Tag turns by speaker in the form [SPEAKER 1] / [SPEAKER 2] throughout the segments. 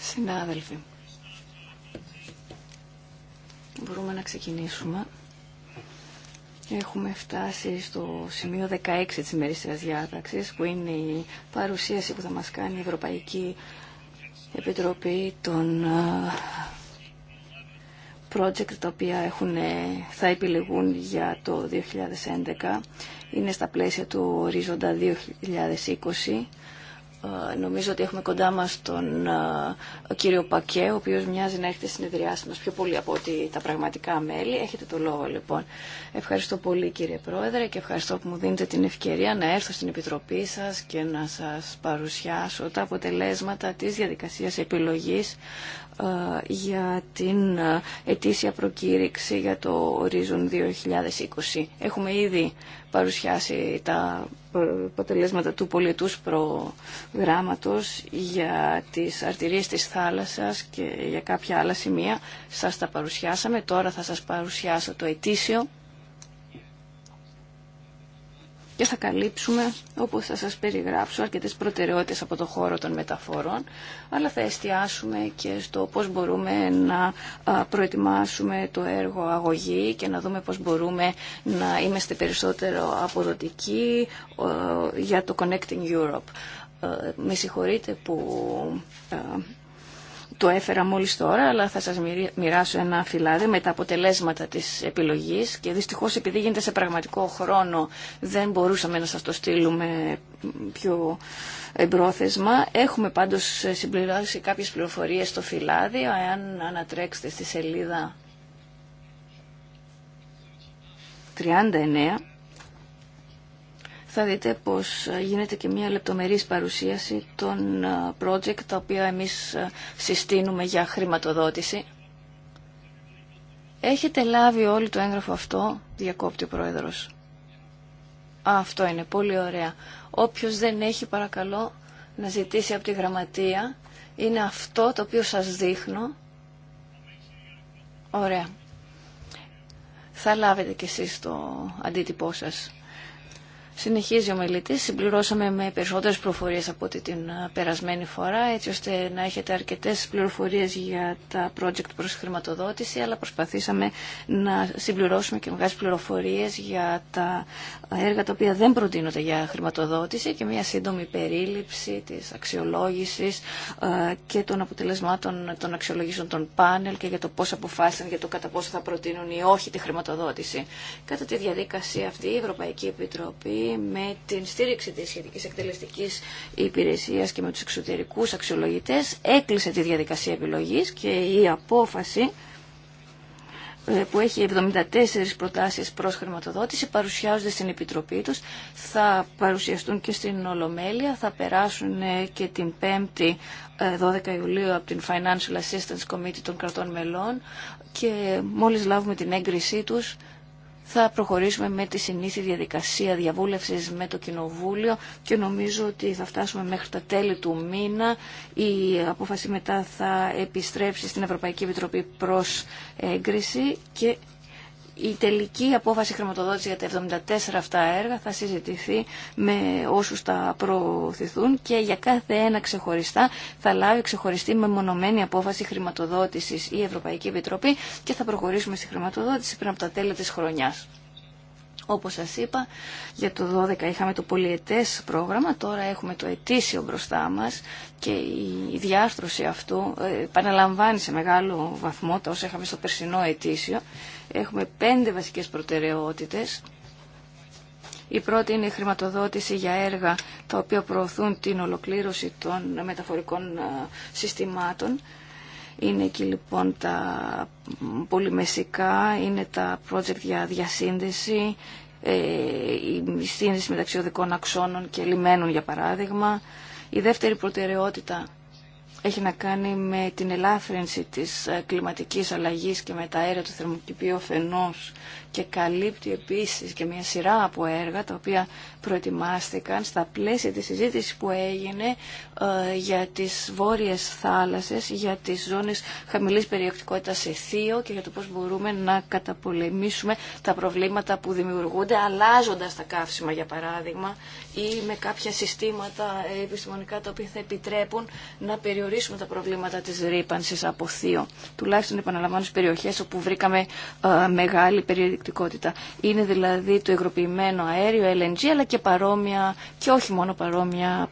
[SPEAKER 1] Συνάδελφοι,
[SPEAKER 2] μπορούμε να ξεκινήσουμε. Έχουμε φτάσει στο σημείο 16 της ημερήσιας διάταξης, που είναι η παρουσίαση που θα μας κάνει η Ευρωπαϊκή Επιτροπή των ε, project τα οποία έχουν, ε, θα επιλεγούν για το 2011. Είναι στα πλαίσια του ορίζοντα 2020 ε, νομίζω ότι έχουμε κοντά μας τον ε, κύριο Πακέ, ο οποίος μοιάζει να έχετε συνεδριάσει μας πιο πολύ από ότι τα πραγματικά μέλη. Έχετε το λόγο λοιπόν. Ευχαριστώ πολύ κύριε Πρόεδρε και ευχαριστώ που μου δίνετε την ευκαιρία να έρθω στην Επιτροπή σας και να σας παρουσιάσω τα αποτελέσματα της διαδικασίας επιλογής ε, για την ε, ετήσια προκήρυξη για το Horizon 2020. Έχουμε ήδη παρουσιάσει τα αποτελέσματα του πολιτούς προγράμματος για τις αρτηρίες της θάλασσας και για κάποια άλλα σημεία. Σας τα παρουσιάσαμε. Τώρα θα σας παρουσιάσω το ετήσιο και θα καλύψουμε, όπως θα σας περιγράψω, αρκετές προτεραιότητες από το χώρο των μεταφορών, αλλά θα εστιάσουμε και στο πώς μπορούμε να προετοιμάσουμε το έργο αγωγή και να δούμε πώς μπορούμε να είμαστε περισσότερο αποδοτικοί για το Connecting Europe. Με συγχωρείτε που το έφερα μόλις τώρα, αλλά θα σας μοιράσω ένα φυλάδι με τα αποτελέσματα της επιλογής και δυστυχώς επειδή γίνεται σε πραγματικό χρόνο δεν μπορούσαμε να σας το στείλουμε πιο εμπρόθεσμα. Έχουμε πάντως συμπληρώσει κάποιες πληροφορίες στο φυλάδι, Αν ανατρέξετε στη σελίδα 39 θα δείτε πως γίνεται και μια λεπτομερής παρουσίαση των ε, project τα οποία εμείς ε, συστήνουμε για χρηματοδότηση. Έχετε λάβει όλο το έγγραφο αυτό, διακόπτει ο Πρόεδρος. αυτό είναι, πολύ ωραία. Όποιος δεν έχει παρακαλώ να ζητήσει από τη γραμματεία, είναι αυτό το οποίο σας δείχνω. Ωραία. Θα λάβετε κι εσείς το αντίτυπό σας. Συνεχίζει ο μελητής, συμπληρώσαμε με περισσότερες προφορίες από την περασμένη φορά, έτσι ώστε να έχετε αρκετές πληροφορίες για τα project προς χρηματοδότηση, αλλά προσπαθήσαμε να συμπληρώσουμε και μεγάλες πληροφορίες για τα έργα τα οποία δεν προτείνονται για χρηματοδότηση και μια σύντομη περίληψη της αξιολόγησης και των αποτελεσμάτων των αξιολογήσεων των πάνελ και για το πώς αποφάσισαν για το κατά πόσο θα προτείνουν ή όχι τη χρηματοδότηση. Κατά τη διαδικασία αυτή η Ευρωπαϊκή Επιτροπή με την στήριξη της σχετικής εκτελεστικής υπηρεσίας και με τους εξωτερικούς αξιολογητές έκλεισε τη διαδικασία επιλογής και η απόφαση ε, που έχει 74 προτάσεις προς χρηματοδότηση, παρουσιάζονται στην Επιτροπή τους, θα παρουσιαστούν και στην Ολομέλεια, θα περάσουν ε, και την 5η 12 ε, Ιουλίου από την Financial Assistance Committee των κρατών μελών και μόλις λάβουμε την έγκρισή τους θα προχωρήσουμε με τη συνήθη διαδικασία διαβούλευσης με το Κοινοβούλιο και νομίζω ότι θα φτάσουμε μέχρι τα τέλη του μήνα. Η απόφαση μετά θα επιστρέψει στην Ευρωπαϊκή Επιτροπή προς έγκριση και η τελική απόφαση χρηματοδότηση για τα 74 αυτά έργα θα συζητηθεί με όσους τα προωθηθούν και για κάθε ένα ξεχωριστά θα λάβει ξεχωριστή μεμονωμένη απόφαση χρηματοδότησης η Ευρωπαϊκή Επιτροπή και θα προχωρήσουμε στη χρηματοδότηση πριν από τα τέλη της χρονιάς. Όπως σας είπα, για το 2012 είχαμε το πολιετές πρόγραμμα, τώρα έχουμε το ετήσιο μπροστά μας και η διάστρωση αυτού ε, επαναλαμβάνει σε μεγάλο βαθμό τα όσα είχαμε στο περσινό ετήσιο Έχουμε πέντε βασικές προτεραιότητες. Η πρώτη είναι η χρηματοδότηση για έργα τα οποία προωθούν την ολοκλήρωση των μεταφορικών συστημάτων. Είναι εκεί λοιπόν τα πολυμεσικά, είναι τα project για διασύνδεση, ε, η σύνδεση μεταξύ οδικών αξώνων και λιμένων για παράδειγμα. Η δεύτερη προτεραιότητα έχει να κάνει με την ελάφρυνση της ε, κλιματικής αλλαγής και με τα αέρια του θερμοκηπίου φαινός και καλύπτει επίσης και μια σειρά από έργα τα οποία προετοιμάστηκαν στα πλαίσια της συζήτηση που έγινε ε, για τις βόρειες θάλασσες, για τις ζώνες χαμηλής περιεκτικότητας σε θείο και για το πώς μπορούμε να καταπολεμήσουμε τα προβλήματα που δημιουργούνται αλλάζοντας τα καύσιμα για παράδειγμα ή με κάποια συστήματα επιστημονικά τα οποία θα επιτρέπουν να περιορίσουμε τα προβλήματα της ρήπανσης από θείο. Τουλάχιστον επαναλαμβάνω στις περιοχές όπου βρήκαμε ε, μεγάλη περιεκτικότητα. Είναι δηλαδή το υγροποιημένο αέριο, LNG και και όχι μόνο παρόμοια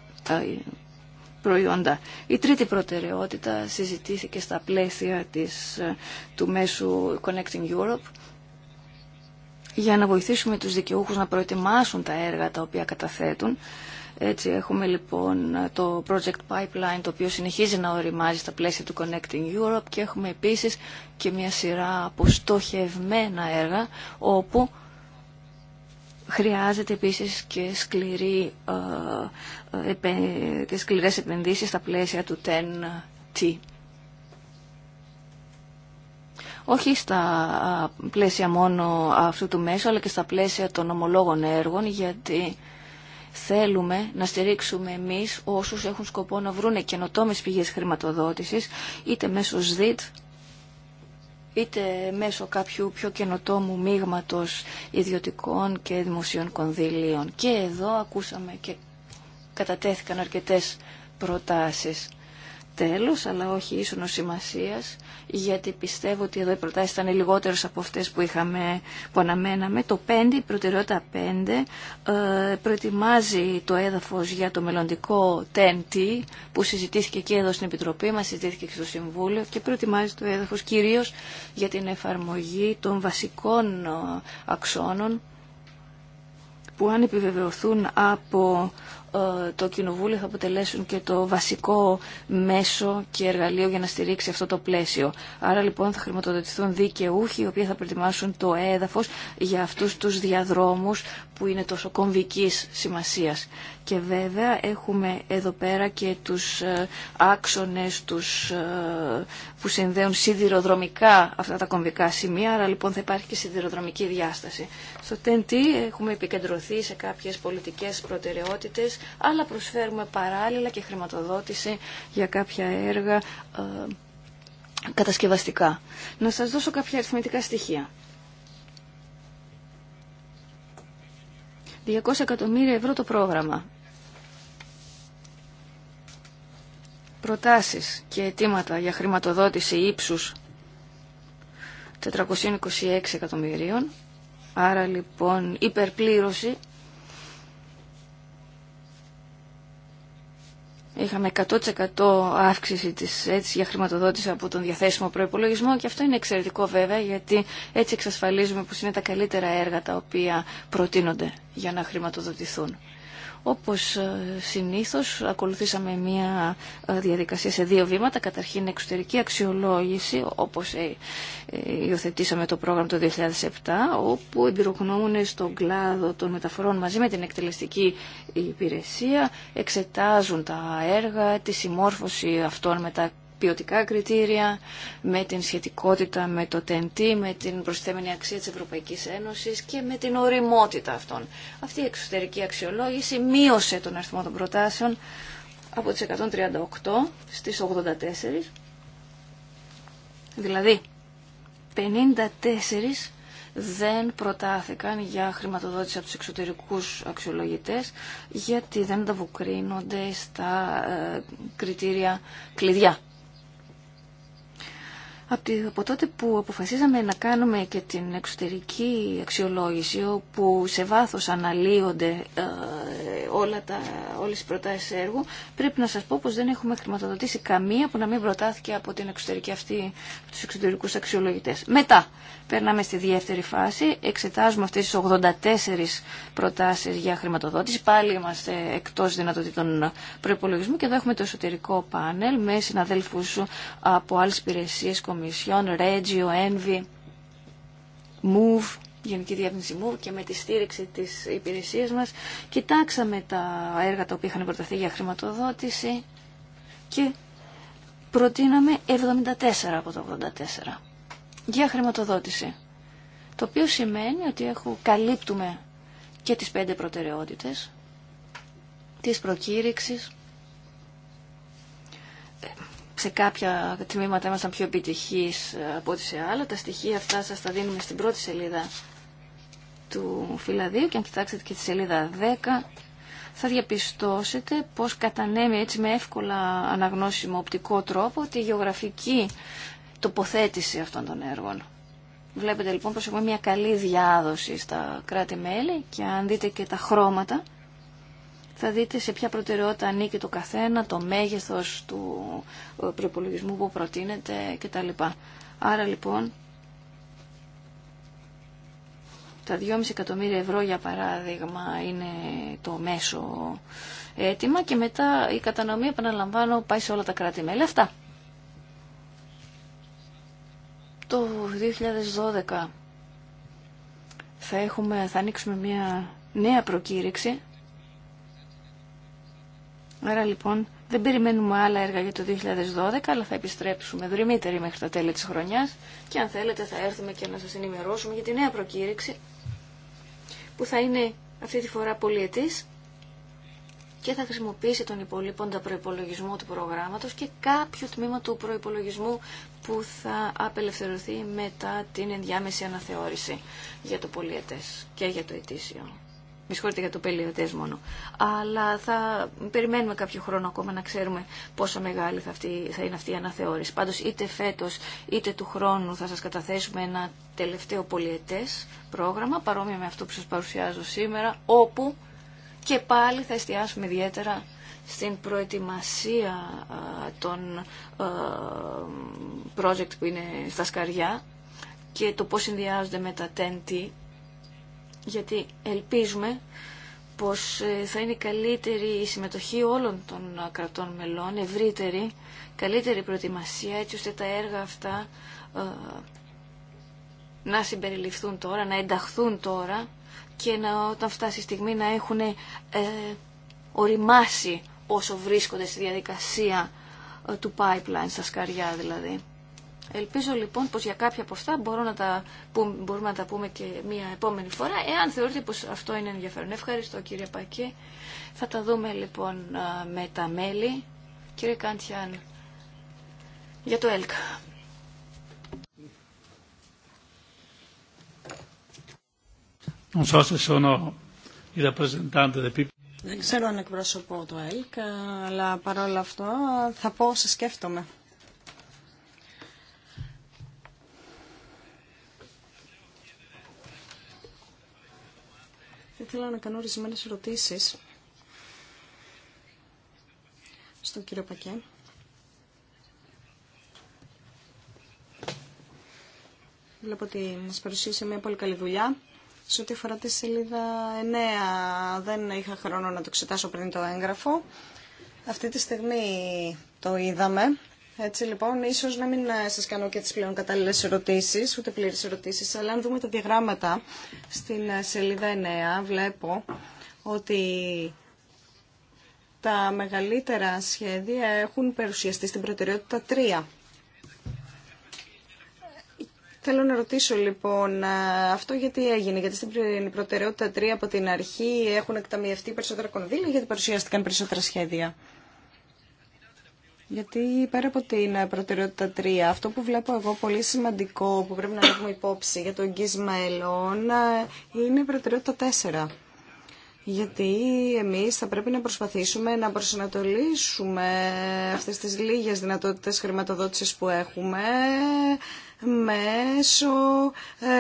[SPEAKER 2] προϊόντα. Η τρίτη προτεραιότητα συζητήθηκε στα πλαίσια της, ε, του μέσου Connecting Europe για να βοηθήσουμε τους δικαιούχους να προετοιμάσουν τα έργα τα οποία καταθέτουν. Έτσι έχουμε λοιπόν το Project Pipeline το οποίο συνεχίζει να οριμάζει στα πλαίσια του Connecting Europe και έχουμε επίσης και μια σειρά αποστοχευμένα έργα όπου Χρειάζεται επίσης και, σκληρή, ε, ε, και σκληρές επενδύσεις στα πλαίσια του TEN-T. Όχι στα πλαίσια μόνο αυτού του μέσου, αλλά και στα πλαίσια των ομολόγων έργων, γιατί θέλουμε να στηρίξουμε εμείς όσους έχουν σκοπό να βρουν καινοτόμες πηγές χρηματοδότησης, είτε μέσω ΣΔΙΤ, είτε μέσω κάποιου πιο καινοτόμου μείγματο ιδιωτικών και δημοσίων κονδυλίων. Και εδώ ακούσαμε και κατατέθηκαν αρκετές προτάσεις τέλος, αλλά όχι ίσονος σημασίας, γιατί πιστεύω ότι εδώ οι προτάσεις ήταν λιγότερε από αυτές που, είχαμε, που αναμέναμε. Το 5, η προτεραιότητα 5, ε, προετοιμάζει το έδαφος για το μελλοντικό TNT, που συζητήθηκε και εδώ στην Επιτροπή μας, συζητήθηκε και στο Συμβούλιο και προετοιμάζει το έδαφος κυρίως για την εφαρμογή των βασικών ε, αξώνων που αν επιβεβαιωθούν από ε, το Κοινοβούλιο θα αποτελέσουν και το βασικό μέσο και εργαλείο για να στηρίξει αυτό το πλαίσιο. Άρα λοιπόν θα χρηματοδοτηθούν δικαιούχοι οι οποίοι θα προετοιμάσουν το έδαφος για αυτούς τους διαδρόμους που είναι τόσο κομβικής σημασίας. Και βέβαια έχουμε εδώ πέρα και τους ε, άξονες τους, ε, που συνδέουν σιδηροδρομικά αυτά τα κομβικά σημεία, άρα λοιπόν θα υπάρχει και σιδηροδρομική διάσταση. Στο TNT έχουμε επικεντρωθεί σε κάποιες πολιτικές προτεραιότητες, αλλά προσφέρουμε παράλληλα και χρηματοδότηση για κάποια έργα ε, κατασκευαστικά. Να σας δώσω κάποια αριθμητικά στοιχεία. 200 εκατομμύρια ευρώ το πρόγραμμα. Προτάσεις και αιτήματα για χρηματοδότηση ύψους 426 εκατομμυρίων. Άρα λοιπόν υπερπλήρωση Είχαμε 100% αύξηση της έτσι, για χρηματοδότηση από τον διαθέσιμο προϋπολογισμό και αυτό είναι εξαιρετικό βέβαια γιατί έτσι εξασφαλίζουμε πως είναι τα καλύτερα έργα τα οποία προτείνονται για να χρηματοδοτηθούν. Όπως ε, συνήθως ακολουθήσαμε μια ε, διαδικασία σε δύο βήματα. Καταρχήν εξωτερική αξιολόγηση όπως ε, υιοθετήσαμε το πρόγραμμα το 2007 όπου εμπειρογνώμονε στον κλάδο των μεταφορών μαζί με την εκτελεστική υπηρεσία εξετάζουν τα έργα, τη συμμόρφωση αυτών με ποιοτικά κριτήρια, με την σχετικότητα με το TNT, με την προσθέμενη αξία της Ευρωπαϊκής Ένωσης και με την οριμότητα αυτών. Αυτή η εξωτερική αξιολόγηση μείωσε τον αριθμό των προτάσεων από τις 138 στις 84, δηλαδή 54 δεν προτάθηκαν για χρηματοδότηση από τους εξωτερικούς αξιολογητές γιατί δεν ανταποκρίνονται στα ε, κριτήρια κλειδιά από τότε που αποφασίσαμε να κάνουμε και την εξωτερική αξιολόγηση όπου σε βάθος αναλύονται ε, όλα τα, όλες οι προτάσεις έργου πρέπει να σας πω πως δεν έχουμε χρηματοδοτήσει καμία που να μην προτάθηκε από την εξωτερική αυτή τους εξωτερικούς αξιολογητές. Μετά, Περνάμε στη δεύτερη φάση, εξετάζουμε αυτές τις 84 προτάσεις για χρηματοδότηση. Πάλι είμαστε εκτός δυνατοτήτων προπολογισμού και εδώ έχουμε το εσωτερικό πάνελ με συναδέλφους από άλλες υπηρεσίες, κομισιόν, Regio, Envy, Move, Γενική Διεύθυνση Move και με τη στήριξη της υπηρεσίας μας. Κοιτάξαμε τα έργα τα οποία είχαν προταθεί για χρηματοδότηση και προτείναμε 74 από τα 84 για χρηματοδότηση. Το οποίο σημαίνει ότι έχω, καλύπτουμε και τις πέντε προτεραιότητες της προκήρυξης. Σε κάποια τμήματα ήμασταν πιο επιτυχείς ε, από ό,τι σε άλλα. Τα στοιχεία αυτά σας τα δίνουμε στην πρώτη σελίδα του φυλαδίου και αν κοιτάξετε και τη σελίδα 10 θα διαπιστώσετε πως κατανέμει έτσι με εύκολα αναγνώσιμο οπτικό τρόπο τη γεωγραφική τοποθέτηση αυτών των έργων. Βλέπετε λοιπόν πως έχουμε μια καλή διάδοση στα κράτη-μέλη και αν δείτε και τα χρώματα θα δείτε σε ποια προτεραιότητα ανήκει το καθένα, το μέγεθος του ε, προπολογισμού που προτείνεται κτλ. Άρα λοιπόν τα 2,5 εκατομμύρια ευρώ για παράδειγμα είναι το μέσο έτοιμα και μετά η κατανομή επαναλαμβάνω πάει σε όλα τα κράτη-μέλη. Αυτά. το 2012 θα, έχουμε, θα ανοίξουμε μια νέα προκήρυξη. Άρα λοιπόν δεν περιμένουμε άλλα έργα για το 2012, αλλά θα επιστρέψουμε δρυμύτεροι μέχρι τα τέλη της χρονιάς και αν θέλετε θα έρθουμε και να σας ενημερώσουμε για τη νέα προκήρυξη που θα είναι αυτή τη φορά πολυετής και θα χρησιμοποιήσει τον υπολείποντα προπολογισμό του προγράμματο και κάποιο τμήμα του προπολογισμού που θα απελευθερωθεί μετά την ενδιάμεση αναθεώρηση για το πολιετέ και για το ετήσιο. Με συγχωρείτε για το πελιωτέ μόνο. Αλλά θα περιμένουμε κάποιο χρόνο ακόμα να ξέρουμε πόσο μεγάλη θα, αυτή, θα είναι αυτή η αναθεώρηση. Πάντως είτε φέτο είτε του χρόνου θα σα καταθέσουμε ένα τελευταίο πολιετέ πρόγραμμα, παρόμοιο με αυτό που σα παρουσιάζω σήμερα, όπου και πάλι θα εστιάσουμε ιδιαίτερα στην προετοιμασία των project που είναι στα σκαριά και το πώς συνδυάζονται με τα TNT γιατί ελπίζουμε πως ε, θα είναι καλύτερη η συμμετοχή όλων των κρατών μελών, ευρύτερη, καλύτερη προετοιμασία έτσι ώστε τα έργα αυτά να συμπεριληφθούν τώρα, να ενταχθούν τώρα και να, όταν φτάσει η στιγμή να έχουν ε, οριμάσει όσο βρίσκονται στη διαδικασία ε, του pipeline, στα σκαριά δηλαδή. Ελπίζω λοιπόν πως για κάποια από αυτά μπορώ να τα μπορούμε να τα πούμε και μια επόμενη φορά, εάν θεωρείτε πως αυτό είναι ενδιαφέρον. Ευχαριστώ κύριε Πακή. Θα τα δούμε λοιπόν ε, με τα μέλη. Κύριε Κάντιαν, για το ΕΛΚΑ.
[SPEAKER 1] Δεν
[SPEAKER 3] ξέρω αν εκπροσωπώ το ΕΛΚ, αλλά παρόλα αυτό θα πω όσα σκέφτομαι. Θα ήθελα να κάνω ορισμένε ερωτήσει στον κύριο Πακέ. Βλέπω ότι μας παρουσίασε μια πολύ καλή δουλειά. Σε ό,τι αφορά τη σελίδα 9, δεν είχα χρόνο να το εξετάσω πριν το έγγραφο. Αυτή τη στιγμή το είδαμε. Έτσι λοιπόν, ίσω να μην ε, σα κάνω και τι πλέον κατάλληλε ερωτήσει ούτε πλήρε ερωτήσει, αλλά αν δούμε τα διαγράμματα στην ε, σελίδα 9, βλέπω ότι τα μεγαλύτερα σχέδια έχουν παρουσιαστεί στην προτεραιότητα 3. Θέλω να ρωτήσω λοιπόν αυτό γιατί έγινε, γιατί στην προτεραιότητα 3 από την αρχή έχουν εκταμιευτεί περισσότερα κονδύλια γιατί παρουσιάστηκαν περισσότερα σχέδια. Γιατί πέρα από την προτεραιότητα 3, αυτό που βλέπω εγώ πολύ σημαντικό που πρέπει να έχουμε υπόψη για το εγγύσμα μέλλον είναι η προτεραιότητα 4. Γιατί εμείς θα πρέπει να προσπαθήσουμε να προσανατολίσουμε αυτές τις λίγες δυνατότητες χρηματοδότησης που έχουμε μέσω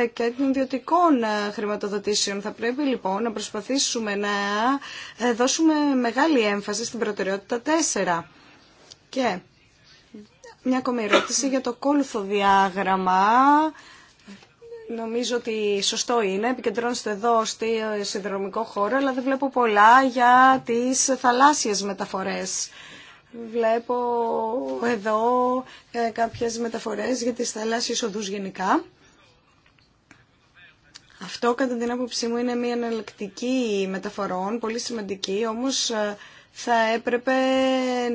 [SPEAKER 3] ε, και των ιδιωτικών ε, χρηματοδοτήσεων. Θα πρέπει λοιπόν να προσπαθήσουμε να ε, δώσουμε μεγάλη έμφαση στην προτεραιότητα 4. Και μια ακόμη ερώτηση για το κόλθο διάγραμμα. Νομίζω ότι σωστό είναι, επικεντρώνεστε εδώ στη συνδρομικό χώρο, αλλά δεν βλέπω πολλά για τις θαλάσσιες μεταφορές. Βλέπω εδώ ε, κάποιες μεταφορές για τις θαλάσσιες οδούς γενικά. Αυτό κατά την άποψή μου είναι μια εναλλακτική μεταφορών, πολύ σημαντική, όμως ε, θα έπρεπε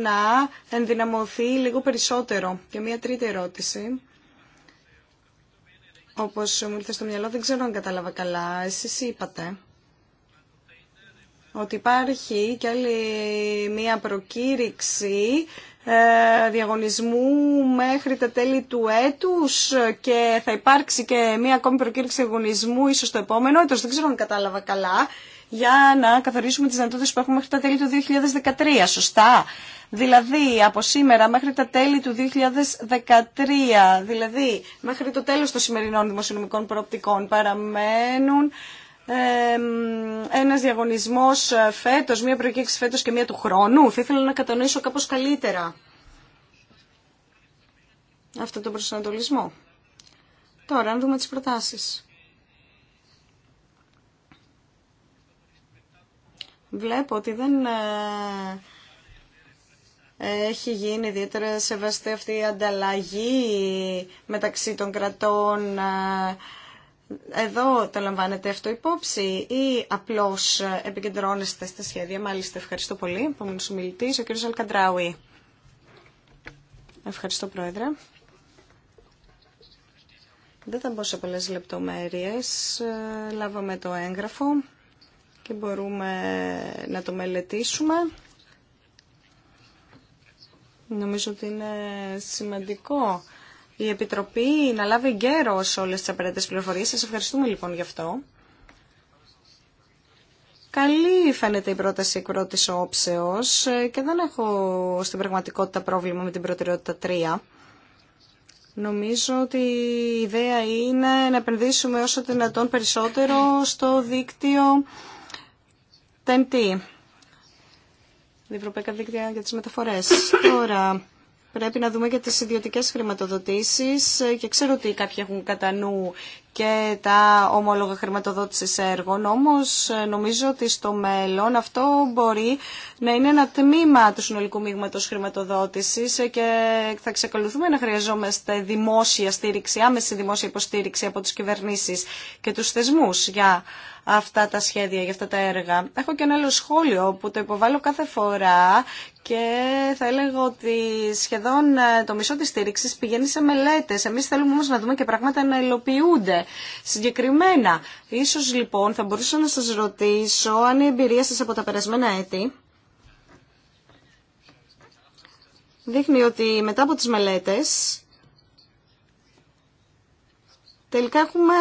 [SPEAKER 3] να ενδυναμωθεί λίγο περισσότερο. Και μια τρίτη ερώτηση. Όπως μου ήρθε στο μυαλό, δεν ξέρω αν κατάλαβα καλά. Εσείς είπατε ότι υπάρχει και άλλη μία προκήρυξη ε, διαγωνισμού μέχρι τα τέλη του έτους και θα υπάρξει και μία ακόμη προκήρυξη διαγωνισμού ίσως το επόμενο έτος, δεν ξέρω αν κατάλαβα καλά, για να καθορίσουμε τις δυνατότητες που έχουμε μέχρι τα τέλη του 2013, σωστά. Δηλαδή από σήμερα μέχρι τα τέλη του 2013, δηλαδή μέχρι το τέλος των σημερινών δημοσιονομικών προοπτικών παραμένουν ένας διαγωνισμός ε, φέτος, μία προκήρυξη φέτος και μία του χρόνου. Θα ήθελα να κατανοήσω κάπως καλύτερα αυτό το προσανατολισμό. Τώρα, να δούμε τις προτάσεις. Βλέπω ότι δεν ε, έχει γίνει ιδιαίτερα σεβαστή αυτή η ανταλλαγή μεταξύ των κρατών ε, εδώ το λαμβάνετε αυτό υπόψη ή απλώς επικεντρώνεστε στα σχέδια. Μάλιστα, ευχαριστώ πολύ. Επόμενο μιλητής, ο κ. Αλκαντράουι. Ευχαριστώ, Πρόεδρε. Δεν θα μπω σε πολλές λεπτομέρειες. Ε, λάβαμε το έγγραφο και μπορούμε να το μελετήσουμε. Νομίζω ότι είναι σημαντικό η Επιτροπή να λάβει γέρος όλες τις απαραίτητες πληροφορίες. Σας ευχαριστούμε λοιπόν γι' αυτό. Καλή φαίνεται η πρόταση εκ πρώτης όψεως και δεν έχω στην πραγματικότητα πρόβλημα με την προτεραιότητα 3. Νομίζω ότι η ιδέα είναι να επενδύσουμε όσο δυνατόν περισσότερο στο δίκτυο TNT. Ευρωπαϊκά Δίκτυα για τις Μεταφορές. Τώρα, Πρέπει να δούμε και τις ιδιωτικές χρηματοδοτήσεις ε, και ξέρω ότι κάποιοι έχουν κατά νου και τα ομόλογα χρηματοδότησης έργων, όμως ε, νομίζω ότι στο μέλλον αυτό μπορεί να είναι ένα τμήμα του συνολικού μείγματος χρηματοδότησης ε, και θα ξεκολουθούμε να χρειαζόμαστε δημόσια στήριξη, άμεση δημόσια υποστήριξη από τις κυβερνήσεις και τους θεσμούς για αυτά τα σχέδια, για αυτά τα έργα. Έχω και ένα άλλο σχόλιο που το υποβάλλω κάθε φορά και θα έλεγα ότι σχεδόν ε, το μισό της στήριξης πηγαίνει σε μελέτες. Εμείς θέλουμε όμως να δούμε και πράγματα να υλοποιούνται συγκεκριμένα. Ίσως λοιπόν θα μπορούσα να σας ρωτήσω αν η εμπειρία σας από τα περασμένα έτη δείχνει ότι μετά από τις μελέτες τελικά έχουμε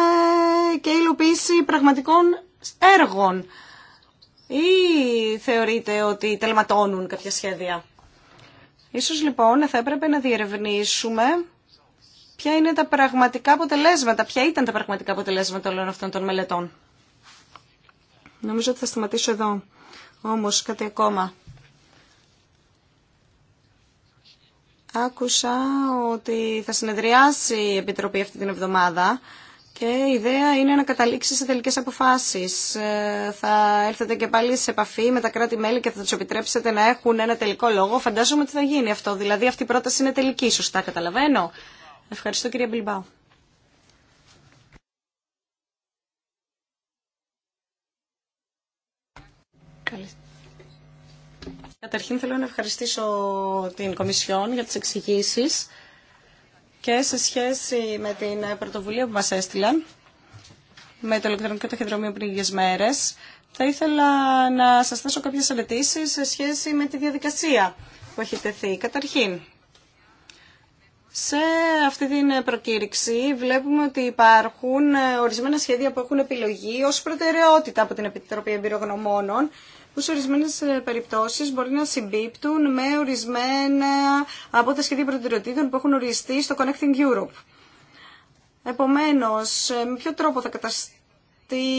[SPEAKER 3] και υλοποίηση πραγματικών έργων ή θεωρείτε ότι τελματώνουν κάποια σχέδια. Ίσως λοιπόν θα έπρεπε να διερευνήσουμε ποια είναι τα πραγματικά αποτελέσματα, ποια ήταν τα πραγματικά αποτελέσματα όλων αυτών των μελετών. Νομίζω ότι θα σταματήσω εδώ. Όμως κάτι ακόμα. Άκουσα ότι θα συνεδριάσει η Επιτροπή αυτή την εβδομάδα και η ιδέα είναι να καταλήξει σε τελικές αποφάσεις. Ε, θα έρθετε και πάλι σε επαφή με τα κράτη-μέλη και θα τους επιτρέψετε να έχουν ένα τελικό λόγο. Φαντάζομαι ότι θα γίνει αυτό. Δηλαδή αυτή η πρόταση είναι τελική, σωστά καταλαβαίνω. Ευχαριστώ κυρία Μπιλμπάου. Καταρχήν θέλω να ευχαριστήσω την Κομισιόν για τις εξηγήσει και σε σχέση με την πρωτοβουλία που μας έστειλαν με το ηλεκτρονικό ταχυδρομείο πριν λίγες μέρες. Θα ήθελα να σας θέσω κάποιες ερωτήσεις σε σχέση με τη διαδικασία που έχει τεθεί. Καταρχήν, σε αυτή την προκήρυξη βλέπουμε ότι υπάρχουν ε, ορισμένα σχέδια που έχουν επιλογή ως προτεραιότητα από την Επιτροπή Εμπειρογνωμόνων που σε ορισμένε περιπτώσει μπορεί να συμπίπτουν με ορισμένα από τα σχέδια προτεραιοτήτων που έχουν οριστεί στο Connecting Europe. Επομένω, ε, με ποιο τρόπο θα καταστεί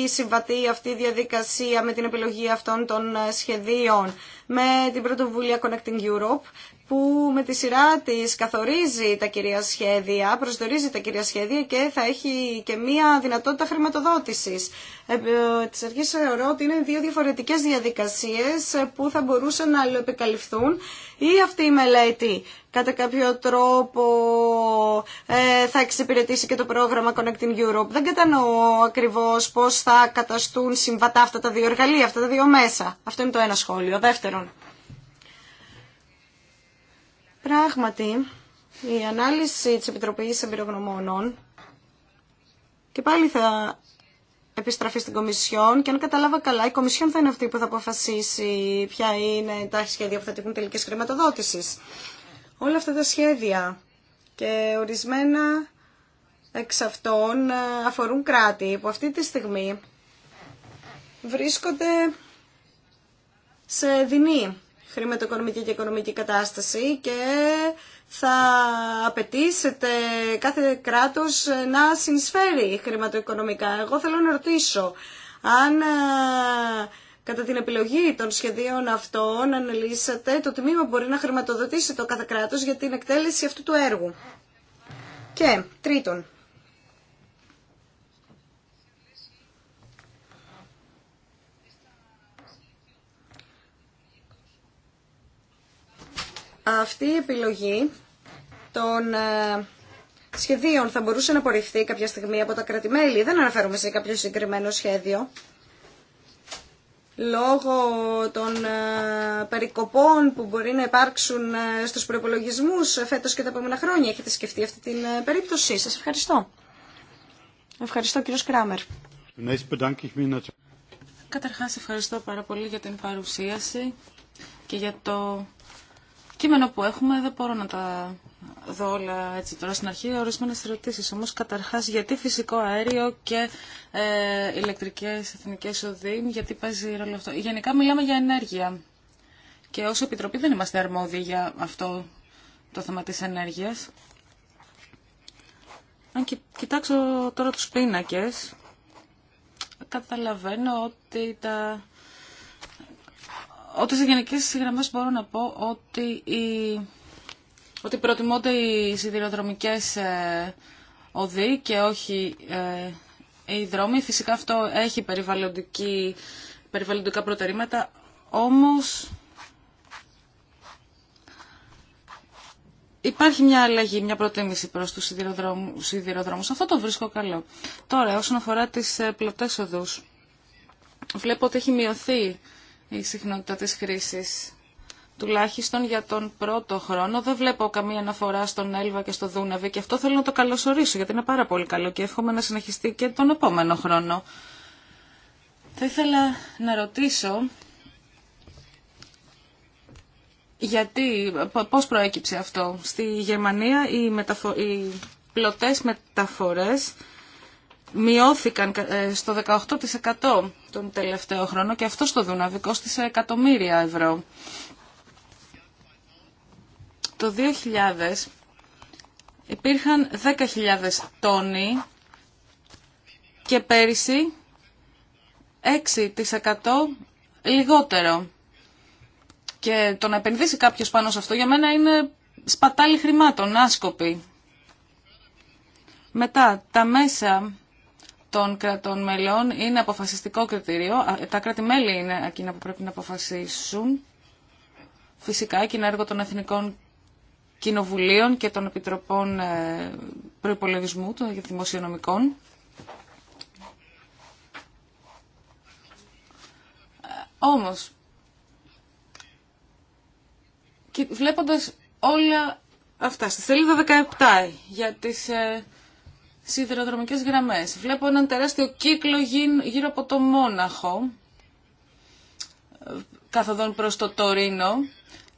[SPEAKER 3] συμβατή αυτή η διαδικασία με την επιλογή αυτών των ε, σχεδίων με την πρωτοβουλία Connecting Europe που με τη σειρά της καθορίζει τα κυρία σχέδια, προσδορίζει τα κυρία σχέδια και θα έχει και μία δυνατότητα χρηματοδότησης. Ε, ε, της αρχής θεωρώ ότι είναι δύο διαφορετικές διαδικασίες που θα μπορούσαν να αλληλοεπικαλυφθούν ή αυτή η μελέτη κατά κάποιο τρόπο ε, θα εξυπηρετήσει και το πρόγραμμα Connecting Europe. Δεν κατανοώ ακριβώς πώς θα καταστούν συμβατά αυτά τα δύο εργαλεία, αυτά τα δύο μέσα. Αυτό είναι το ένα σχόλιο. Δεύτερο. Πράγματι, η ανάλυση της Επιτροπής Εμπειρογνωμόνων και πάλι θα επιστραφεί στην Κομισιόν και αν κατάλαβα καλά, η Κομισιόν θα είναι αυτή που θα αποφασίσει ποια είναι τα σχέδια που θα τυπούν τελικές χρηματοδότησης. Όλα αυτά τα σχέδια και ορισμένα εξ αυτών ε, αφορούν κράτη που αυτή τη στιγμή βρίσκονται σε δεινή χρηματοοικονομική και οικονομική κατάσταση και θα απαιτήσετε κάθε κράτος να συνεισφέρει χρηματοοικονομικά. Εγώ θέλω να ρωτήσω αν κατά την επιλογή των σχεδίων αυτών αναλύσατε το τμήμα που μπορεί να χρηματοδοτήσει το κάθε κράτος για την εκτέλεση αυτού του έργου. Και τρίτον, Αυτή η επιλογή των ε, σχεδίων θα μπορούσε να απορριφθεί κάποια στιγμή από τα κρατημέλη. Δεν αναφέρομαι σε κάποιο συγκεκριμένο σχέδιο. Λόγω των ε, περικοπών που μπορεί να υπάρξουν ε, στους προπολογισμούς φέτος και τα επόμενα χρόνια. Έχετε σκεφτεί αυτή την περίπτωση. Σας ευχαριστώ. Ευχαριστώ κύριο Κράμερ.
[SPEAKER 4] Καταρχάς ευχαριστώ πάρα πολύ για την παρουσίαση και για το κείμενο που έχουμε δεν μπορώ να τα δω όλα έτσι τώρα στην αρχή. Ορισμένε ερωτήσει όμω. Καταρχά, γιατί φυσικό αέριο και ε, ηλεκτρικέ εθνικέ οδοί, γιατί παίζει ρόλο αυτό. Γενικά μιλάμε για ενέργεια. Και ω Επιτροπή δεν είμαστε αρμόδιοι για αυτό το θέμα τη ενέργεια. Αν κοιτάξω τώρα τους πίνακες, καταλαβαίνω ότι τα ότι σε γενικέ γραμμέ μπορώ να πω ότι, η... ότι προτιμώνται οι σιδηροδρομικές ε, οδοί και όχι ε, οι δρόμοι. Φυσικά αυτό έχει περιβαλλοντική, περιβαλλοντικά προτερήματα, όμως υπάρχει μια αλλαγή, μια προτίμηση προς τους σιδηροδρόμους. σιδηροδρόμους. Αυτό το βρίσκω καλό. Τώρα, όσον αφορά τις ε, πλωτές οδούς, βλέπω ότι έχει μειωθεί η συχνότητα της χρήσης. Τουλάχιστον για τον πρώτο χρόνο δεν βλέπω καμία αναφορά στον Έλβα και στο δούναβη και αυτό θέλω να το καλωσορίσω γιατί είναι πάρα πολύ καλό και εύχομαι να συνεχιστεί και τον επόμενο χρόνο. Θα ήθελα να ρωτήσω γιατί, πώς προέκυψε αυτό. Στη Γερμανία οι, μεταφο... οι πλωτές μεταφορές μειώθηκαν ε, στο 18% τον τελευταίο χρόνο και αυτό στο Δούναβι στις εκατομμύρια ευρώ. Το 2000 υπήρχαν 10.000 τόνοι και πέρυσι 6% λιγότερο. Και το να επενδύσει κάποιος πάνω σε αυτό για μένα είναι σπατάλη χρημάτων, άσκοπη. Μετά, τα μέσα των κρατών μελών είναι αποφασιστικό κριτήριο. Τα κράτη-μέλη είναι εκείνα που πρέπει να αποφασίσουν. Φυσικά και είναι έργο των εθνικών κοινοβουλίων και των επιτροπών ε, προϋπολογισμού των δημοσιονομικών. Ε, όμως, και βλέποντας όλα αυτά, στη σελίδα 17 για τις ε, σιδηροδρομικές γραμμές. Βλέπω έναν τεράστιο κύκλο γύρω από το Μόναχο, καθοδόν προς το Τωρίνο,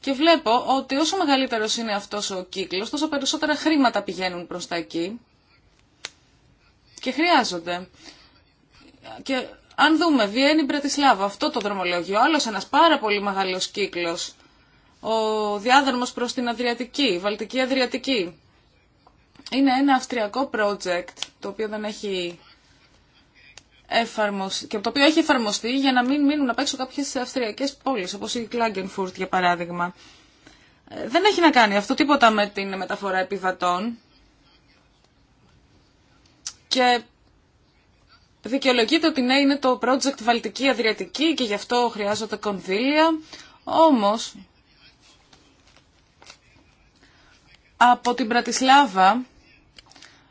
[SPEAKER 4] και βλέπω ότι όσο μεγαλύτερος είναι αυτός ο κύκλος, τόσο περισσότερα χρήματα πηγαίνουν προς τα εκεί και χρειάζονται. Και αν δούμε Βιέννη Μπρατισλάβα, αυτό το δρομολόγιο, άλλος ένας πάρα πολύ μεγάλος κύκλος, ο διάδρομος προς την Αδριατική, Βαλτική Αδριατική, είναι ένα αυστριακό project το οποίο δεν έχει εφαρμοστεί και το οποίο έχει εφαρμοστεί για να μην μείνουν απ' έξω κάποιες αυστριακές πόλεις όπως η Klagenfurt για παράδειγμα. Ε, δεν έχει να κάνει αυτό τίποτα με την μεταφορά επιβατών και δικαιολογείται ότι ναι είναι το project Βαλτική Αδριατική και γι' αυτό χρειάζονται κονδύλια όμως από την Πρατισλάβα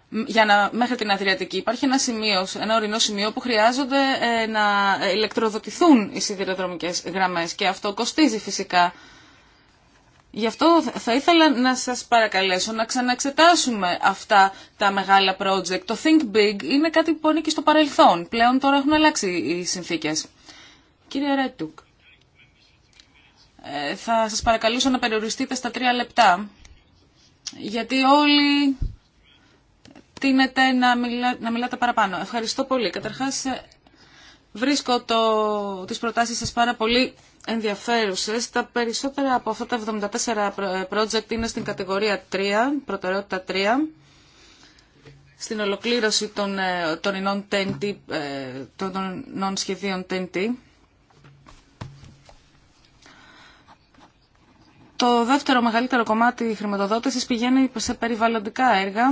[SPEAKER 4] για να, μέχρι την Αδριατική. Υπάρχει ένα σημείο, ένα ορεινό σημείο που χρειάζονται ε, να ηλεκτροδοτηθούν οι σιδηροδρομικές γραμμές και αυτό κοστίζει φυσικά. Γι' αυτό θα ήθελα να σας παρακαλέσω να ξαναεξετάσουμε αυτά τα μεγάλα project. Το Think Big είναι κάτι που και στο παρελθόν. Πλέον τώρα έχουν αλλάξει οι συνθήκες. Κύριε Ρέτουκ, ε, θα σας παρακαλούσα να περιοριστείτε στα τρία λεπτά. Γιατί όλοι να, μιλά, να μιλάτε παραπάνω. Ευχαριστώ πολύ. Καταρχάς, ε, βρίσκω το, τις προτάσεις σας πάρα πολύ ενδιαφέρουσες. Τα περισσότερα από αυτά τα 74 ε, project είναι στην κατηγορία 3, προτεραιότητα 3 στην ολοκλήρωση των τεντή των, ε, σχεδίων TNT. Το δεύτερο μεγαλύτερο κομμάτι χρηματοδότησης πηγαίνει σε περιβαλλοντικά έργα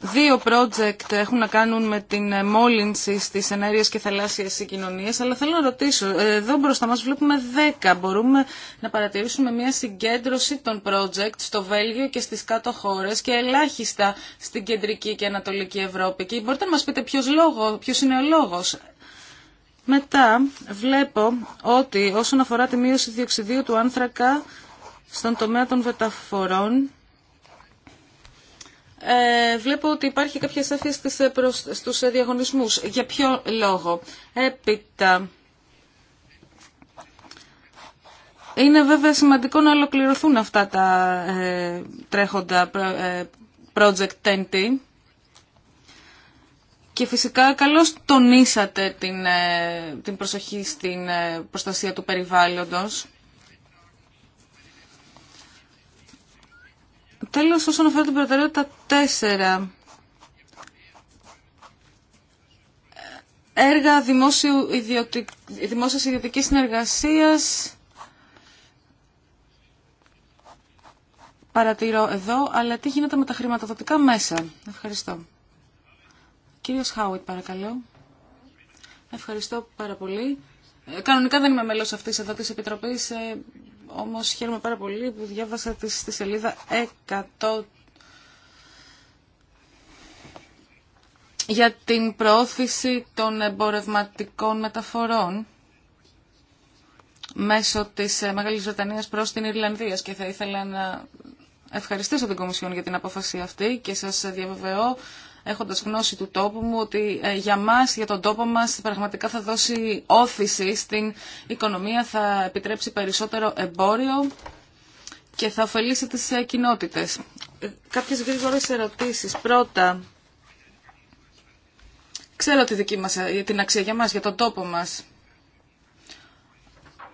[SPEAKER 4] Δύο project έχουν να κάνουν με την μόλυνση στις ενέργειες και θαλάσσιες συγκοινωνίες, αλλά θέλω να ρωτήσω, εδώ μπροστά μας βλέπουμε δέκα. Μπορούμε να παρατηρήσουμε μια συγκέντρωση των project στο Βέλγιο και στις κάτω χώρες και ελάχιστα στην κεντρική και ανατολική Ευρώπη. Και μπορείτε να μας πείτε ποιος, λόγο, ποιος είναι ο λόγος. Μετά βλέπω ότι όσον αφορά τη μείωση διοξιδίου του άνθρακα στον τομέα των μεταφορών. Ε, βλέπω ότι υπάρχει κάποια σάφεια στις, ε, προς, στους ε, διαγωνισμούς. Για ποιο λόγο. Έπειτα. Είναι βέβαια σημαντικό να ολοκληρωθούν αυτά τα τρέχοντα project 10T. Και φυσικά καλώς τονίσατε την, την προσοχή στην προστασία του περιβάλλοντος. Τέλος, όσον αφορά την προτεραιότητα 4, έργα δημόσιου ιδιωτικ... δημόσιας ιδιωτικής συνεργασίας, παρατηρώ εδώ, αλλά τι γίνεται με τα χρηματοδοτικά μέσα. Ευχαριστώ. Κύριος Χάουιτ, παρακαλώ. Ευχαριστώ πάρα πολύ. Ε, κανονικά δεν είμαι μέλος αυτής εδώ της Επιτροπής. Ε, όμως χαίρομαι πάρα πολύ που διάβασα στη σελίδα 100 για την προώθηση των εμπορευματικών μεταφορών μέσω της ε, Μεγάλης Βρετανίας προς την Ιρλανδία και θα ήθελα να ευχαριστήσω την Κομισιόν για την απόφαση αυτή και σας διαβεβαιώ Έχοντα γνώση του τόπου μου, ότι ε, για μας, για τον τόπο μας, πραγματικά θα δώσει όθηση στην οικονομία, θα επιτρέψει περισσότερο εμπόριο και θα ωφελήσει τις ε, κοινότητες. Ε, κάποιες γρήγορες ερωτήσεις. Πρώτα, ξέρω τη δική την αξία για μας, για τον τόπο μας.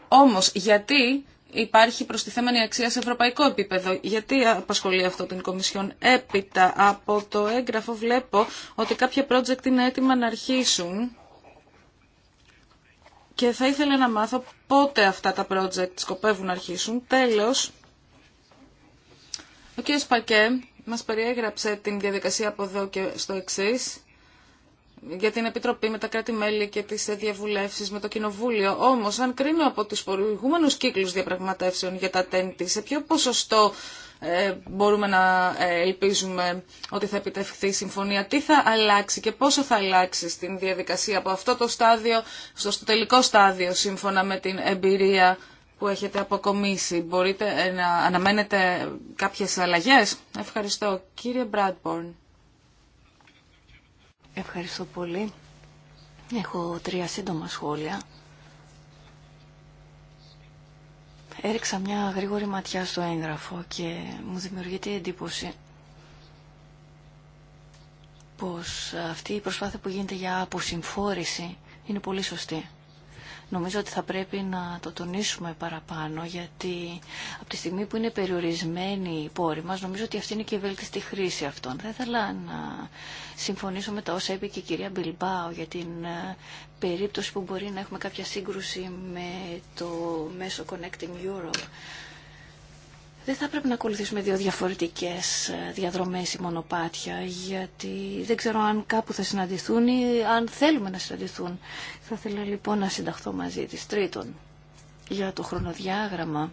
[SPEAKER 4] Όμως, γιατί υπάρχει προστιθέμενη αξία σε ευρωπαϊκό επίπεδο. Γιατί απασχολεί αυτό την Κομισιόν. Έπειτα από το έγγραφο βλέπω ότι κάποια project είναι έτοιμα να αρχίσουν και θα ήθελα να μάθω πότε αυτά τα project σκοπεύουν να αρχίσουν. Τέλος, ο κ. Πακέ μας περιέγραψε την διαδικασία από εδώ και στο εξής για την Επιτροπή με τα κράτη-μέλη και τις διαβουλεύσεις με το Κοινοβούλιο. Όμως, αν κρίνω από τους προηγούμενους κύκλους διαπραγματεύσεων για τα τέντη, σε ποιο ποσοστό ε, μπορούμε να ε, ελπίζουμε ότι θα επιτευχθεί η συμφωνία, τι θα αλλάξει και πόσο θα αλλάξει στην διαδικασία από αυτό το στάδιο στο τελικό στάδιο σύμφωνα με την εμπειρία που έχετε αποκομίσει. Μπορείτε ε, να αναμένετε κάποιες αλλαγές. Ευχαριστώ.
[SPEAKER 2] Κύριε Μπράντμπορν. Ευχαριστώ πολύ. Έχω τρία σύντομα σχόλια. Έριξα μια γρήγορη ματιά στο έγγραφο και μου δημιουργείται η εντύπωση πως αυτή η προσπάθεια που γίνεται για αποσυμφόρηση είναι πολύ σωστή. Νομίζω ότι θα πρέπει να το τονίσουμε παραπάνω γιατί από τη στιγμή που είναι περιορισμένοι οι πόροι μας νομίζω ότι αυτή είναι και η βέλτιστη χρήση αυτών. Θα ήθελα να συμφωνήσω με τα όσα είπε και η κυρία Μπιλμπάου για την ε, περίπτωση που μπορεί να έχουμε κάποια σύγκρουση με το μέσο Connecting Europe δεν θα πρέπει να ακολουθήσουμε δύο διαφορετικές ε, διαδρομές ή μονοπάτια, γιατί δεν ξέρω αν κάπου θα συναντηθούν ή αν θέλουμε να συναντηθούν. Θα ήθελα λοιπόν να συνταχθώ μαζί της. Τρίτον, για το χρονοδιάγραμμα.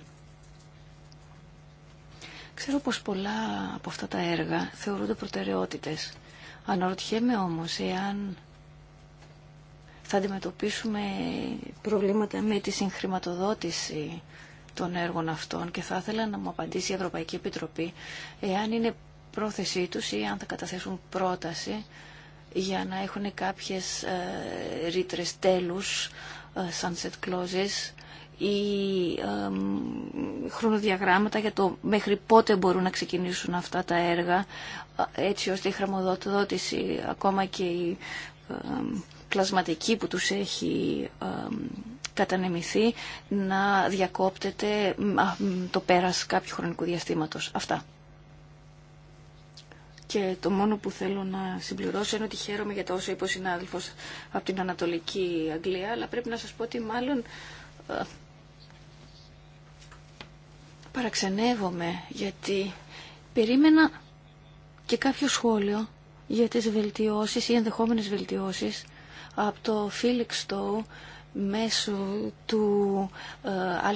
[SPEAKER 2] Ξέρω πως πολλά από αυτά τα έργα θεωρούνται προτεραιότητες. Αναρωτιέμαι όμως εάν θα αντιμετωπίσουμε προβλήματα με τη συγχρηματοδότηση των έργων αυτών και θα ήθελα να μου απαντήσει η Ευρωπαϊκή Επιτροπή εάν είναι πρόθεσή τους ή αν θα καταθέσουν πρόταση για να έχουν κάποιες ε, ρήτρες ε, sunset clauses ή ε, χρονοδιαγράμματα για το μέχρι πότε μπορούν να ξεκινήσουν αυτά τα έργα ε, έτσι ώστε η χρημοδότηση, ακόμα και η πλασματική που τους έχει κατανεμηθεί να διακόπτεται το πέρας κάποιου χρονικού διαστήματος. Αυτά. Και το μόνο που θέλω να συμπληρώσω είναι ότι χαίρομαι για το όσο είπε ο συνάδελφος από την Ανατολική Αγγλία, αλλά πρέπει να σας πω ότι μάλλον παραξενεύομαι γιατί περίμενα και κάποιο σχόλιο για τις βελτιώσεις ή ενδεχόμενες βελτιώσεις από το Φίλιξ μέσω του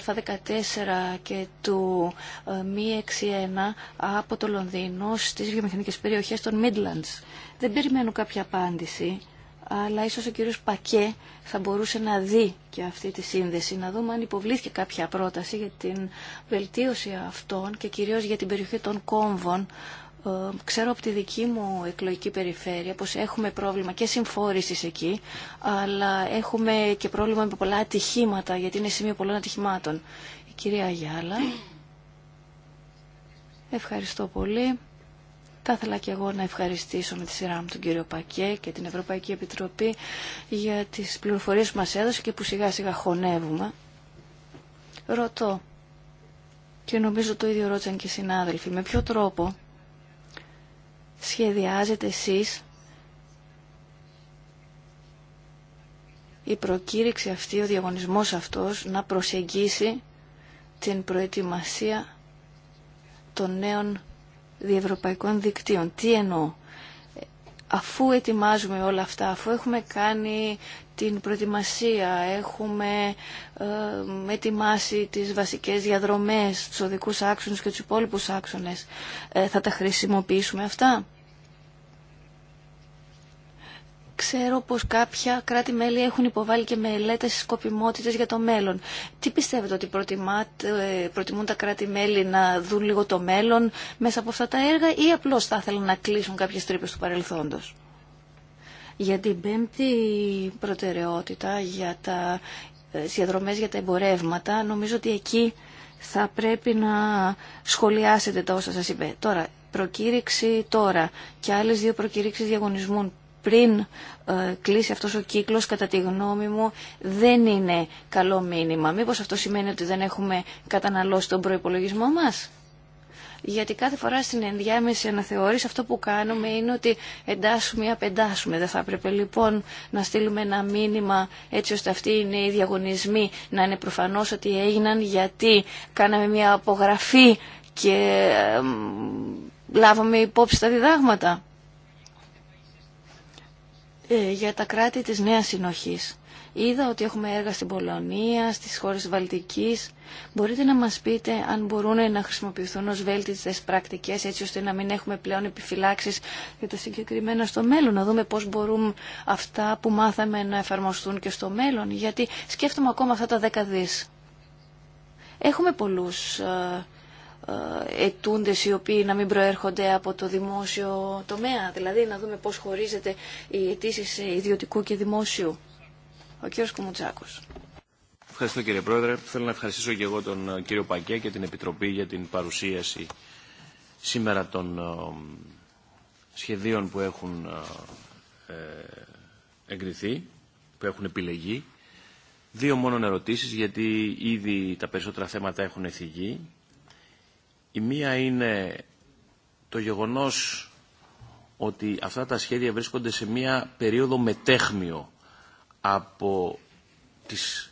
[SPEAKER 2] ε, Α14 και του ε, μη 61 από το Λονδίνο στις βιομηχανικές περιοχές των Midlands. Δεν περιμένω κάποια απάντηση, αλλά ίσως ο κύριος Πακέ θα μπορούσε να δει και αυτή τη σύνδεση, να δούμε αν υποβλήθηκε κάποια πρόταση για την βελτίωση αυτών και κυρίως για την περιοχή των κόμβων ε, ξέρω από τη δική μου εκλογική περιφέρεια πως έχουμε πρόβλημα και συμφόρησης εκεί, αλλά έχουμε και πρόβλημα με πολλά ατυχήματα, γιατί είναι σημείο πολλών ατυχημάτων. Η κυρία Γιάλα, ευχαριστώ πολύ. Θα ήθελα και εγώ να ευχαριστήσω με τη σειρά μου τον κύριο Πακέ και την Ευρωπαϊκή Επιτροπή για τις πληροφορίες που μας έδωσε και που σιγά σιγά χωνεύουμε. Ρωτώ, και νομίζω το ίδιο ρώτησαν και οι συνάδελφοι, με ποιο τρόπο σχεδιάζετε εσείς η προκήρυξη αυτή, ο διαγωνισμός αυτός να προσεγγίσει την προετοιμασία των νέων διευρωπαϊκών δικτύων. Τι εννοώ. Αφού ετοιμάζουμε όλα αυτά, αφού έχουμε κάνει την προετοιμασία, έχουμε ε, ετοιμάσει τις βασικές διαδρομές, τους οδικούς άξονες και τους υπόλοιπους άξονες, ε, θα τα χρησιμοποιήσουμε αυτά. Ξέρω πως κάποια κράτη-μέλη έχουν υποβάλει και μελέτες σκοπιμότητες για το μέλλον. Τι πιστεύετε ότι ε, προτιμούν τα κράτη-μέλη να δουν λίγο το μέλλον μέσα από αυτά τα έργα ή απλώς θα ήθελαν να κλείσουν κάποιες τρύπες του παρελθόντος. Για την πέμπτη προτεραιότητα, για τα διαδρομές ε, για τα εμπορεύματα, νομίζω ότι εκεί θα πρέπει να σχολιάσετε τα όσα σας είπε. Τώρα, προκήρυξη τώρα και άλλες δύο προκήρυξεις διαγωνισμού πριν ε, κλείσει αυτός ο κύκλος, κατά τη γνώμη μου, δεν είναι καλό μήνυμα. Μήπως αυτό σημαίνει ότι δεν έχουμε καταναλώσει τον προϋπολογισμό μας. Γιατί κάθε φορά στην ενδιάμεση αναθεώρηση αυτό που κάνουμε είναι ότι εντάσσουμε ή απεντάσσουμε. Δεν θα έπρεπε λοιπόν να στείλουμε ένα μήνυμα έτσι ώστε αυτοί οι νέοι διαγωνισμοί να είναι προφανώς ότι έγιναν γιατί κάναμε μια απογραφή και λάβαμε υπόψη τα διδάγματα. Ε, για τα κράτη της νέας συνοχής. Είδα ότι έχουμε έργα στην Πολωνία, στις χώρες Βαλτικής. Μπορείτε να μας πείτε αν μπορούν να χρησιμοποιηθούν ως βέλτιστες πρακτικές έτσι ώστε να μην έχουμε πλέον επιφυλάξεις για το συγκεκριμένο στο μέλλον. Να δούμε πώς μπορούν αυτά που μάθαμε να εφαρμοστούν και στο μέλλον. Γιατί σκέφτομαι ακόμα αυτά τα δέκα δις. Έχουμε πολλούς ε, ε, ετούντες οι οποίοι να μην προέρχονται από το δημόσιο τομέα. Δηλαδή να δούμε πώς χωρίζεται οι αιτήσει ιδιωτικού και δημόσιου. Ο κ. Κουμουτσάκος.
[SPEAKER 1] Ευχαριστώ κύριε Πρόεδρε. Θέλω να ευχαριστήσω και εγώ τον ε, κύριο Πακέ και την Επιτροπή για την παρουσίαση σήμερα των ε, σχεδίων που έχουν εγκριθεί, που έχουν επιλεγεί. Δύο μόνο ερωτήσεις γιατί ήδη τα περισσότερα θέματα έχουν εθιγεί η μία είναι το γεγονός ότι αυτά τα σχέδια βρίσκονται σε μία περίοδο μετέχμιο από τις,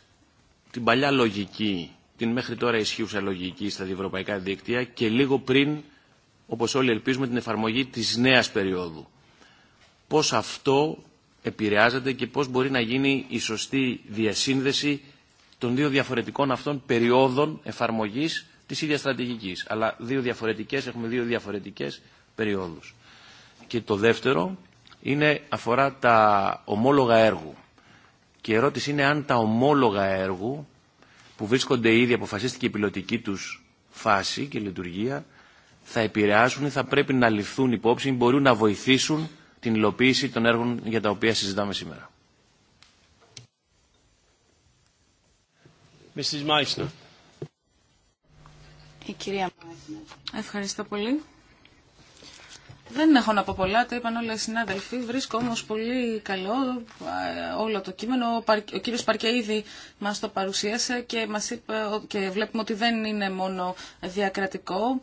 [SPEAKER 1] την παλιά λογική, την μέχρι τώρα ισχύουσα λογική στα διευρωπαϊκά δίκτυα και λίγο πριν, όπως όλοι ελπίζουμε, την εφαρμογή της νέας περίοδου. Πώς αυτό επηρεάζεται και πώς μπορεί να γίνει η σωστή διασύνδεση των δύο διαφορετικών αυτών περιόδων εφαρμογής της ίδιας στρατηγικής. Αλλά δύο διαφορετικές, έχουμε δύο διαφορετικές περιόδους. Και το δεύτερο είναι, αφορά τα ομόλογα έργου. Και η ερώτηση είναι αν τα ομόλογα έργου που βρίσκονται ήδη, αποφασίστηκε η πιλωτική τους φάση και λειτουργία, θα επηρεάσουν ή θα πρέπει να ληφθούν υπόψη ή μπορούν να βοηθήσουν την υλοποίηση των έργων για τα οποία συζητάμε σήμερα. Mrs.
[SPEAKER 4] Η κυρία Ευχαριστώ πολύ. Δεν έχω να πω πολλά, τα είπαν όλοι οι συνάδελφοι. Βρίσκω όμω πολύ καλό όλο το κείμενο. Ο κύριος Παρκείδη μας το παρουσίασε και, μας είπε, και βλέπουμε ότι δεν είναι μόνο διακρατικό,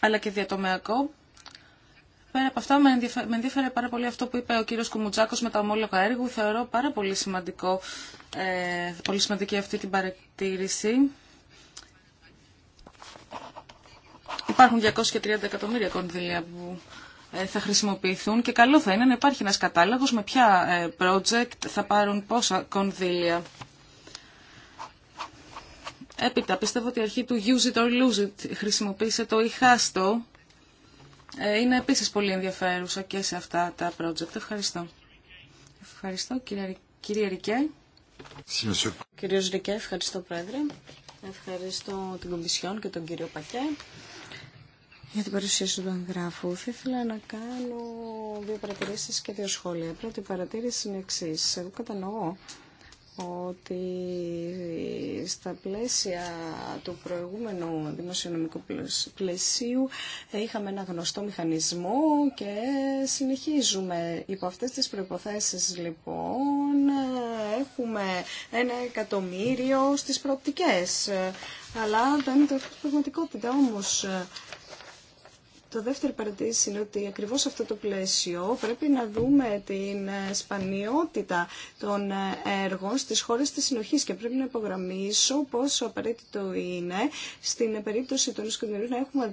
[SPEAKER 4] αλλά και διατομεακό. Πέρα από αυτά, με, ενδιαφέρε, πάρα πολύ αυτό που είπε ο κύριος Κουμουτσάκο με τα ομόλογα έργου. Θεωρώ πάρα πολύ, σημαντικό, ε, πολύ σημαντική αυτή την παρατήρηση. Υπάρχουν 230 εκατομμύρια κονδύλια που ε, θα χρησιμοποιηθούν και καλό θα είναι να υπάρχει ένας κατάλογος με ποια ε, project θα πάρουν πόσα κονδύλια. Έπειτα πιστεύω ότι η αρχή του use it or lose it, χρησιμοποίησε το ή χάστο, ε, είναι επίσης πολύ ενδιαφέρουσα και σε αυτά τα project. Ευχαριστώ. Ευχαριστώ
[SPEAKER 3] κύριε, Ρικέ. Κύριος Ρικέ, ευχαριστώ πρόεδρε. Ευχαριστώ την Κομισιόν και τον κύριο Πακέ για την παρουσίαση του εγγράφου. Θα ήθελα να κάνω δύο παρατηρήσει και δύο σχόλια. πρώτη παρατήρηση είναι εξή. Εγώ κατανοώ ότι στα πλαίσια του προηγούμενου δημοσιονομικού πλαισίου είχαμε ένα γνωστό μηχανισμό και συνεχίζουμε. Υπό αυτές τις προϋποθέσεις λοιπόν έχουμε ένα εκατομμύριο στις προοπτικές. Αλλά δεν είναι το πραγματικότητα όμως το δεύτερο παρατήρηση είναι ότι ακριβώς αυτό το πλαίσιο πρέπει να δούμε την ε, σπανιότητα των ε, έργων στις χώρες της συνοχής και πρέπει να υπογραμμίσω πόσο απαραίτητο είναι στην περίπτωση των νοσκοτηρίων να έχουμε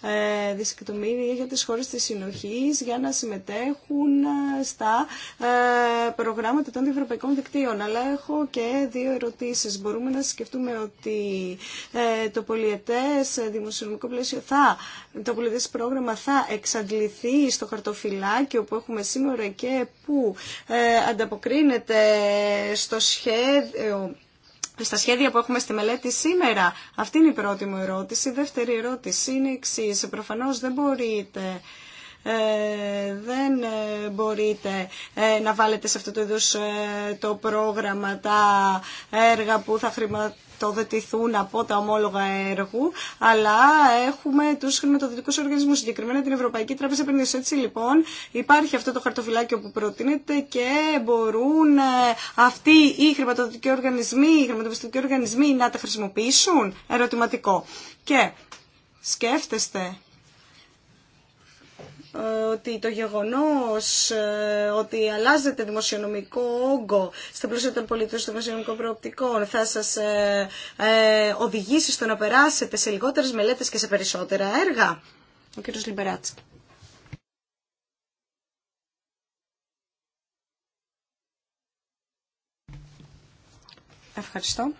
[SPEAKER 3] 10 ε, δισεκατομμύρια για τις χώρες της συνοχής για να συμμετέχουν στα προγράμματα των ευρωπαϊκών δικτύων. Αλλά έχω και δύο ερωτήσεις. Μπορούμε να σκεφτούμε ότι το πολιετές δημοσιονομικό πλαίσιο θα το πρόγραμμα θα εξαντληθεί στο χαρτοφυλάκιο που έχουμε σήμερα και που ε, ανταποκρίνεται στο σχέδιο στα σχέδια που έχουμε στη μελέτη σήμερα. Αυτή είναι η πρώτη μου ερώτηση. Η δεύτερη ερώτηση είναι εξή. Προφανώ δεν μπορείτε ε, δεν ε, μπορείτε ε, να βάλετε σε αυτό το είδους το πρόγραμμα τα έργα που θα χρηματοδοτήσουν δετηθούν από τα ομόλογα έργου, αλλά έχουμε του χρηματοδοτικού οργανισμού. συγκεκριμένα την Ευρωπαϊκή Τράπεζα Επενδύσεων. Έτσι λοιπόν υπάρχει αυτό το χαρτοφυλάκιο που προτείνεται και μπορούν ε, αυτοί οι χρηματοδοτικοί οργανισμοί, οι χρηματοπιστωτικοί οργανισμοί να τα χρησιμοποιήσουν, ερωτηματικό. Και σκέφτεστε ε, ότι το γεγονός ε, ότι αλλάζεται δημοσιονομικό όγκο στα πλούσια των πολιτών στο δημοσιονομικό προοπτικών θα σας ε, ε, οδηγήσει στο να περάσετε σε λιγότερες μελέτες και σε περισσότερα έργα. Ο κύριος Λιμπεράτς. Ευχαριστώ.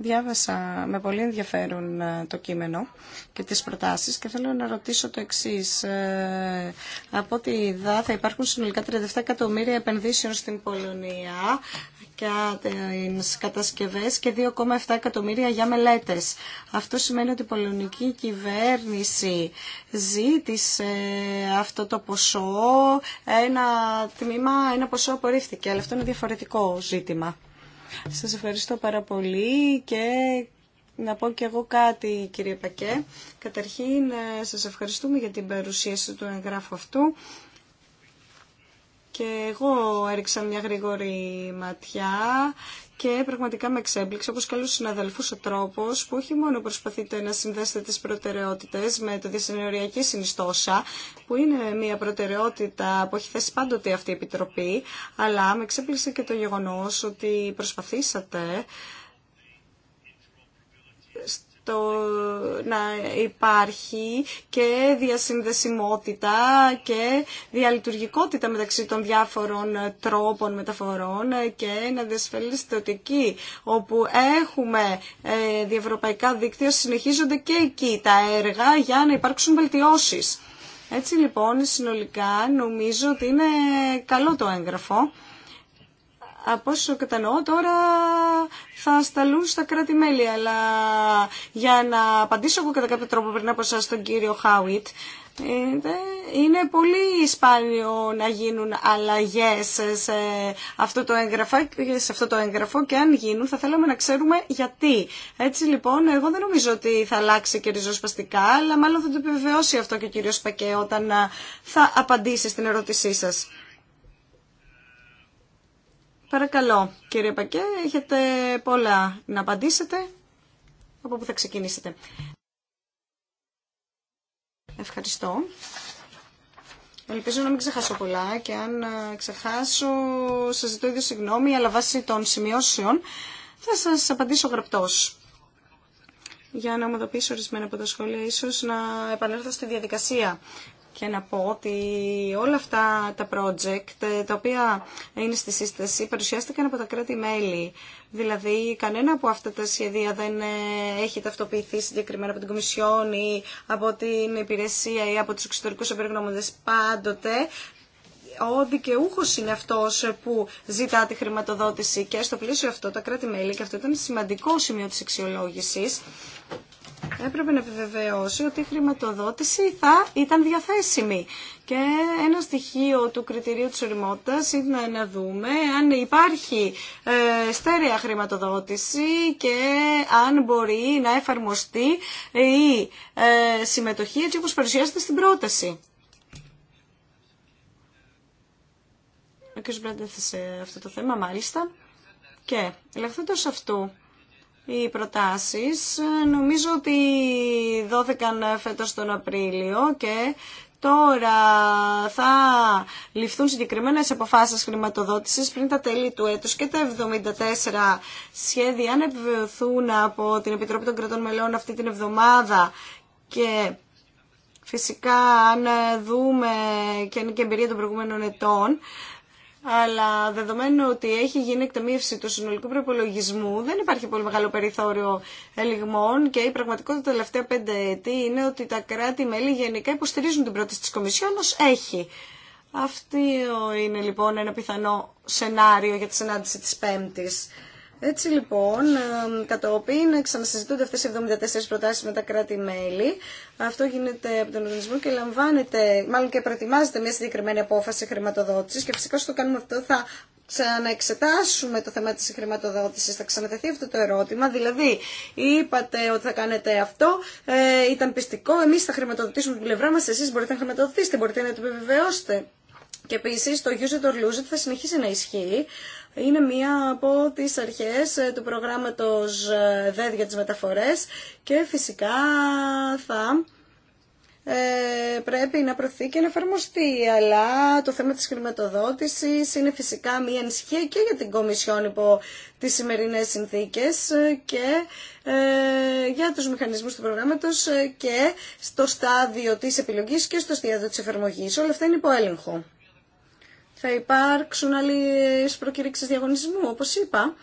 [SPEAKER 3] Διάβασα με πολύ ενδιαφέρον ε, το κείμενο και τις προτάσεις και θέλω να ρωτήσω το εξής. Ε, από ό,τι είδα θα υπάρχουν συνολικά 37 εκατομμύρια επενδύσεων στην Πολωνία και τις κατασκευές και 2,7 εκατομμύρια για μελέτες. Αυτό σημαίνει ότι η πολωνική κυβέρνηση ζήτησε ε, αυτό το ποσό, ένα τμήμα, ένα ποσό απορρίφθηκε, αλλά αυτό είναι διαφορετικό ζήτημα. Σας ευχαριστώ πάρα πολύ και να πω κι εγώ κάτι κύριε Πακέ. Καταρχήν ε, σας ευχαριστούμε για την παρουσίαση του εγγράφου αυτού και εγώ έριξα μια γρήγορη ματιά και πραγματικά με εξέπληξε, όπως και άλλους συναδελφούς, ο τρόπος που όχι μόνο προσπαθείτε να συνδέσετε τις προτεραιότητες με το διασυνοριακή συνιστόσα, που είναι μια προτεραιότητα που έχει θέσει πάντοτε αυτή η Επιτροπή, αλλά με εξέπληξε και το γεγονός ότι προσπαθήσατε το να υπάρχει και διασυνδεσιμότητα και διαλειτουργικότητα μεταξύ των διάφορων τρόπων μεταφορών και να διασφαλίσετε ότι εκεί όπου έχουμε ε, διευρωπαϊκά δίκτυα συνεχίζονται και εκεί τα έργα για να υπάρξουν βελτιώσεις. Έτσι λοιπόν συνολικά νομίζω ότι είναι καλό το έγγραφο από όσο κατανοώ τώρα θα σταλούν στα κράτη-μέλη, αλλά για να απαντήσω εγώ κατά κάποιο τρόπο πριν από εσάς τον κύριο Χάουιτ, είναι πολύ σπάνιο να γίνουν αλλαγές σε αυτό, το έγγραφο, σε αυτό το έγγραφο και αν γίνουν θα θέλαμε να ξέρουμε γιατί. Έτσι λοιπόν εγώ δεν νομίζω ότι θα αλλάξει και ριζοσπαστικά αλλά μάλλον θα το επιβεβαιώσει αυτό και ο κύριος Πακέ όταν θα απαντήσει στην ερώτησή σας. Παρακαλώ, κύριε Πακέ, έχετε πολλά να απαντήσετε. Από πού θα ξεκινήσετε. Ευχαριστώ. Ελπίζω να μην ξεχάσω πολλά και αν ε, ξεχάσω σας ζητώ ίδιο συγγνώμη, αλλά βάσει των σημειώσεων θα σας απαντήσω γραπτός. Για να ομοδοποιήσω ορισμένα από τα σχόλια, ίσως να επανέλθω στη διαδικασία και να πω ότι όλα αυτά τα project ε, τα οποία είναι στη σύσταση παρουσιάστηκαν από τα κράτη-μέλη. Δηλαδή κανένα από αυτά τα σχεδία δεν ε, έχει ταυτοποιηθεί συγκεκριμένα από την Κομισιόν ή από την υπηρεσία ή από τους εξωτερικούς εμπειρογνώμονες πάντοτε ο δικαιούχο είναι αυτό που ζητά τη χρηματοδότηση και στο πλαίσιο αυτό τα κράτη-μέλη, και αυτό ήταν σημαντικό σημείο τη αξιολόγηση, έπρεπε να επιβεβαιώσει ότι η χρηματοδότηση θα ήταν διαθέσιμη. Και ένα στοιχείο του κριτηρίου της οριμότητας είναι να δούμε αν υπάρχει ε, στέρεα χρηματοδότηση και αν μπορεί να εφαρμοστεί η ε, συμμετοχή έτσι όπως παρουσιάζεται στην πρόταση. Ο κ. σε αυτό το θέμα μάλιστα. Και ελεγχθέντως αυτού οι προτάσεις. Νομίζω ότι δόθηκαν φέτος τον Απρίλιο και τώρα θα ληφθούν συγκεκριμένες αποφάσεις χρηματοδότησης πριν τα τέλη του έτους και τα 74 σχέδια αν επιβεβαιωθούν από την Επιτροπή των Κρατών Μελών αυτή την εβδομάδα και φυσικά αν δούμε και είναι και εμπειρία των προηγούμενων ετών αλλά δεδομένου ότι έχει γίνει εκτεμίευση του συνολικού προπολογισμού, δεν υπάρχει πολύ μεγάλο περιθώριο ελιγμών και η πραγματικότητα τα τελευταία πέντε έτη είναι ότι τα κράτη-μέλη γενικά υποστηρίζουν την πρόταση της Κομισιόν ως έχει. Αυτό είναι λοιπόν ένα πιθανό σενάριο για τη συνάντηση της Πέμπτης. Έτσι λοιπόν, κατόπιν ξανασυζητούνται αυτές οι 74 προτάσεις με τα κράτη-μέλη. Αυτό γίνεται από τον οργανισμό και λαμβάνεται, μάλλον και προετοιμάζεται μια συγκεκριμένη απόφαση χρηματοδότησης και φυσικά στο κάνουμε αυτό θα ξαναεξετάσουμε το θέμα της χρηματοδότησης, θα ξανατεθεί αυτό το ερώτημα, δηλαδή είπατε ότι θα κάνετε αυτό, ε, ήταν πιστικό, εμείς θα χρηματοδοτήσουμε την πλευρά μας, εσείς μπορείτε να χρηματοδοτήσετε, μπορείτε να το επιβεβαιώσετε. Και επίση το Use it or lose it θα συνεχίσει να ισχύει. Είναι μία από τις αρχές ε, του προγράμματος ε, ΔΕΔ για μεταφορές και φυσικά θα ε, πρέπει να προωθεί και να εφαρμοστεί. Αλλά το θέμα της χρηματοδότησης είναι φυσικά μία ενισχύα και για την Κομισιόν υπό τις σημερινές συνθήκες και για τους μηχανισμούς του προγράμματος και στο στάδιο της επιλογής και στο στάδιο της εφαρμογής. Όλα αυτά είναι υπό έλεγχο θα υπάρξουν άλλες προκήρυξεις διαγωνισμού, όπως είπα.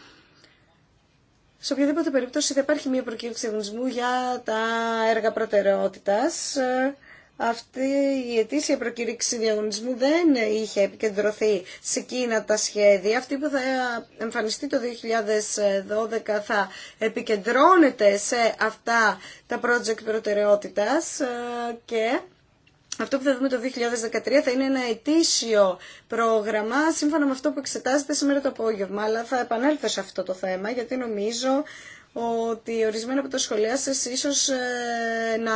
[SPEAKER 3] Σε οποιαδήποτε περίπτωση θα υπάρχει μια προκήρυξη διαγωνισμού για τα έργα προτεραιότητας. Αυτή η ετήσια προκήρυξη διαγωνισμού δεν είχε επικεντρωθεί σε εκείνα τα σχέδια. Αυτή που θα εμφανιστεί το 2012 θα επικεντρώνεται σε αυτά τα project προτεραιότητας ε, και αυτό που θα δούμε το 2013 θα είναι ένα ετήσιο πρόγραμμα, σύμφωνα με αυτό που εξετάζεται σήμερα το απόγευμα, αλλά θα επανέλθω σε αυτό το θέμα, γιατί νομίζω ότι ορισμένα από τα σχολεία σας ίσως ε, να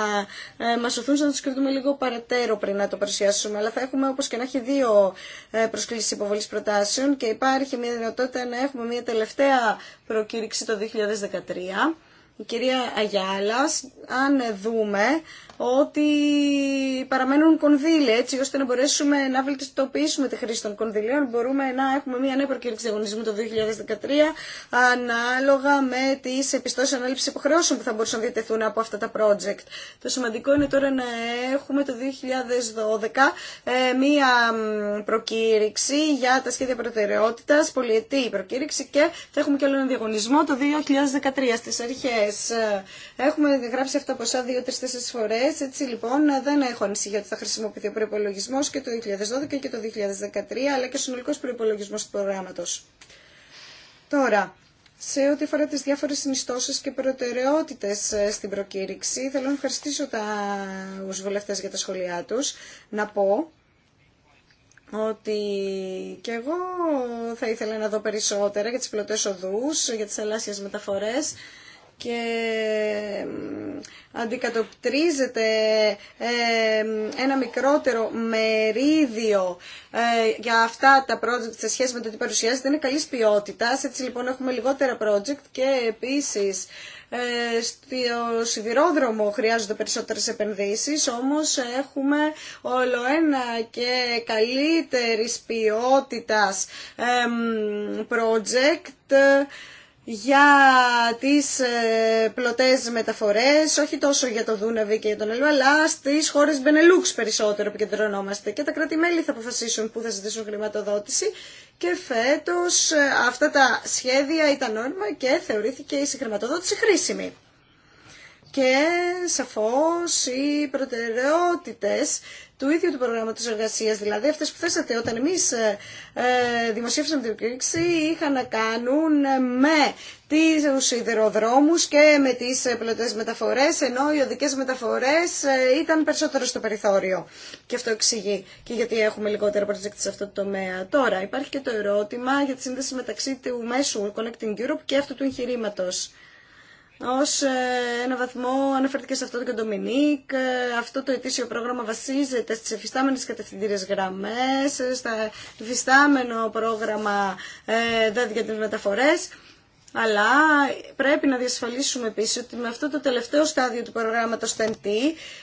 [SPEAKER 3] ε, μας οθούν να το σκεφτούμε λίγο παρατέρω πριν να το παρουσιάσουμε, αλλά θα έχουμε όπως και να έχει δύο ε, προσκλήσεις υποβολής προτάσεων και υπάρχει μια δυνατότητα να έχουμε μια τελευταία προκήρυξη το 2013 η κυρία Αγιάλα, αν δούμε ότι παραμένουν κονδύλια, έτσι ώστε να μπορέσουμε να βελτιστοποιήσουμε τη χρήση των κονδυλίων, μπορούμε να έχουμε μια νέα προκήρυξη διαγωνισμού το 2013, ανάλογα με τι επιστώσει ανάληψη υποχρεώσεων που θα μπορούσαν να διατεθούν από αυτά τα project. Το σημαντικό είναι τώρα να έχουμε το 2012 ε, μια προκήρυξη για τα σχέδια προτεραιότητα, πολυετή προκήρυξη και θα έχουμε και άλλο ένα διαγωνισμό το 2013 στι αρχέ εχουμε Έχουμε γράψει αυτά ποσά 3 2-3-4 φορές, έτσι λοιπόν δεν έχω ανησυχία ότι θα χρησιμοποιηθεί ο προπολογισμό και το 2012 και το 2013, αλλά και ο συνολικός προπολογισμό του προγράμματος. Τώρα, σε ό,τι αφορά τι διάφορε συνιστώσει και προτεραιότητες ε, στην προκήρυξη, θέλω να ευχαριστήσω τα βουλευτέ για τα σχόλιά του. Να πω ότι και εγώ θα ήθελα να δω περισσότερα για τις πλωτές οδούς, για τις θαλάσσιες μεταφορές και αντικατοπτρίζεται ε, ένα μικρότερο μερίδιο ε, για αυτά τα project σε σχέση με το τι παρουσιάζεται είναι καλής ποιότητας. Έτσι λοιπόν έχουμε λιγότερα project και επίσης ε, στο σιδηρόδρομο χρειάζονται περισσότερες επενδύσεις, όμως έχουμε όλο ένα και καλύτερης ποιότητας project για τις ε, πλωτές μεταφορές, όχι τόσο για το Δούναβι και για τον Ελβα, αλλά στις χώρες Μπενελούξ περισσότερο κεντρωνόμαστε. και τα κράτη-μέλη θα αποφασίσουν πού θα ζητήσουν χρηματοδότηση και φέτος ε, αυτά τα σχέδια ήταν όνομα και θεωρήθηκε η συγχρηματοδότηση χρήσιμη. Και σαφώς οι προτεραιότητες του ίδιου του προγράμματος εργασίας. Δηλαδή αυτές που θέσατε όταν εμείς ε, ε, δημοσίευσαμε την κρίξη είχαν να κάνουν με του σιδηροδρόμους και με τις πλωτές μεταφορές, ενώ οι οδικές μεταφορές ε, ήταν περισσότερο στο περιθώριο. Και αυτό εξηγεί και γιατί έχουμε λιγότερα project σε αυτό το τομέα. Τώρα υπάρχει και το ερώτημα για τη σύνδεση μεταξύ του μέσου Connecting Europe και αυτού του εγχειρήματο ως ε, ένα βαθμό αναφέρθηκε σε αυτό το Ε, Αυτό το ετήσιο πρόγραμμα βασίζεται στις εφιστάμενες κατευθυντήριες γραμμές, ε, στα εφιστάμενο πρόγραμμα ε, δέντια για τις μεταφορές. Αλλά πρέπει να διασφαλίσουμε επίσης ότι με αυτό το τελευταίο στάδιο του προγράμματος TNT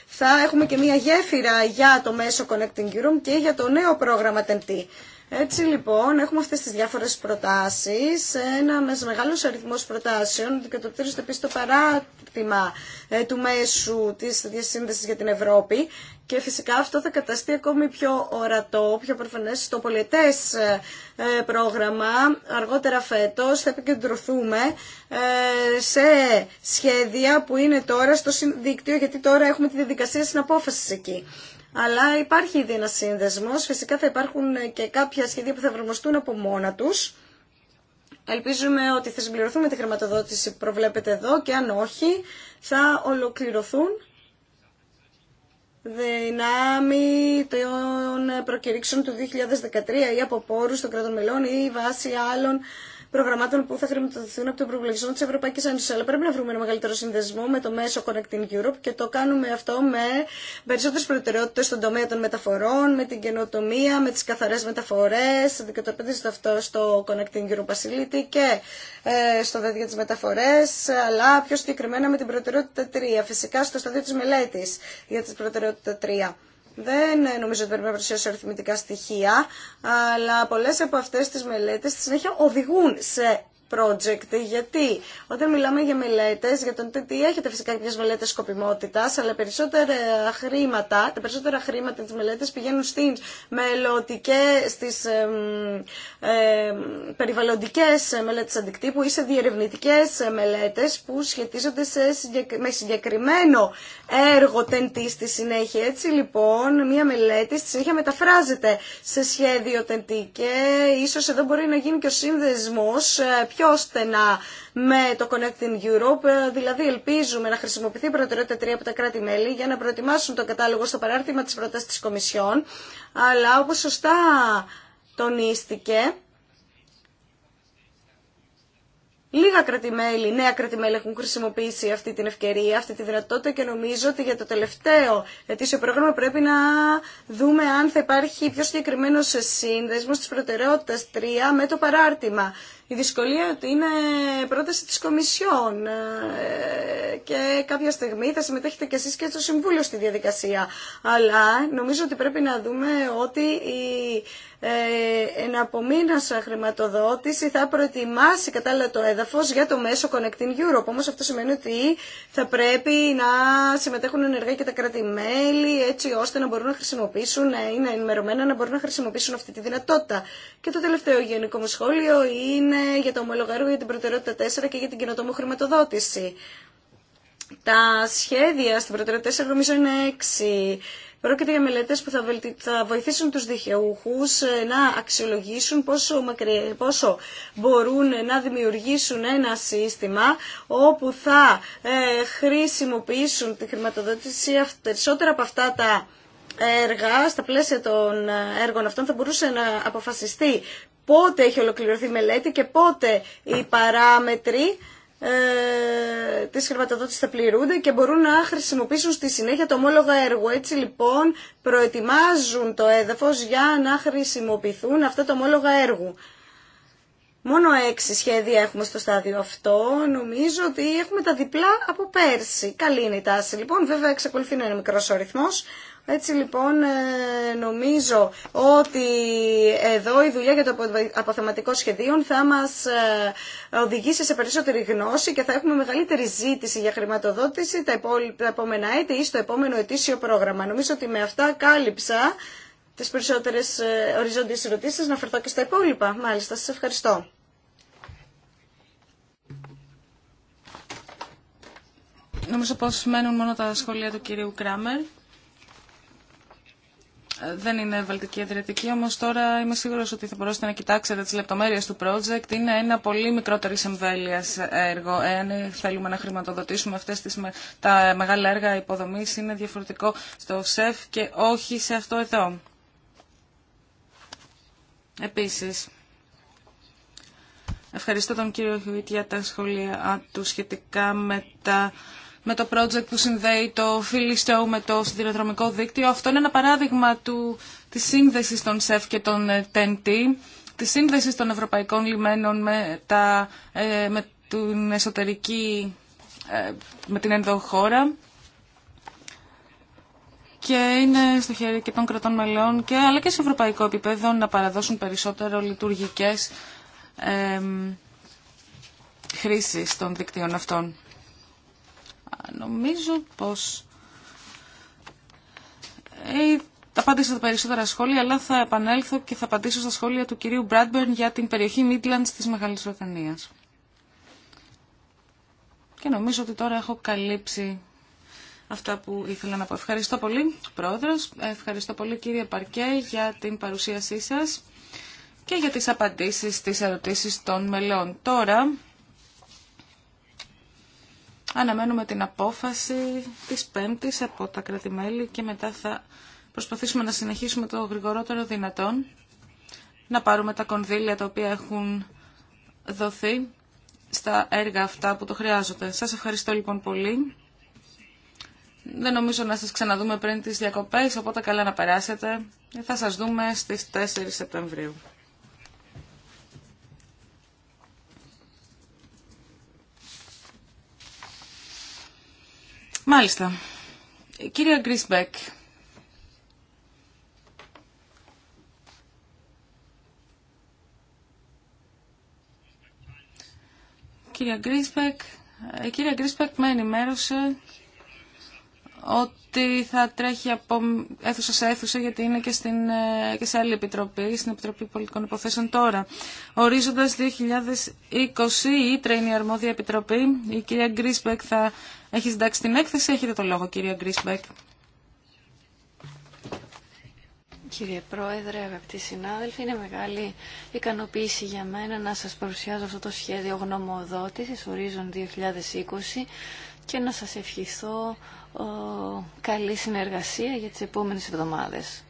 [SPEAKER 3] θα έχουμε και μια γέφυρα για το μέσο Connecting Room και για το νέο πρόγραμμα TNT. Έτσι λοιπόν έχουμε αυτές τις διάφορες προτάσεις, ένα μεγάλος αριθμός προτάσεων που επίση επίσης το παράτημα ε, του μέσου της διασύνδεσης για την Ευρώπη και φυσικά αυτό θα καταστεί ακόμη πιο ορατό, πιο προφανές στο πολιτές ε, πρόγραμμα. Αργότερα φέτος θα επικεντρωθούμε ε, σε σχέδια που είναι τώρα στο δίκτυο γιατί τώρα έχουμε τη διαδικασία συναπόφασης εκεί αλλά υπάρχει ήδη ένα σύνδεσμο. Φυσικά θα υπάρχουν και κάποια σχέδια που θα εφαρμοστούν από μόνα του. Ελπίζουμε ότι θα συμπληρωθούν με τη χρηματοδότηση που προβλέπετε εδώ και αν όχι θα ολοκληρωθούν δυνάμει των προκηρύξεων του 2013 ή από πόρους των κρατών ή βάση άλλων προγραμμάτων που θα χρηματοδοτηθούν από τον προβληματισμό τη Ευρωπαϊκή Ένωση. Αλλά πρέπει να βρούμε ένα μεγαλύτερο συνδεσμό με το μέσο Connecting Europe και το κάνουμε αυτό με περισσότερε προτεραιότητε στον τομέα των μεταφορών, με την καινοτομία, με τι καθαρέ μεταφορέ. Δικαιοτοπίζεται αυτό στο Connecting Europe Facility και ε, στο δέντρο για τι μεταφορέ, αλλά πιο συγκεκριμένα με την προτεραιότητα 3. Φυσικά στο στάδιο τη μελέτη για τι προτεραιότητα 3. Δεν νομίζω ότι πρέπει να παρουσιάσω αριθμητικά στοιχεία, αλλά πολλές από αυτές τις μελέτες στη συνέχεια οδηγούν σε project, γιατί όταν μιλάμε για μελέτες, για τον τι έχετε φυσικά και μελέτε μελέτες σκοπιμότητας, αλλά περισσότερα χρήματα, τα περισσότερα χρήματα της μελέτες πηγαίνουν στις μελλοντικές, στις ε, ε, περιβαλλοντικές μελέτες αντικτύπου ή σε διερευνητικές μελέτες που σχετίζονται σε, με συγκεκριμένο έργο τεντή στη συνέχεια. Έτσι λοιπόν, μια μελέτη στη συνέχεια μεταφράζεται σε σχέδιο τεντή και ίσως εδώ μπορεί να γίνει και ο σύνδεσμος ε, πιο στενά με το Connecting Europe. Δηλαδή, ελπίζουμε να χρησιμοποιηθεί η προτεραιότητα 3 από τα κράτη-μέλη για να προετοιμάσουν το κατάλογο στο παράρτημα τη πρόταση τη Κομισιόν. Αλλά, όπω σωστά τονίστηκε, Λίγα μελη νέα κράτη-μέλη έχουν χρησιμοποιήσει αυτή την ευκαιρία, αυτή τη δυνατότητα και νομίζω ότι για το τελευταίο ετήσιο πρόγραμμα πρέπει να δούμε αν θα υπάρχει πιο συγκεκριμένο σύνδεσμο τη προτεραιότητα 3 με το παράρτημα. Η δυσκολία είναι πρόταση της Κομισιόν ε, και κάποια στιγμή θα συμμετέχετε κι εσείς και στο Συμβούλιο στη διαδικασία. Αλλά νομίζω ότι πρέπει να δούμε ότι η ε, εναπομείνασα χρηματοδότηση θα προετοιμάσει κατάλληλα το έδαφος για το μέσο Connecting Europe. Όμως αυτό σημαίνει ότι θα πρέπει να συμμετέχουν ενεργά και τα κράτη-μέλη έτσι ώστε να μπορούν να χρησιμοποιήσουν, να είναι ενημερωμένα να μπορούν να χρησιμοποιήσουν αυτή τη δυνατότητα. Και το τελευταίο γενικό μου σχόλιο είναι για το ομολογάριο για την προτεραιότητα 4 και για την καινοτόμο χρηματοδότηση. Τα σχέδια στην προτεραιότητα 4 νομίζω είναι 6 Πρόκειται για μελέτε που θα, βοηθήσουν τους Δικαιούχου ε, να αξιολογήσουν πόσο, πόσο μπορούν να δημιουργήσουν ένα σύστημα όπου θα ε, χρησιμοποιήσουν τη χρηματοδότηση περισσότερα από αυτά τα έργα, στα πλαίσια των ε, έργων αυτών θα μπορούσε να αποφασιστεί πότε έχει ολοκληρωθεί η μελέτη και πότε οι παράμετροι ε, της θα πληρούνται και μπορούν να χρησιμοποιήσουν στη συνέχεια το ομόλογα έργο. Έτσι λοιπόν προετοιμάζουν το έδαφος για να χρησιμοποιηθούν αυτά τα ομόλογα έργου. Μόνο έξι σχέδια έχουμε στο στάδιο αυτό. Νομίζω ότι έχουμε τα διπλά από πέρσι. Καλή είναι η τάση. Λοιπόν, βέβαια εξακολουθεί να είναι μικρό ο ρυθμός, έτσι λοιπόν ε, νομίζω ότι εδώ η δουλειά για το αποθεματικό σχεδίων θα μας ε, οδηγήσει σε περισσότερη γνώση και θα έχουμε μεγαλύτερη ζήτηση για χρηματοδότηση τα επόμενα έτη ή στο επόμενο ετήσιο πρόγραμμα. Νομίζω ότι με αυτά κάλυψα τις περισσότερες ε, οριζόντιες ερωτήσεις να φερθώ και στα υπόλοιπα. Μάλιστα, σας ευχαριστώ. Νομίζω πως μένουν μόνο τα σχόλια του κυρίου
[SPEAKER 4] Κράμερ δεν είναι Βαλτική Αδριατική, όμως τώρα είμαι σίγουρος ότι θα μπορέσετε να κοιτάξετε τις λεπτομέρειες του project. Είναι ένα πολύ μικρότερη εμβέλεια έργο. Εάν θέλουμε να χρηματοδοτήσουμε αυτές τις, τα μεγάλα έργα υποδομής, είναι διαφορετικό στο ΣΕΦ και όχι σε αυτό εδώ. Επίσης, ευχαριστώ τον κύριο Χιουίτ για τα σχόλια του σχετικά με τα με το project που συνδέει το Show με το σιδηροδρομικό δίκτυο. Αυτό είναι ένα παράδειγμα του, της σύνδεσης των ΣΕΦ και των ε, ΤΕΝΤΗ, της σύνδεσης των ευρωπαϊκών λιμένων με, τα, ε, με την εσωτερική, ε, με την ενδοχώρα και είναι στο χέρι και των κρατών μελών και, αλλά και σε ευρωπαϊκό επίπεδο να παραδώσουν περισσότερο λειτουργικές ε, χρήσεις των δικτύων αυτών. Νομίζω πως ε, απάντησα τα περισσότερα σχόλια, αλλά θα επανέλθω και θα απαντήσω στα σχόλια του κυρίου Μπράντμπερν για την περιοχή Midlands της Μεγάλης Βρετανίας. Και νομίζω ότι τώρα έχω καλύψει αυτά που ήθελα να πω. Ευχαριστώ πολύ, Πρόεδρος. Ευχαριστώ πολύ, κύριε Παρκέ, για την παρουσίασή σας και για τις απαντήσεις στις ερωτήσεις των μελών. Τώρα Αναμένουμε την απόφαση της Πέμπτης από τα κρατημέλη και μετά θα προσπαθήσουμε να συνεχίσουμε το γρηγορότερο δυνατόν να πάρουμε τα κονδύλια τα οποία έχουν δοθεί στα έργα αυτά που το χρειάζονται. Σας ευχαριστώ λοιπόν πολύ. Δεν νομίζω να σας ξαναδούμε πριν τις διακοπές, οπότε καλά να περάσετε. Θα σας δούμε στις 4 Σεπτεμβρίου. Μάλιστα. Κύριε Γκρίσμπεκ, Κύριε Γκρίσπεκ, η κυρία Γκρίσπεκ ε, με ενημέρωσε ότι θα τρέχει από αίθουσα σε αίθουσα γιατί είναι και, στην, ε, και σε άλλη επιτροπή, στην Επιτροπή Πολιτικών Υποθέσεων τώρα. Ορίζοντας 2020 η Ήτρα είναι η αρμόδια επιτροπή. Η κυρία Γκρίσπεκ θα έχει συντάξει την έκθεση, έχετε το λόγο κυρία Γκρίσμπεκ.
[SPEAKER 2] Κύριε Πρόεδρε, αγαπητοί συνάδελφοι, είναι μεγάλη ικανοποίηση για μένα να σας παρουσιάζω αυτό το σχέδιο γνωμοδότησης Horizon 2020 και να σας ευχηθώ καλή συνεργασία για τις επόμενες εβδομάδες.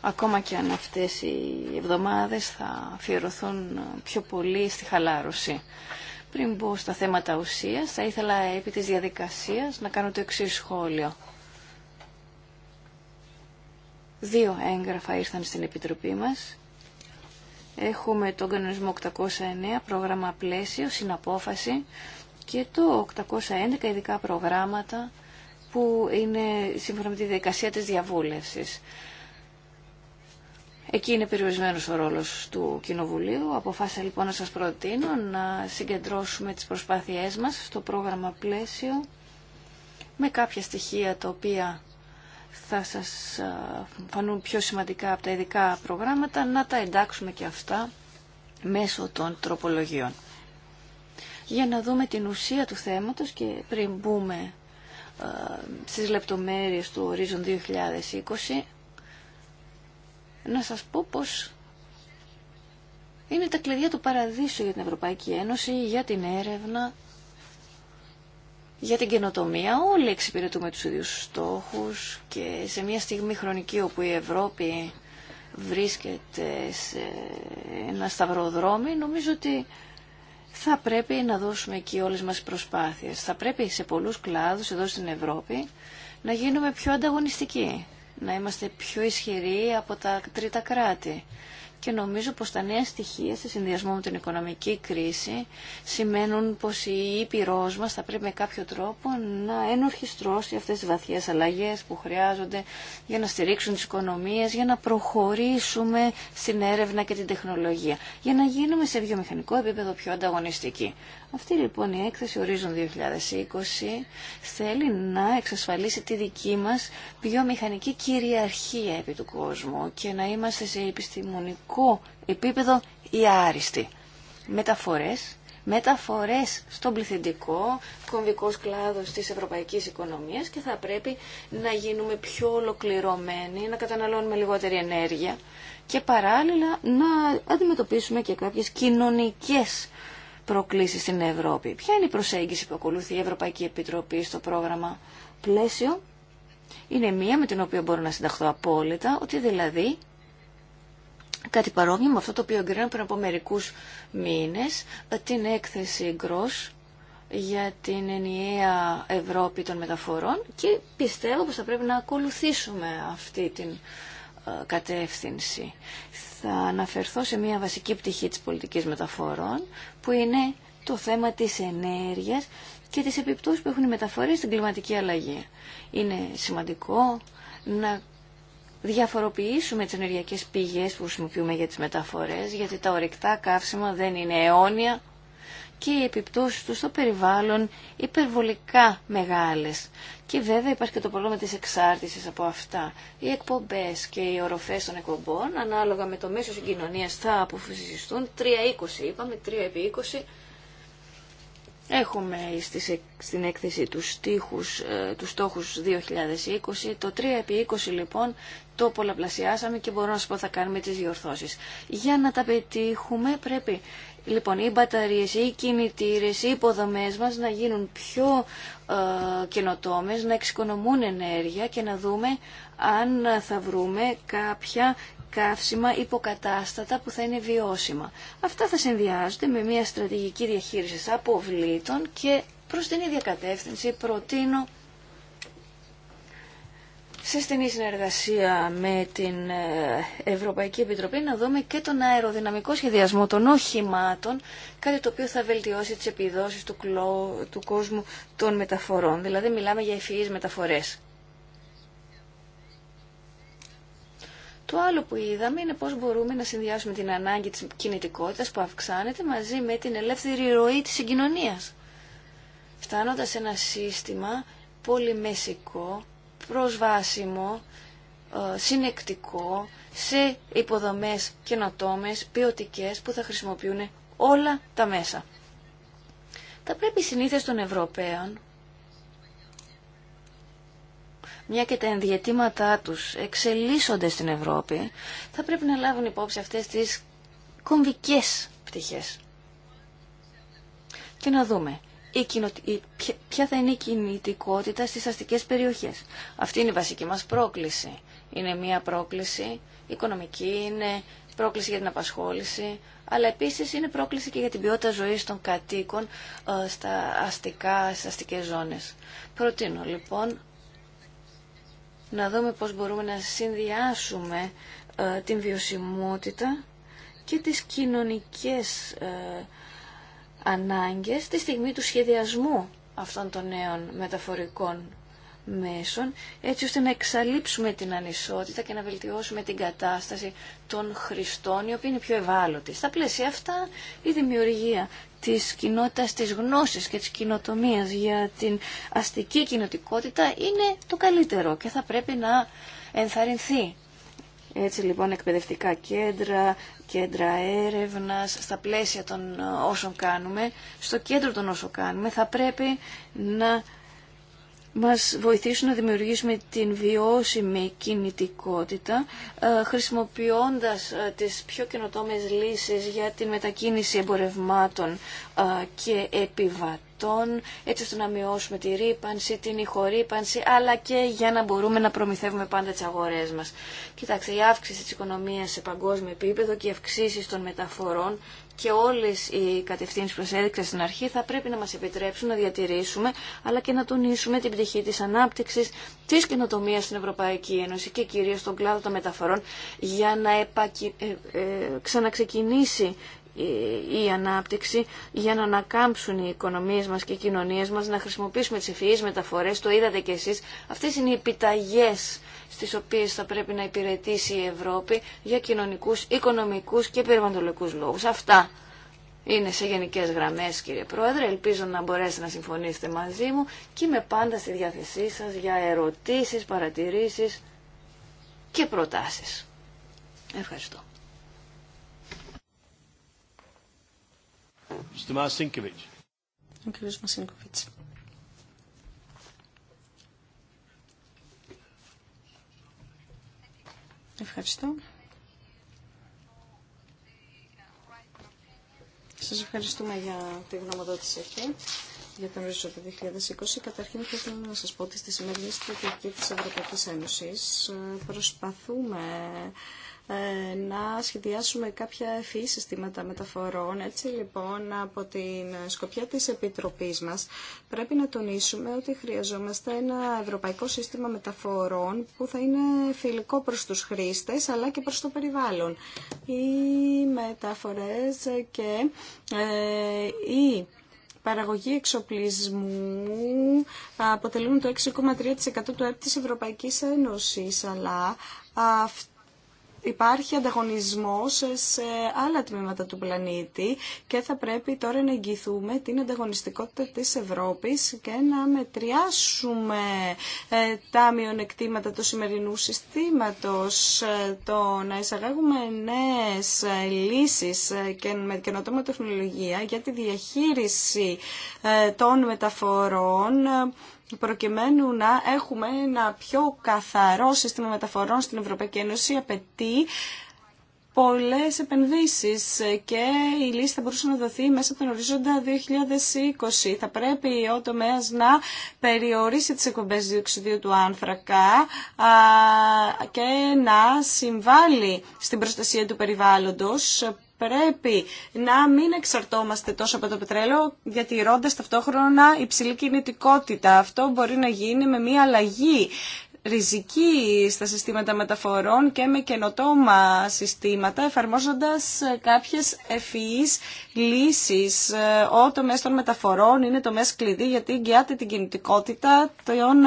[SPEAKER 2] Ακόμα και αν αυτές οι εβδομάδες θα αφιερωθούν πιο πολύ στη χαλάρωση. Πριν μπω στα θέματα ουσίας, θα ήθελα επί της διαδικασίας να κάνω το εξής σχόλιο. Δύο έγγραφα ήρθαν στην Επιτροπή μας. Έχουμε τον κανονισμό 809, πρόγραμμα πλαίσιο, συναπόφαση και το 811 ειδικά προγράμματα που είναι σύμφωνα με τη διαδικασία της διαβούλευσης. Εκεί είναι περιορισμένος ο ρόλος του Κοινοβουλίου. Αποφάσισα λοιπόν να σας προτείνω να συγκεντρώσουμε τις προσπάθειές μας στο πρόγραμμα πλαίσιο με κάποια στοιχεία τα οποία θα σας φανούν πιο σημαντικά από τα ειδικά προγράμματα, να τα εντάξουμε και αυτά μέσω των τροπολογιών. Για να δούμε την ουσία του θέματος και πριν μπούμε στις λεπτομέρειες του Horizon 2020, να σας πω πως είναι τα κλειδιά του παραδείσου για την Ευρωπαϊκή Ένωση, για την έρευνα, για την καινοτομία. Όλοι εξυπηρετούμε τους ίδιους στόχους και σε μια στιγμή χρονική όπου η Ευρώπη βρίσκεται σε ένα σταυροδρόμι, νομίζω ότι θα πρέπει να δώσουμε εκεί όλες μας προσπάθειες. Θα πρέπει σε πολλούς κλάδους εδώ στην Ευρώπη να γίνουμε πιο ανταγωνιστικοί να είμαστε πιο ισχυροί από τα τρίτα κράτη και νομίζω πως τα νέα στοιχεία σε συνδυασμό με την οικονομική κρίση σημαίνουν πως η ήπειρός μας θα πρέπει με κάποιο τρόπο να ενορχιστρώσει αυτές τις βαθιές αλλαγές που χρειάζονται για να στηρίξουν τις οικονομίες, για να προχωρήσουμε στην έρευνα και την τεχνολογία, για να γίνουμε σε βιομηχανικό επίπεδο πιο ανταγωνιστικοί. Αυτή λοιπόν η έκθεση Horizon 2020 θέλει να εξασφαλίσει τη δική μας βιομηχανική κυριαρχία επί του κόσμου και να είμαστε σε επιστημονικό εθνικό επίπεδο η άριστη. Μεταφορές, μεταφορές στον πληθυντικό, κομβικός κλάδος της ευρωπαϊκής οικονομίας και θα πρέπει να γίνουμε πιο ολοκληρωμένοι, να καταναλώνουμε λιγότερη ενέργεια και παράλληλα να αντιμετωπίσουμε και κάποιες κοινωνικές προκλήσεις στην Ευρώπη. Ποια είναι η προσέγγιση που ακολουθεί η Ευρωπαϊκή Επιτροπή στο πρόγραμμα πλαίσιο. Είναι μία με την οποία μπορώ να συνταχθώ απόλυτα, ότι δηλαδή κάτι παρόμοιο με αυτό το οποίο εγκρίνω πριν από μερικού μήνε, ε, την έκθεση Gross για την ενιαία Ευρώπη των μεταφορών και πιστεύω πως θα πρέπει να ακολουθήσουμε αυτή την ε, κατεύθυνση. Θα αναφερθώ σε μια βασική πτυχή της πολιτικής μεταφορών που είναι το θέμα της ενέργειας και της επιπτώσεις που έχουν οι μεταφορές στην κλιματική αλλαγή. Είναι σημαντικό να διαφοροποιήσουμε τις ενεργειακές πηγές που χρησιμοποιούμε για τις μεταφορές, γιατί τα ορυκτά καύσιμα δεν είναι αιώνια και οι επιπτώσεις του στο περιβάλλον υπερβολικά μεγάλες. Και βέβαια υπάρχει και το πρόβλημα της εξάρτησης από αυτά. Οι εκπομπές και οι οροφές των εκπομπών, ανάλογα με το μέσο συγκοινωνίας, θα αποφασιστούν 3-20, είπαμε 3 επί 20, Έχουμε στην έκθεση τους, στόχου ε, στόχους 2020, το 3 επί 20 λοιπόν το πολλαπλασιάσαμε και μπορώ να σας πω θα κάνουμε τις διορθώσεις. Για να τα πετύχουμε πρέπει λοιπόν οι μπαταρίες, οι κινητήρες, οι υποδομές μας να γίνουν πιο ε, καινοτόμες, να εξοικονομούν ενέργεια και να δούμε αν θα βρούμε κάποια καύσιμα υποκατάστατα που θα είναι βιώσιμα. Αυτά θα συνδυάζονται με μια στρατηγική διαχείριση αποβλήτων και προ την ίδια κατεύθυνση προτείνω σε στενή συνεργασία με την ε, Ευρωπαϊκή Επιτροπή να δούμε και τον αεροδυναμικό σχεδιασμό των οχημάτων, κάτι το οποίο θα βελτιώσει τις επιδόσεις του, του κόσμου των μεταφορών. Δηλαδή μιλάμε για ευφυείς μεταφορές. Το άλλο που είδαμε είναι πώς μπορούμε να συνδυάσουμε την ανάγκη της κινητικότητας που αυξάνεται μαζί με την ελεύθερη ροή της συγκοινωνίας. Φτάνοντας σε ένα σύστημα πολυμεσικό, προσβάσιμο, ε, συνεκτικό, σε υποδομές καινοτόμες, ποιοτικέ που θα χρησιμοποιούν όλα τα μέσα. Θα πρέπει οι των Ευρωπαίων μια και τα ενδιατήματά τους εξελίσσονται στην Ευρώπη, θα πρέπει να λάβουν υπόψη αυτές τις κομβικές πτυχές. Και να δούμε ποια θα είναι η κινητικότητα στις αστικές περιοχές. Αυτή είναι η βασική μας πρόκληση. Είναι μια πρόκληση οικονομική, είναι πρόκληση για την απασχόληση, αλλά επίσης είναι πρόκληση και για την ποιότητα ζωής των κατοίκων ε, στα αστικά, στις αστικές ζώνες. Προτείνω λοιπόν να δούμε πώς μπορούμε να συνδυάσουμε ε, την βιωσιμότητα και τις κοινωνικές ε, ανάγκες τη στιγμή του σχεδιασμού αυτών των νέων μεταφορικών μέσων, έτσι ώστε να εξαλείψουμε την ανισότητα και να βελτιώσουμε την κατάσταση των χρηστών, οι οποίοι είναι πιο ευάλωτοι. Στα πλαίσια αυτά, η δημιουργία της κοινότητας της γνώσης και της κοινοτομίας για την αστική κοινοτικότητα είναι το καλύτερο και θα πρέπει να ενθαρρυνθεί. Έτσι λοιπόν εκπαιδευτικά κέντρα, κέντρα έρευνας, στα πλαίσια των όσων κάνουμε, στο κέντρο των όσων κάνουμε θα πρέπει να μας βοηθήσουν να δημιουργήσουμε την βιώσιμη κινητικότητα ε, χρησιμοποιώντας ε, τις πιο καινοτόμες λύσεις για την μετακίνηση εμπορευμάτων ε, και επιβατών έτσι ώστε να μειώσουμε τη ρήπανση, την ηχορύπανση αλλά και για να μπορούμε να προμηθεύουμε πάντα τις αγορές μας. Κοιτάξτε, η αύξηση της οικονομίας σε παγκόσμιο επίπεδο και οι αυξήσει των μεταφορών και όλες οι κατευθύνσεις που σας έδειξα στην αρχή θα πρέπει να μας επιτρέψουν να διατηρήσουμε αλλά και να τονίσουμε την πτυχή της ανάπτυξης της καινοτομία στην Ευρωπαϊκή Ένωση και κυρίως στον κλάδο των μεταφορών για να ε, ε, ξαναξεκινήσει η ανάπτυξη για να ανακάμψουν οι οικονομίες μας και οι κοινωνίες μας, να χρησιμοποιήσουμε τις ευφυείς μεταφορές, το είδατε κι εσείς. Αυτές είναι οι επιταγές στις οποίες θα πρέπει να υπηρετήσει η Ευρώπη για κοινωνικούς, οικονομικούς και περιβαλλοντολογικούς λόγους. Αυτά είναι σε γενικές γραμμές κύριε Πρόεδρε. Ελπίζω να μπορέσετε να συμφωνήσετε μαζί μου και είμαι πάντα στη διάθεσή σας για ερωτήσεις, παρατηρήσεις και προτάσεις. Ευχαριστώ.
[SPEAKER 1] Ο
[SPEAKER 3] Ευχαριστώ. Σας ευχαριστούμε για τη γνωμοδότηση αυτή για τον ρίσο του 2020. Καταρχήν θα να σας πω ότι στη σημερινή στρατηγική της Ευρωπαϊκής Ένωσης ε, προσπαθούμε ε, να σχεδιάσουμε κάποια ευφύ συστήματα μεταφορών. Έτσι λοιπόν από την σκοπιά της Επιτροπής μας πρέπει να τονίσουμε ότι χρειαζόμαστε ένα ευρωπαϊκό σύστημα μεταφορών που θα είναι φιλικό προς τους χρήστες αλλά και προς το περιβάλλον. Οι μεταφορές και οι ε, παραγωγή εξοπλισμού αποτελούν το 6,3% του ΕΠ της Ευρωπαϊκής Ένωσης, αλλά αυτό υπάρχει ανταγωνισμός σε άλλα τμήματα του πλανήτη και θα πρέπει τώρα να εγγυηθούμε την ανταγωνιστικότητα της Ευρώπης και να μετριάσουμε ε, τα μειονεκτήματα του σημερινού συστήματος, ε, το να εισαγάγουμε νέες ε, λύσεις και με καινοτόμα τεχνολογία για τη διαχείριση των μεταφορών προκειμένου να έχουμε ένα πιο καθαρό σύστημα μεταφορών στην Ευρωπαϊκή Ένωση απαιτεί πολλές επενδύσεις και η λύση θα μπορούσε να δοθεί μέσα από τον οριζόντα 2020. Θα πρέπει ο τομέα να περιορίσει τις εκπομπές διοξιδίου του άνθρακα και να συμβάλλει στην προστασία του περιβάλλοντος πρέπει να μην εξαρτώμαστε τόσο από το πετρέλαιο, διατηρώντα ταυτόχρονα υψηλή κινητικότητα. Αυτό μπορεί να γίνει με μια αλλαγή ριζική στα συστήματα μεταφορών και με καινοτόμα συστήματα, εφαρμόζοντας κάποιες ευφυείς λύσεις. Ο τομέας των μεταφορών είναι το μέσο κλειδί γιατί εγγυάται την κινητικότητα των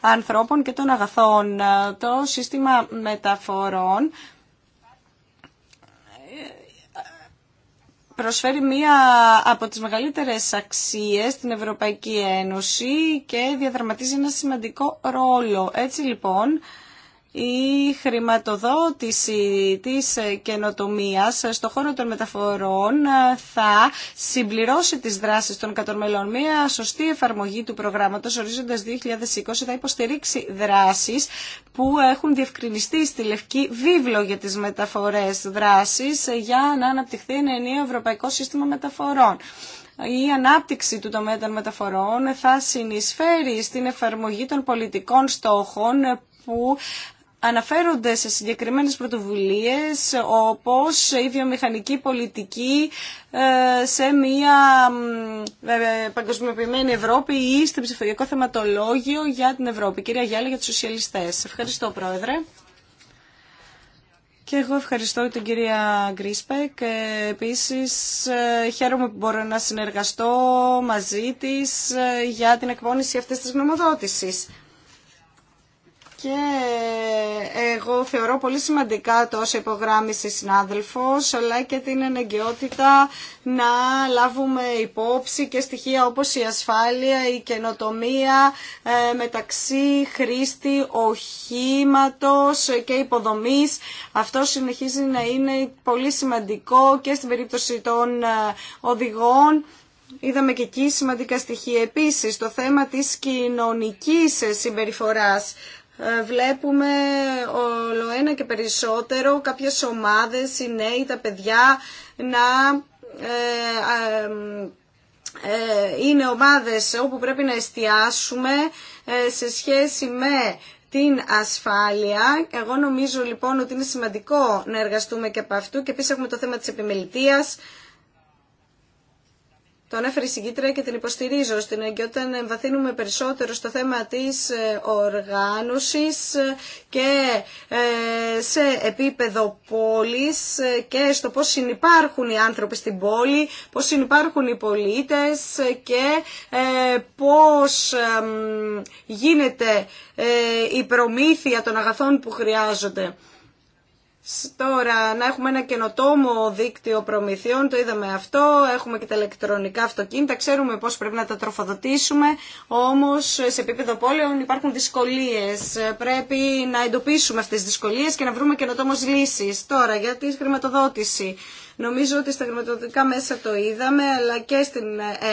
[SPEAKER 3] ανθρώπων και των αγαθών. Το σύστημα μεταφορών προσφέρει μία από τις μεγαλύτερες αξίες στην Ευρωπαϊκή Ένωση και διαδραματίζει ένα σημαντικό ρόλο. Έτσι λοιπόν η χρηματοδότηση της καινοτομίας στον χώρο των μεταφορών θα συμπληρώσει τις δράσεις των κατορμελών. Μία σωστή εφαρμογή του προγράμματος ορίζοντας 2020 θα υποστηρίξει δράσεις που έχουν διευκρινιστεί στη Λευκή Βίβλο για τις μεταφορές δράσεις για να αναπτυχθεί ένα νέο ευρωπαϊκό σύστημα μεταφορών η ανάπτυξη του τομέα των μεταφορών θα συνεισφέρει στην εφαρμογή των πολιτικών στόχων που αναφέρονται σε συγκεκριμένες πρωτοβουλίες όπως η βιομηχανική πολιτική ε, σε μια ε, παγκοσμιοποιημένη Ευρώπη ή στο ψηφιακό θεματολόγιο για την Ευρώπη. Κυρία Γιάλη για τους σοσιαλιστές. Ευχαριστώ Πρόεδρε. Και εγώ ευχαριστώ την κυρία Γκρίσπεκ. Ε, επίσης χαίρομαι που μπορώ να συνεργαστώ μαζί της για την εκπόνηση αυτής της γνωμοδότησης. Και ε, εγώ θεωρώ πολύ σημαντικά το όσα υπογράμμισε συνάδελφος, αλλά και την αναγκαιότητα να λάβουμε υπόψη και στοιχεία όπως η ασφάλεια, η καινοτομία ε, μεταξύ χρήστη, οχήματος και υποδομής. Αυτό συνεχίζει να είναι πολύ σημαντικό και στην περίπτωση των ε, οδηγών. Είδαμε και εκεί σημαντικά στοιχεία. Επίσης, το θέμα της κοινωνικής συμπεριφοράς ε, βλέπουμε όλο ένα και περισσότερο κάποιες ομάδες, οι νέοι, τα παιδιά να ε, ε, είναι ομάδες όπου πρέπει να εστιάσουμε σε σχέση με την ασφάλεια. Εγώ νομίζω λοιπόν ότι είναι σημαντικό να εργαστούμε και από αυτού και επίσης έχουμε το θέμα της επιμελητίας το ανέφερε η και την υποστηρίζω στην και όταν εμβαθύνουμε περισσότερο στο θέμα της ε, οργάνωσης ε, και ε, σε επίπεδο πόλης και στο πώς συνεπάρχουν οι άνθρωποι στην πόλη, πώς συνεπάρχουν οι πολίτες και πώς γίνεται η προμήθεια των αγαθών που χρειάζονται. Τώρα να έχουμε ένα καινοτόμο δίκτυο προμηθειών, το είδαμε αυτό, έχουμε και τα ηλεκτρονικά αυτοκίνητα, ξέρουμε πώς πρέπει να τα τροφοδοτήσουμε, όμως σε επίπεδο πόλεων υπάρχουν δυσκολίες. Πρέπει να εντοπίσουμε αυτές τις δυσκολίες και να βρούμε καινοτόμως λύσεις. Τώρα για τη χρηματοδότηση. Νομίζω ότι στα χρηματοδοτικά μέσα το είδαμε, αλλά και στην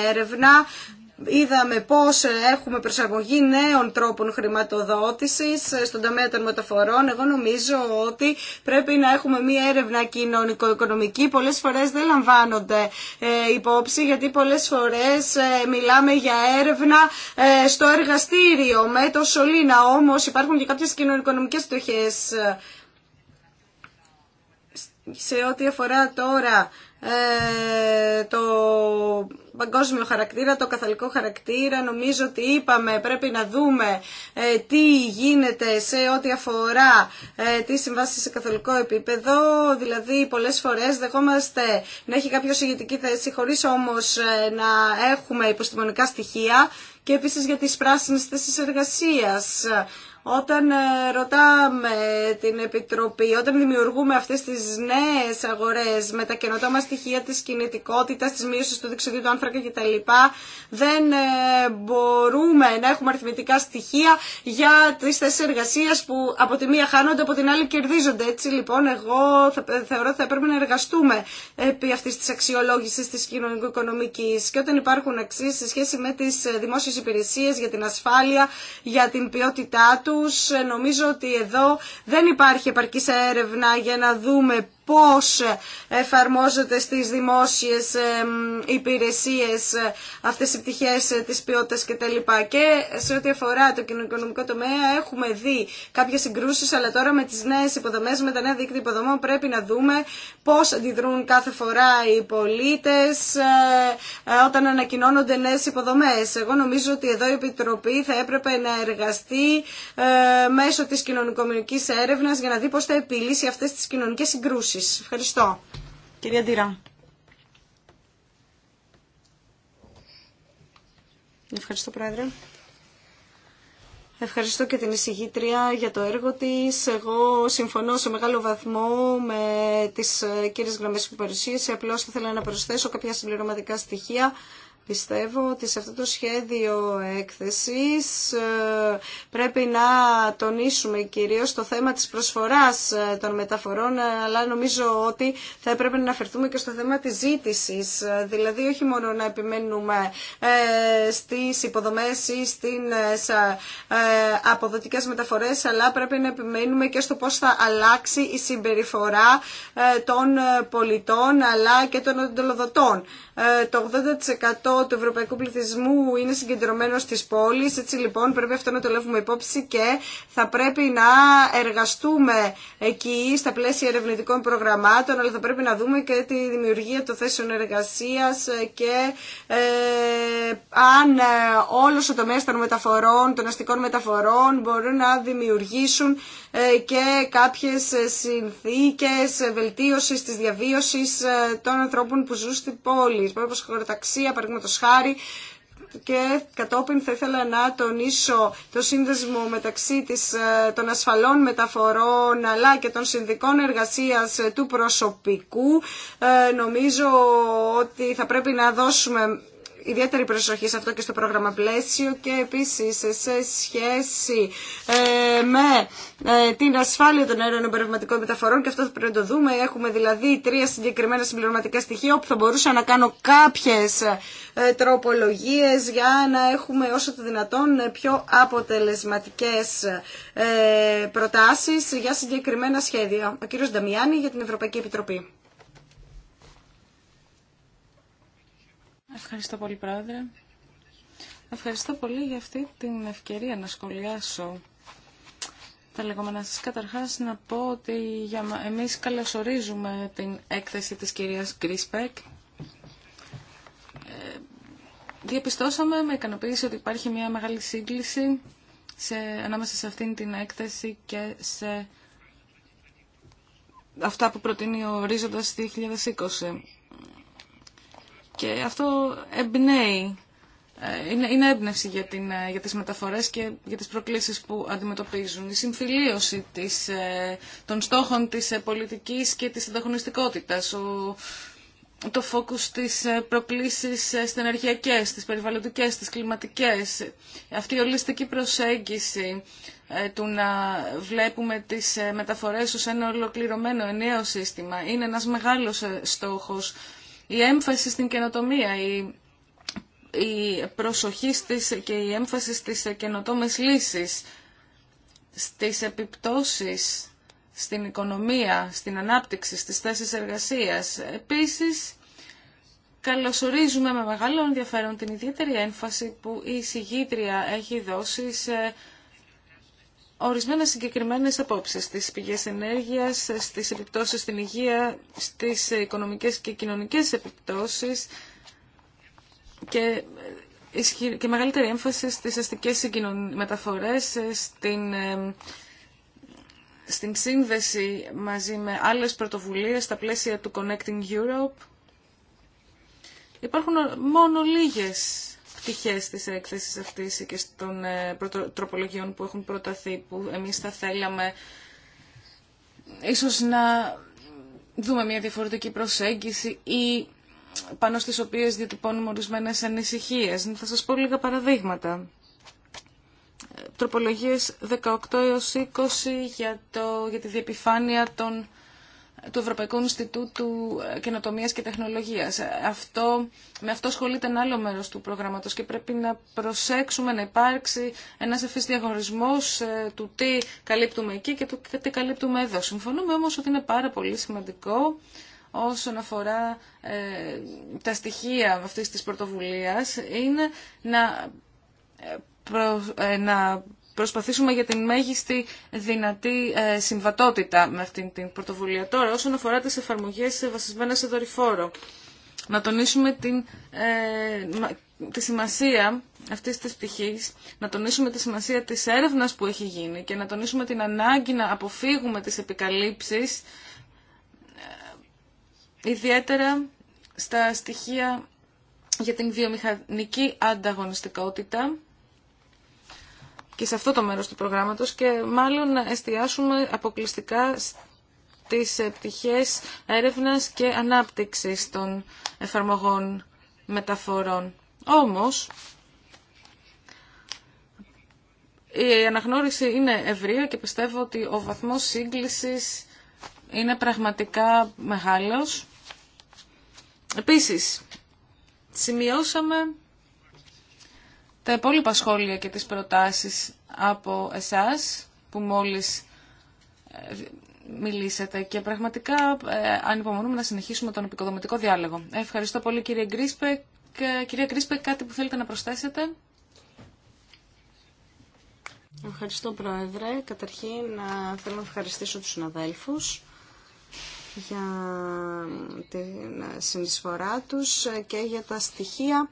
[SPEAKER 3] έρευνα Είδαμε πώς έχουμε προσαρμογή νέων τρόπων χρηματοδότησης στον τομέα των μεταφορών. Εγώ νομίζω ότι πρέπει να έχουμε μία έρευνα κοινωνικο-οικονομική. Πολλές φορές δεν λαμβάνονται ε, υπόψη γιατί πολλές φορές ε, μιλάμε για έρευνα ε, στο εργαστήριο με το σωλήνα. Όμως υπάρχουν και κάποιες σε ό,τι αφορά τώρα το παγκόσμιο χαρακτήρα, το καθαλικό χαρακτήρα. Νομίζω ότι είπαμε πρέπει να δούμε ε, τι γίνεται σε ό,τι αφορά ε, τι συμβάσει σε καθολικό επίπεδο. Δηλαδή πολλές φορές δεχόμαστε να έχει κάποιο ηγετική θέση χωρίς όμως ε, να έχουμε υποστημονικά στοιχεία και επίσης για τις πράσινες θέσεις εργασίας. Όταν ε, ρωτάμε την Επιτροπή, όταν δημιουργούμε αυτές τις νέες αγορές με τα καινοτόμα στοιχεία της κινητικότητας, της μείωσης του δεξιδιού του άνθρακα κτλ, δεν ε, μπορούμε να έχουμε αριθμητικά στοιχεία για τις θέσεις εργασία που από τη μία χάνονται, από την άλλη κερδίζονται. Έτσι λοιπόν εγώ θεωρώ ότι θα πρέπει να εργαστούμε επί αυτής της αξιολόγησης της κοινωνικο-οικονομικής και όταν υπάρχουν αξίες σε σχέση με τις ε, δημόσιες υπηρεσίες για την ασφάλεια, για την ποιότητά του, τους. Ε, νομίζω ότι εδώ δεν υπάρχει επαρκής έρευνα για να δούμε πώς εφαρμόζονται στις δημόσιες υπηρεσίες αυτές οι πτυχές της ποιότητας κτλ. Και σε ό,τι αφορά το κοινωνικονομικό τομέα έχουμε δει κάποιες συγκρούσεις, αλλά τώρα με τις νέες υποδομές, με τα νέα δίκτυα υποδομών πρέπει να δούμε πώς αντιδρούν κάθε φορά οι πολίτες ε, ε, όταν ανακοινώνονται νέες υποδομές. Εγώ νομίζω ότι εδώ η Επιτροπή θα έπρεπε να εργαστεί ε, μέσω της κοινωνικονομική έρευνας για να δει πώς θα επιλύσει αυτές τις κοινωνικές συγκρούσεις. Ευχαριστώ. Κυρία Ντύρα. Ευχαριστώ, Πρόεδρε. Ευχαριστώ και την εισηγήτρια για το έργο της. Εγώ συμφωνώ σε μεγάλο βαθμό με τις ε, κύριες γραμμές που παρουσίασε. Απλώς θα ήθελα να προσθέσω κάποια συμπληρωματικά στοιχεία Πιστεύω ότι σε αυτό το σχέδιο έκθεσης ε, πρέπει να τονίσουμε κυρίως το θέμα της προσφοράς ε, των μεταφορών, ε, αλλά νομίζω ότι θα έπρεπε να αναφερθούμε και στο θέμα της ζήτησης. Δηλαδή όχι μόνο να επιμένουμε στις υποδομές ή στις αποδοτικές μεταφορές, αλλά πρέπει να επιμένουμε και στο πώς θα αλλάξει η συμπεριφορά των πολιτών, αλλά και των οντολοδοτών. Ε, το 80% του ευρωπαϊκού πληθυσμού είναι συγκεντρωμένο στις πόλεις, έτσι λοιπόν πρέπει αυτό να το λεβούμε υπόψη και θα πρέπει να εργαστούμε εκεί στα πλαίσια ερευνητικών προγραμμάτων, αλλά θα πρέπει να δούμε και τη δημιουργία των θέσεων εργασίας και ε, αν ε, όλος ο τομέας των μεταφορών, των αστικών μεταφορών μπορούν να δημιουργήσουν ε, και κάποιες ε, συνθήκες βελτίωσης της διαβίωσης ε, των ανθρώπων που ζουν στην πόλη. Όπως χωροταξία, παραδείγματος χάρη, και κατόπιν θα ήθελα να τονίσω το σύνδεσμο μεταξύ της, των ασφαλών μεταφορών αλλά και των συνδικών εργασίας του προσωπικού. νομίζω ότι θα πρέπει να δώσουμε ιδιαίτερη προσοχή σε αυτό και στο πρόγραμμα πλαίσιο και επίσης σε σχέση ε, με ε, την ασφάλεια των εμπορευματικών μεταφορών και αυτό θα πρέπει να το δούμε. Έχουμε δηλαδή τρία συγκεκριμένα συμπληρωματικά στοιχεία όπου θα μπορούσα να κάνω κάποιες ε, τροπολογίες για να έχουμε όσο το δυνατόν πιο αποτελεσματικές προτάσεις για συγκεκριμένα σχέδια. Ο κύριος Νταμιάννη για την Ευρωπαϊκή Επιτροπή.
[SPEAKER 4] Ευχαριστώ πολύ, Πρόεδρε. Ευχαριστώ πολύ για αυτή την ευκαιρία να σχολιάσω τα λεγόμενα σας. Καταρχάς να πω ότι για εμείς καλωσορίζουμε την έκθεση της κυρίας Γκρίσπεκ. Ε, διαπιστώσαμε με ικανοποίηση ότι υπάρχει μια μεγάλη σύγκληση σε, ανάμεσα σε αυτήν την έκθεση και σε αυτά που προτείνει ο ορίζοντας 2020. Και αυτό εμπνέει, ε, είναι, έμπνευση για, την, ε, για τις μεταφορές και για τις προκλήσεις που αντιμετωπίζουν. Η συμφιλίωση της, ε, των στόχων της πολιτικής και της ανταγωνιστικότητας, ο, το φόκους της προκλήσεις στις ενεργειακές, στις περιβαλλοντικές, στις κλιματικές, αυτή η ολιστική προσέγγιση του να βλέπουμε τις μεταφορές ως ένα ολοκληρωμένο ενιαίο σύστημα είναι ένας μεγάλος στόχος η έμφαση στην καινοτομία, η, η προσοχή στις και η έμφαση στις καινοτόμες λύσεις, στις επιπτώσεις στην οικονομία, στην ανάπτυξη, στις θέσεις εργασίας. Επίσης, καλωσορίζουμε με μεγάλο ενδιαφέρον την ιδιαίτερη έμφαση που η συγγήτρια έχει δώσει σε ορισμένες συγκεκριμένες απόψεις στις πηγές ενέργειας, στις επιπτώσεις στην υγεία, στις οικονομικές και κοινωνικές επιπτώσεις και, και μεγαλύτερη έμφαση στις αστικές μεταφορές, στην, στην σύνδεση μαζί με άλλες πρωτοβουλίες στα πλαίσια του Connecting Europe. Υπάρχουν μόνο λίγες Τη της έκθεση αυτής και των ε, τροπολογιών που έχουν προταθεί, που εμείς θα θέλαμε ίσως να δούμε μια διαφορετική προσέγγιση ή πάνω στις οποίες διατυπώνουμε ορισμένε ανησυχίες. Θα σας πω λίγα παραδείγματα. Ε, τροπολογίες 18 έως 20 για, το, για τη διεπιφάνεια των του Ευρωπαϊκού Ινστιτούτου ε, Καινοτομίας και Τεχνολογίας. Ε, αυτό, με αυτό ασχολείται ένα άλλο μέρος του προγράμματος και πρέπει να προσέξουμε να υπάρξει ένας ευθύς ε, του τι καλύπτουμε εκεί και του τι καλύπτουμε εδώ. Συμφωνούμε όμως ότι είναι πάρα πολύ σημαντικό όσον αφορά τα στοιχεία αυτής της πρωτοβουλίας είναι να, προ, να προσπαθήσουμε για την μέγιστη δυνατή ε, συμβατότητα με αυτή την πρωτοβουλία. Τώρα, όσον αφορά τις εφαρμογές βασισμένα σε δορυφόρο, να τονίσουμε την, ε, τη σημασία αυτής της πτυχής, να τονίσουμε τη σημασία της έρευνας που έχει γίνει και να τονίσουμε την ανάγκη να αποφύγουμε τις επικαλύψεις, ε, ιδιαίτερα στα στοιχεία για την βιομηχανική ανταγωνιστικότητα και σε αυτό το μέρος του προγράμματος και μάλλον να εστιάσουμε αποκλειστικά στις ε, πτυχές έρευνας και ανάπτυξης των εφαρμογών μεταφορών. Όμως, η αναγνώριση είναι ευρεία και πιστεύω ότι ο βαθμός σύγκλησης είναι πραγματικά μεγάλος. Επίσης, σημειώσαμε τα υπόλοιπα σχόλια και τις προτάσεις από εσάς που μόλις ε, μιλήσατε και πραγματικά ε, ανυπομονούμε να συνεχίσουμε τον επικοδομητικό διάλογο. Ευχαριστώ πολύ κύριε Γκρίσπεκ. Ε, κυρία Γκρίσπεκ, κάτι που θέλετε να προσθέσετε.
[SPEAKER 3] Ευχαριστώ Πρόεδρε. Καταρχήν θέλω να ευχαριστήσω τους συναδέλφους για την συνεισφορά τους και για τα στοιχεία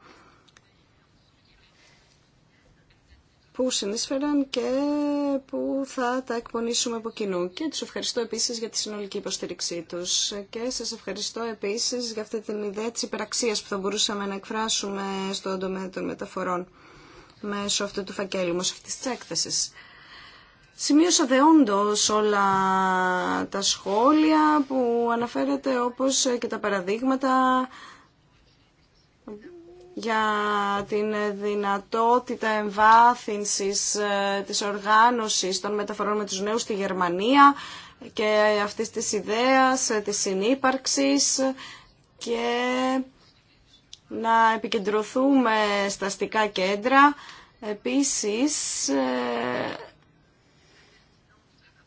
[SPEAKER 3] που συνείσφεραν και που θα τα εκπονήσουμε από κοινού. Και τους ευχαριστώ επίσης για τη συνολική υποστήριξή τους. Και σας ευχαριστώ επίσης για αυτή την ιδέα της υπεραξίας που θα μπορούσαμε να εκφράσουμε στον τομέα των μεταφορών μέσω αυτού του φακέλου μας, αυτής της έκθεσης. Σημείωσα δε όλα τα σχόλια που αναφέρεται όπως και τα παραδείγματα για την δυνατότητα εμβάθυνσης ε, της οργάνωσης των μεταφορών με τους νέους στη Γερμανία και αυτής της ιδέας, ε, της συνύπαρξης και να επικεντρωθούμε στα αστικά κέντρα. Επίσης, ε,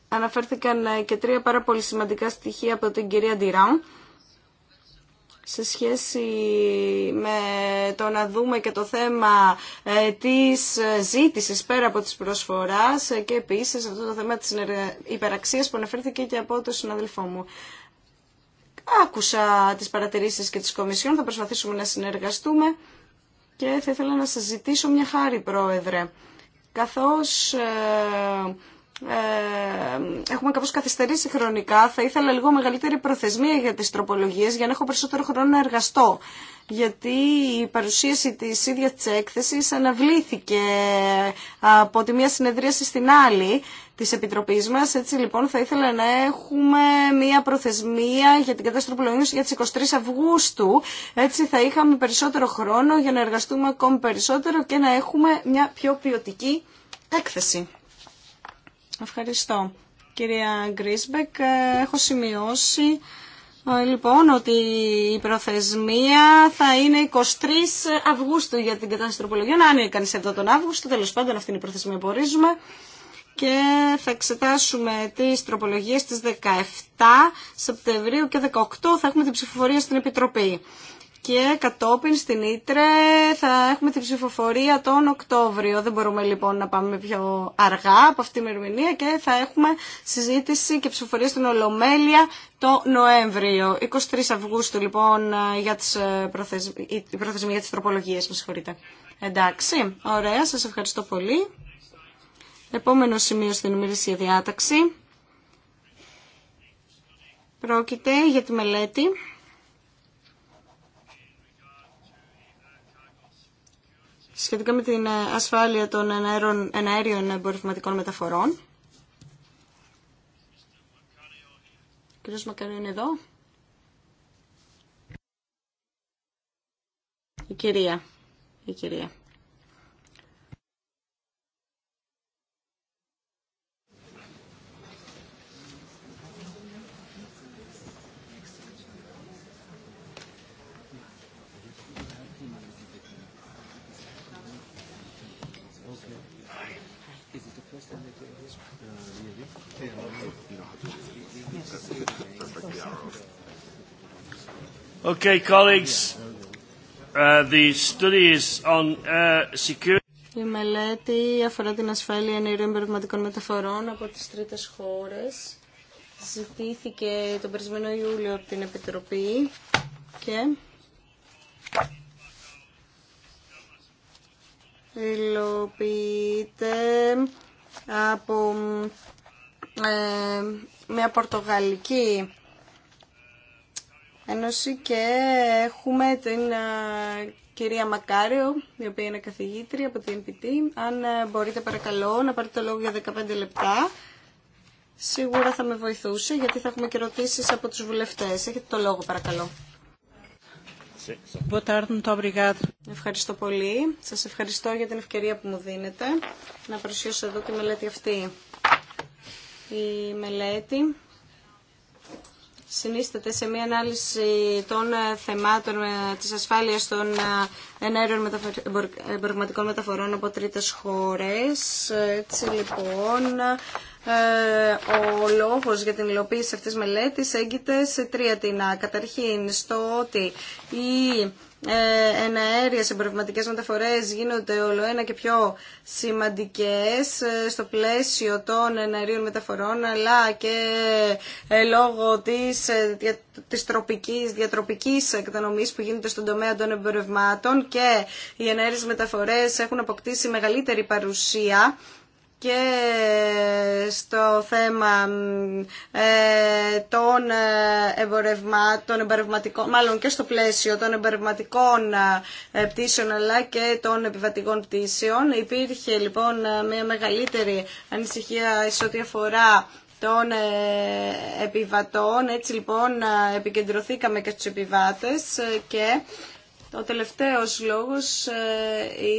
[SPEAKER 3] αναφέρθηκαν και τρία πάρα πολύ σημαντικά στοιχεία από την κυρία Ντιράν σε σχέση με το να δούμε και το θέμα ε, της ε, ζήτησης πέρα από τις προσφοράς ε, και επίσης αυτό το θέμα της υπεραξίας που αναφέρθηκε και από τον συναδελφό μου. Άκουσα τις παρατηρήσεις και τις κομισιόν, θα προσπαθήσουμε να συνεργαστούμε και θα ήθελα να σας ζητήσω μια χάρη, Πρόεδρε, καθώς ε, έχουμε κάπως καθυστερήσει χρονικά. Θα ήθελα λίγο μεγαλύτερη προθεσμία για τις τροπολογίες για να έχω περισσότερο χρόνο να εργαστώ. Γιατί η παρουσίαση της ίδιας της έκθεσης αναβλήθηκε από τη μία συνεδρίαση στην άλλη της Επιτροπής μας. Έτσι λοιπόν θα ήθελα να έχουμε μία προθεσμία για την κατάσταση τροπολογίας για τις 23 Αυγούστου. Έτσι θα είχαμε περισσότερο χρόνο για να εργαστούμε ακόμη περισσότερο και να έχουμε μια πιο ποιοτική έκθεση. Ευχαριστώ. Κυρία Γκρίσμπεκ, ε, έχω σημειώσει ε, λοιπόν ότι η προθεσμία θα είναι 23 Αυγούστου για την κατάσταση τροπολογιών. Αν είναι κανείς εδώ τον Αύγουστο, τέλος πάντων αυτή είναι η προθεσμία που ορίζουμε και θα εξετάσουμε τις τροπολογίες στις 17 Σεπτεμβρίου και 18 θα έχουμε την ψηφοφορία στην Επιτροπή και κατόπιν στην Ήτρε θα έχουμε την ψηφοφορία τον Οκτώβριο. Δεν μπορούμε λοιπόν να πάμε πιο αργά από αυτή την ημερομηνία και θα έχουμε συζήτηση και ψηφοφορία στην Ολομέλεια το Νοέμβριο. 23 Αυγούστου λοιπόν για τις ε, προθεσμ... η προθεσμία για τις τροπολογίες, με συγχωρείτε. Εντάξει, ωραία, σας ευχαριστώ πολύ. Επόμενο σημείο στην ημερησία διάταξη. Πρόκειται για τη μελέτη σχετικά με την ε, ασφάλεια των εναέριων εμπορευματικών μεταφορών. Ο κύριος Μακάριο είναι εδώ. Η κυρία. Η κυρία.
[SPEAKER 1] Uh, uh,
[SPEAKER 3] Η μελέτη αφορά την ασφάλεια ενέργειων πραγματικών μεταφορών από τις τρίτες χώρες. Ζητήθηκε τον περισμένο Ιούλιο από την Επιτροπή και υλοποιείται από ε, μια πορτογαλική Ένωση και έχουμε την ε, κυρία Μακάριο, η οποία είναι καθηγήτρια από την MPT. Αν ε, μπορείτε παρακαλώ να πάρετε το λόγο για 15 λεπτά, σίγουρα θα με βοηθούσε γιατί θα έχουμε και ρωτήσει από τους βουλευτές. Έχετε το λόγο παρακαλώ. Ευχαριστώ πολύ. Σας ευχαριστώ για την ευκαιρία που μου δίνετε να παρουσιάσω εδώ τη μελέτη αυτή. Η μελέτη συνίσταται σε μια ανάλυση των ε, θεμάτων ε, της ασφάλειας των ε, ενέργειων εμπορευματικών μεταφορών από τρίτες χώρες. Έτσι λοιπόν, ο λόγος για την υλοποίηση αυτής της μελέτης έγκυται σε τρία τινά. Καταρχήν, στο ότι η ε, εναέριες εμπορευματικέ μεταφορές γίνονται όλο ένα και πιο σημαντικές ε, στο πλαίσιο των εναερίων μεταφορών αλλά και ε, λόγω της, της τροπικής, διατροπικής εκτανομής που γίνεται στον τομέα των εμπορευμάτων και οι εναέριες μεταφορές έχουν αποκτήσει μεγαλύτερη παρουσία και στο θέμα ε, των ε, εμπορευμάτων, εμπορευματικών, μάλλον και στο πλαίσιο των εμπορευματικών ε, πτήσεων αλλά και των επιβατικών πτήσεων. Υπήρχε λοιπόν ε, μια μεγαλύτερη ανησυχία σε ό,τι αφορά των επιβατών. Έτσι λοιπόν επικεντρωθήκαμε και στους επιβάτες και ο τελευταίος λόγος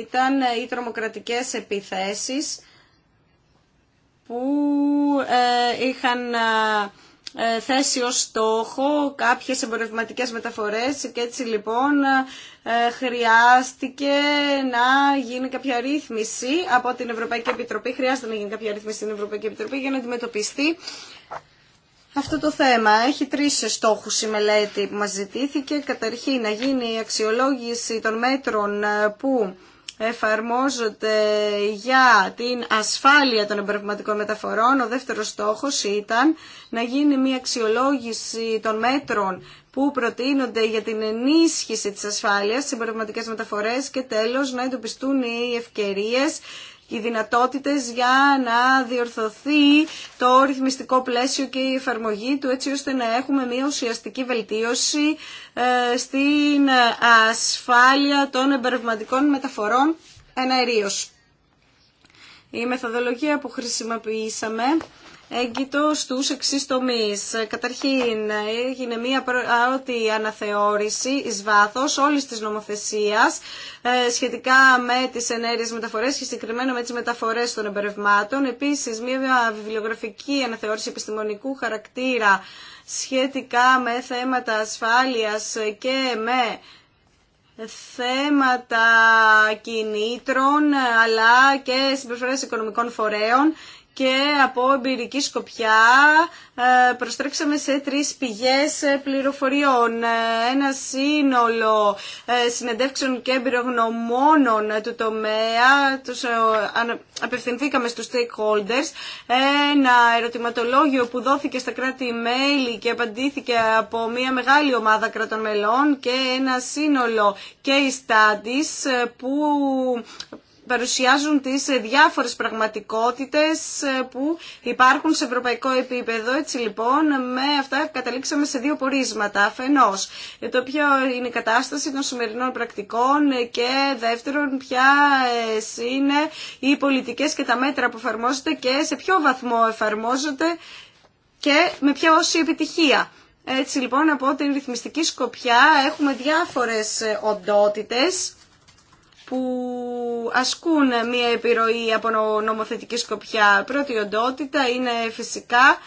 [SPEAKER 3] ήταν οι τρομοκρατικές επιθέσεις που ε, είχαν ε, θέσει ως στόχο κάποιες εμπορευματικέ μεταφορές και έτσι λοιπόν ε, χρειάστηκε να γίνει κάποια ρύθμιση από την Ευρωπαϊκή Επιτροπή, χρειάζεται να γίνει κάποια ρύθμιση στην Ευρωπαϊκή Επιτροπή για να αντιμετωπιστεί αυτό το θέμα έχει τρεις στόχους η μελέτη που μας ζητήθηκε. Καταρχήν να γίνει η αξιολόγηση των μέτρων που εφαρμόζονται για την ασφάλεια των εμπνευματικών μεταφορών. Ο δεύτερος στόχος ήταν να γίνει μια αξιολόγηση των μέτρων που προτείνονται για την ενίσχυση της ασφάλειας στις εμπνευματικές μεταφορές και τέλος να εντοπιστούν οι ευκαιρίες οι δυνατότητες για να διορθωθεί το ρυθμιστικό πλαίσιο και η εφαρμογή του έτσι ώστε να έχουμε μια ουσιαστική βελτίωση ε, στην ασφάλεια των εμπερευματικών μεταφορών εναερίως. Η μεθοδολογία που χρησιμοποιήσαμε έγκυτο στου εξή τομεί. Καταρχήν έγινε μια πρώτη αναθεώρηση εις βάθος όλης της νομοθεσίας ε, σχετικά με τις ενέργειε μεταφορέ και συγκεκριμένα με τις μεταφορέ των εμπερευμάτων. Επίσης μια βιβλιογραφική αναθεώρηση επιστημονικού χαρακτήρα σχετικά με θέματα ασφάλειας και με θέματα κινήτρων αλλά και συμπεριφορές οικονομικών φορέων και από εμπειρική σκοπιά ε, προστρέξαμε σε τρεις πηγές ε, πληροφοριών. Ε, ένα σύνολο συνεντεύξεων και εμπειρογνωμόνων του τομέα, τους απευθυνθήκαμε στους stakeholders, ένα ερωτηματολόγιο που δόθηκε στα κράτη-μέλη και απαντήθηκε από μια μεγάλη ομάδα κρατών μελών και ένα σύνολο case studies που παρουσιάζουν τις διάφορες πραγματικότητες ε, που υπάρχουν σε ευρωπαϊκό επίπεδο. Έτσι λοιπόν με αυτά καταλήξαμε σε δύο πορίσματα. Αφενός ε, το ποιο είναι η κατάσταση των σημερινών πρακτικών ε, και δεύτερον ποια είναι οι πολιτικές και τα μέτρα που εφαρμόζονται και σε ποιο βαθμό εφαρμόζονται και με ποια όση επιτυχία. Έτσι λοιπόν από την ρυθμιστική σκοπιά έχουμε διάφορες οντότητες που ασκούν μια επιρροή από νομοθετική σκοπιά. Πρώτη οντότητα είναι φυσικά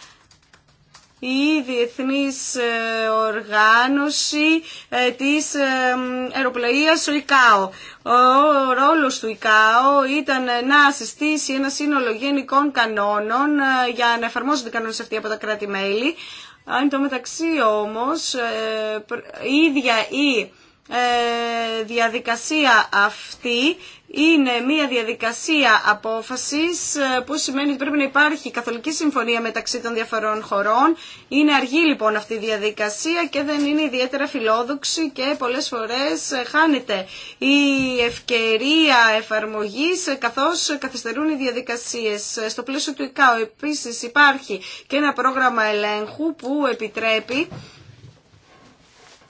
[SPEAKER 3] η Διεθνής ε, Οργάνωση ε, της ε, Αεροπλοείας, ο ΙΚΑΟ. Ο ρόλος του ΙΚΑΟ ήταν να συστήσει ένα σύνολο γενικών κανόνων για να εφαρμόζονται οι κανόνες αυτοί από τα κράτη-μέλη. Αν το μεταξύ όμως, η ίδια η ε, διαδικασία αυτή είναι μια διαδικασία απόφασης ε, που σημαίνει ότι πρέπει να υπάρχει καθολική συμφωνία μεταξύ των διαφορών χωρών. Είναι αργή λοιπόν αυτή η διαδικασία και δεν είναι ιδιαίτερα φιλόδοξη και πολλές φορές ε, χάνεται η ευκαιρία εφαρμογής καθώς καθυστερούν οι διαδικασίες. Στο πλαίσιο του ΙΚΑΟ επίσης υπάρχει και ένα πρόγραμμα ελέγχου που επιτρέπει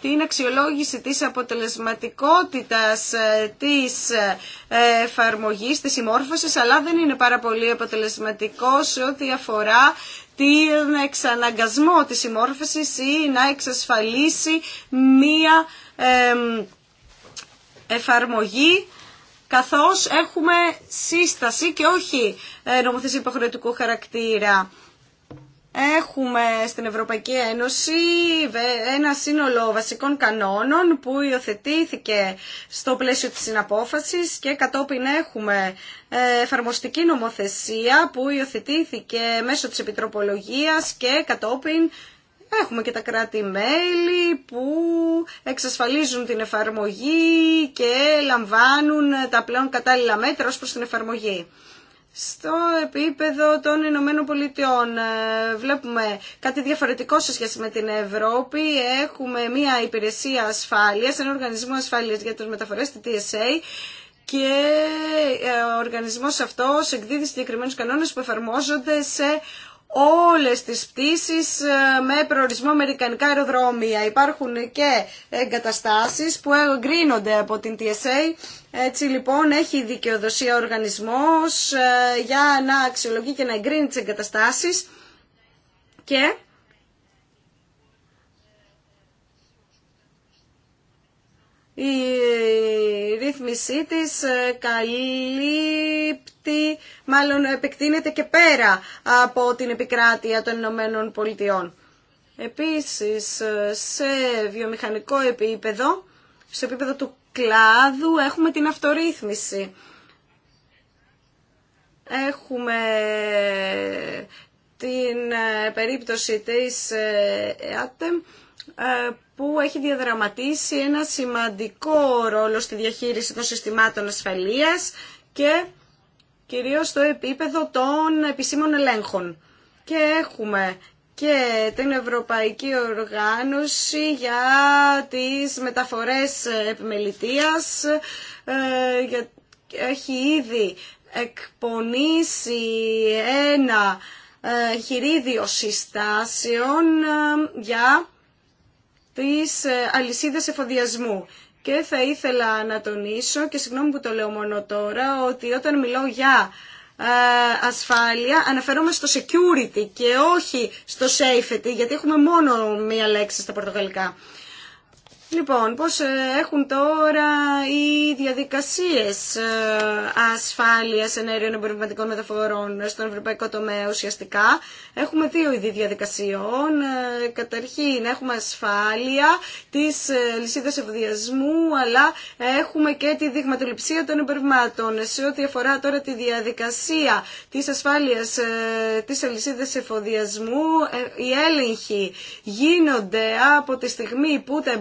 [SPEAKER 3] την αξιολόγηση της αποτελεσματικότητας ε, της ε, εφαρμογής, της συμμόρφωσης, αλλά δεν είναι πάρα πολύ αποτελεσματικό σε ό,τι αφορά την εξαναγκασμό της συμμόρφωσης ή να εξασφαλίσει μία εφαρμογή καθώς έχουμε σύσταση και όχι ε, νομοθεσία υποχρεωτικού χαρακτήρα. Έχουμε στην Ευρωπαϊκή Ένωση ένα σύνολο βασικών κανόνων που υιοθετήθηκε στο πλαίσιο της συναπόφασης και κατόπιν έχουμε ε, εφαρμοστική νομοθεσία που υιοθετήθηκε μέσω της επιτροπολογίας και κατόπιν Έχουμε και τα κράτη-μέλη που εξασφαλίζουν την εφαρμογή και λαμβάνουν τα πλέον κατάλληλα μέτρα ως προς την εφαρμογή στο επίπεδο των Ηνωμένων Πολιτειών ε, βλέπουμε κάτι διαφορετικό σε σχέση με την Ευρώπη. Έχουμε μια υπηρεσία ασφάλειας, ένα οργανισμό ασφάλειας για τις μεταφορές, τη TSA, και ε, ο οργανισμός αυτός εκδίδει συγκεκριμένους κανόνες που εφαρμόζονται σε όλες τις πτήσεις ε, με προορισμό αμερικανικά αεροδρόμια. Υπάρχουν και εγκαταστάσεις που εγκρίνονται από την TSA. Έτσι λοιπόν έχει δικαιοδοσία ο οργανισμός ε, για να αξιολογεί και να εγκρίνει τις εγκαταστάσεις και η ρύθμισή της ε, καλύπτει, μάλλον επεκτείνεται και πέρα από την επικράτεια των Ηνωμένων Πολιτειών. Επίσης, ε, σε βιομηχανικό επίπεδο, σε επίπεδο του κλάδου, έχουμε την αυτορύθμιση. Έχουμε ε, την περίπτωση της ΕΑΤΕΜ που έχει διαδραματίσει ένα σημαντικό ρόλο στη διαχείριση των συστημάτων ασφαλείας και κυρίως στο επίπεδο των επισήμων ελέγχων. Και έχουμε και την Ευρωπαϊκή Οργάνωση για τις μεταφορές επιμελητίας. Ε, έχει ήδη εκπονήσει ένα ε, χειρίδιο συστάσεων ε, για τις ε, αλυσίδες εφοδιασμού. Και θα ήθελα να τονίσω, και συγγνώμη που το λέω μόνο τώρα, ότι όταν μιλώ για ε, ασφάλεια αναφερόμαι στο security και όχι στο safety, γιατί έχουμε μόνο μία λέξη στα πορτογαλικά. Λοιπόν, πώς ε, έχουν τώρα οι διαδικασίες ε, ασφάλειας ενέργειων εμπορευματικών μεταφορών στον ευρωπαϊκό τομέα ουσιαστικά. Έχουμε δύο είδη διαδικασιών. Ε, καταρχήν έχουμε ασφάλεια της λυσίδας εφοδιασμού αλλά έχουμε και τη δειγματοληψία των εμπορευμάτων. Σε ό,τι αφορά τώρα τη διαδικασία της ασφάλειας της λυσίδας ευδιασμού, οι έλεγχοι γίνονται από τη στιγμή που τα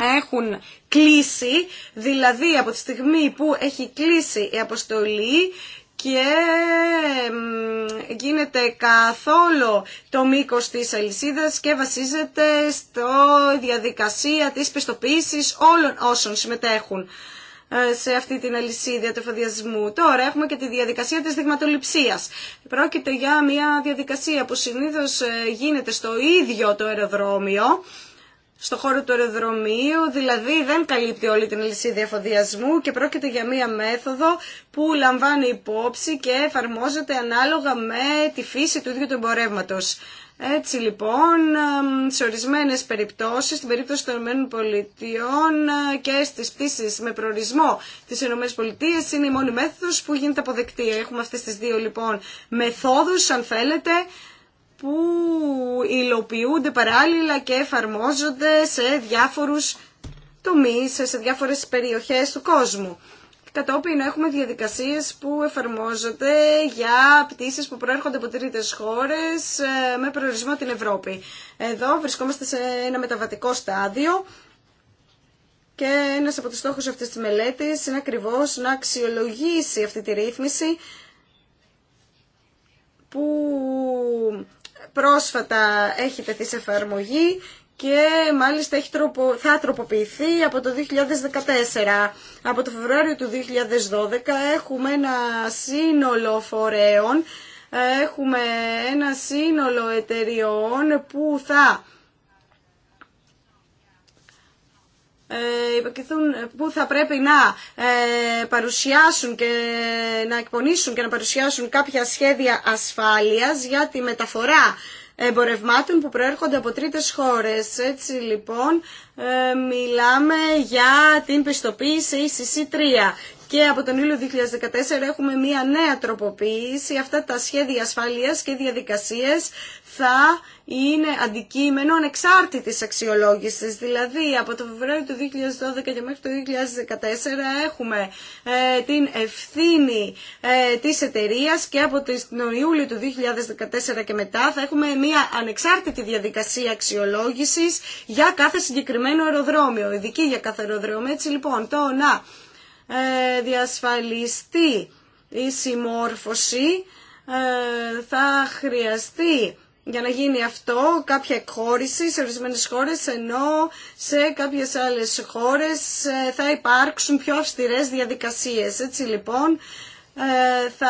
[SPEAKER 3] έχουν κλείσει, δηλαδή από τη στιγμή που έχει κλείσει η αποστολή και γίνεται καθόλου το μήκος της αλυσίδα και βασίζεται στο διαδικασία της πιστοποίησης όλων όσων συμμετέχουν ε, σε αυτή την αλυσίδια του εφοδιασμού. Τώρα έχουμε και τη διαδικασία της δειγματοληψίας. Πρόκειται για μια διαδικασία που συνήθως ε, γίνεται στο ίδιο το αεροδρόμιο στο χώρο του αεροδρομίου, δηλαδή δεν καλύπτει όλη την λυσίδα εφοδιασμού και πρόκειται για μία μέθοδο που λαμβάνει υπόψη και εφαρμόζεται ανάλογα με τη φύση του ίδιου του εμπορεύματο. Έτσι λοιπόν, σε ορισμένε περιπτώσει, στην περίπτωση των ΗΠΑ ε, και στι πτήσει με προορισμό τη ΗΠΑ, είναι η μόνη μέθοδο που γίνεται αποδεκτή. Έχουμε αυτέ τι δύο λοιπόν μεθόδου, αν θέλετε, που υλοποιούνται παράλληλα και εφαρμόζονται σε διάφορους τομείς, σε διάφορες περιοχές του κόσμου. Κατόπιν έχουμε διαδικασίες που εφαρμόζονται για πτήσεις που προέρχονται από τρίτες χώρες ε, με προορισμό την Ευρώπη. Εδώ βρισκόμαστε σε ένα μεταβατικό στάδιο και ένας από τους στόχους αυτής της μελέτης είναι ακριβώς να αξιολογήσει αυτή τη ρύθμιση που πρόσφατα έχει τεθεί σε εφαρμογή και μάλιστα έχει τροπο, θα τροποποιηθεί από το 2014. Από το Φεβρουάριο του 2012 έχουμε ένα σύνολο φορέων, έχουμε ένα σύνολο εταιριών που θα Ε, που θα πρέπει να ε, παρουσιάσουν και να εκπονήσουν και να παρουσιάσουν κάποια σχέδια ασφάλειας για τη μεταφορά εμπορευμάτων που προέρχονται από τρίτες χώρες. Έτσι λοιπόν ε, μιλάμε για την πιστοποίηση ECC3 και από τον Ιούλιο 2014 έχουμε μία νέα τροποποίηση. Αυτά τα σχέδια ασφαλείας και διαδικασίες θα είναι αντικείμενο ανεξάρτητης αξιολόγησης. Δηλαδή από το Φεβρουάριο του 2012 και μέχρι το 2014 έχουμε ε, την ευθύνη ε, της εταιρεία και από τον Ιούλιο του 2014 και μετά θα έχουμε μια ανεξάρτητη διαδικασία αξιολόγησης για κάθε συγκεκριμένο αεροδρόμιο, ειδική για κάθε αεροδρόμιο. Έτσι λοιπόν το να ε, διασφαλιστεί η συμμόρφωση ε, θα χρειαστεί για να γίνει αυτό κάποια εκχώρηση σε ορισμένε χώρε, ενώ σε κάποιε άλλες χώρε ε, θα υπάρξουν πιο αυστηρές διαδικασίες Έτσι λοιπόν θα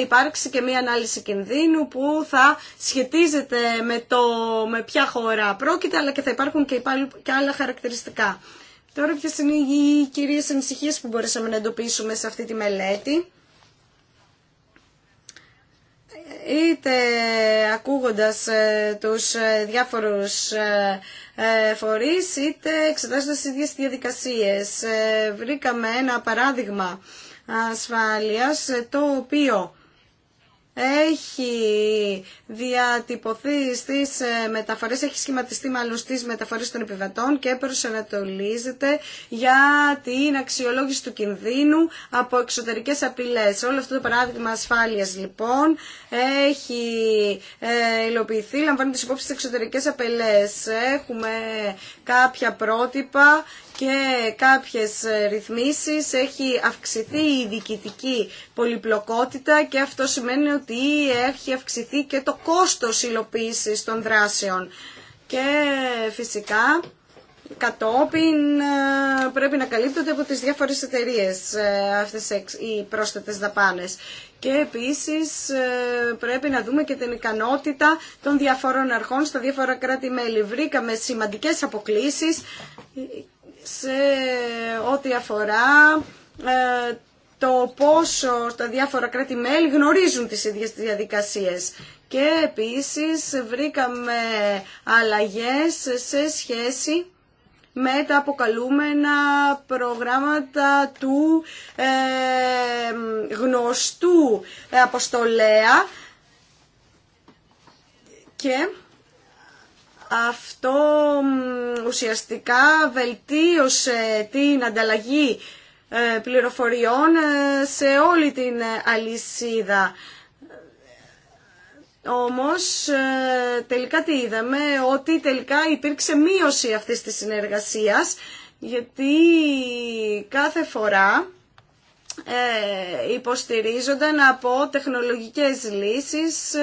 [SPEAKER 3] υπάρξει και μία ανάλυση κινδύνου που θα σχετίζεται με το με ποια χώρα πρόκειται αλλά και θα υπάρχουν και, και άλλα χαρακτηριστικά. Τώρα ποιες είναι οι κυρίες ανησυχίε που μπορέσαμε να εντοπίσουμε σε αυτή τη μελέτη. Είτε ακούγοντας ε, τους ε, διάφορους ε, φορείς, είτε εξετάζοντας τις ίδιες διαδικασίες. Βρήκαμε ένα παράδειγμα ασφάλειας, το οποίο έχει διατυπωθεί στις ε, μεταφορές, έχει σχηματιστεί μάλλον στις μεταφορές των επιβατών και προσανατολίζεται για την αξιολόγηση του κινδύνου από εξωτερικές απειλές. Όλο αυτό το παράδειγμα ασφάλειας λοιπόν έχει ε, υλοποιηθεί λαμβάνοντας υπόψη τις εξωτερικές απειλές. Έχουμε κάποια πρότυπα και κάποιες ρυθμίσεις έχει αυξηθεί η διοικητική πολυπλοκότητα και αυτό σημαίνει ότι έχει αυξηθεί και το κόστος υλοποίησης των δράσεων. Και φυσικά κατόπιν ε, πρέπει να καλύπτονται από τις διάφορες εταιρείες ε, αυτές οι πρόσθετες δαπάνες. Και επίσης ε, πρέπει να δούμε και την ικανότητα των διαφόρων αρχών στα διάφορα κράτη-μέλη. Βρήκαμε σημαντικές αποκλήσεις σε ό,τι αφορά ε, το πόσο τα διάφορα κράτη-μέλη γνωρίζουν τις ίδιες διαδικασίες. Και επίσης βρήκαμε αλλαγές σε σχέση με τα αποκαλούμενα προγράμματα του ε, γνωστού αποστολέα και αυτό ουσιαστικά βελτίωσε την ανταλλαγή ε, πληροφοριών ε, σε όλη την αλυσίδα. Όμως ε, τελικά τι είδαμε, ότι τελικά υπήρξε μείωση αυτής της συνεργασίας γιατί κάθε φορά υποστηρίζονταν από τεχνολογικές λύσεις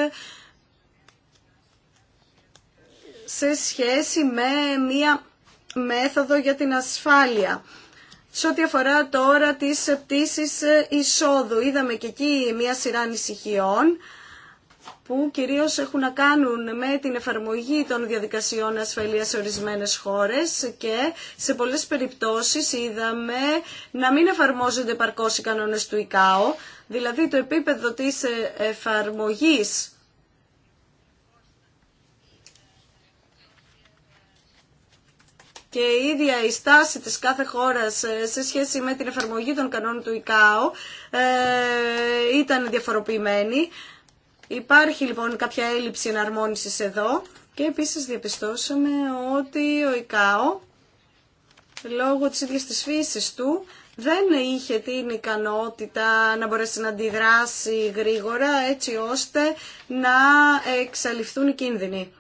[SPEAKER 3] σε σχέση με μία μέθοδο για την ασφάλεια. Σε ό,τι αφορά τώρα τις πτήσεις ε, εισόδου, είδαμε και εκεί μία σειρά ανησυχιών που κυρίως έχουν να κάνουν με την εφαρμογή των διαδικασιών ασφαλείας σε ορισμένες χώρες και σε πολλές περιπτώσεις είδαμε να μην εφαρμόζονται παρκώς οι κανόνες του ΙΚΑΟ, δηλαδή το επίπεδο της ε, εφαρμογής και η ίδια η στάση της κάθε χώρας ε, σε σχέση με την εφαρμογή των κανόνων του ΙΚΑΟ ε, ήταν διαφοροποιημένη. Υπάρχει λοιπόν κάποια έλλειψη εναρμόνισης εδώ και επίσης διαπιστώσαμε ότι ο ΙΚΑΟ λόγω της ίδιας της φύσης του δεν είχε την ικανότητα να μπορέσει να αντιδράσει γρήγορα έτσι ώστε να εξαλειφθούν οι κίνδυνοι.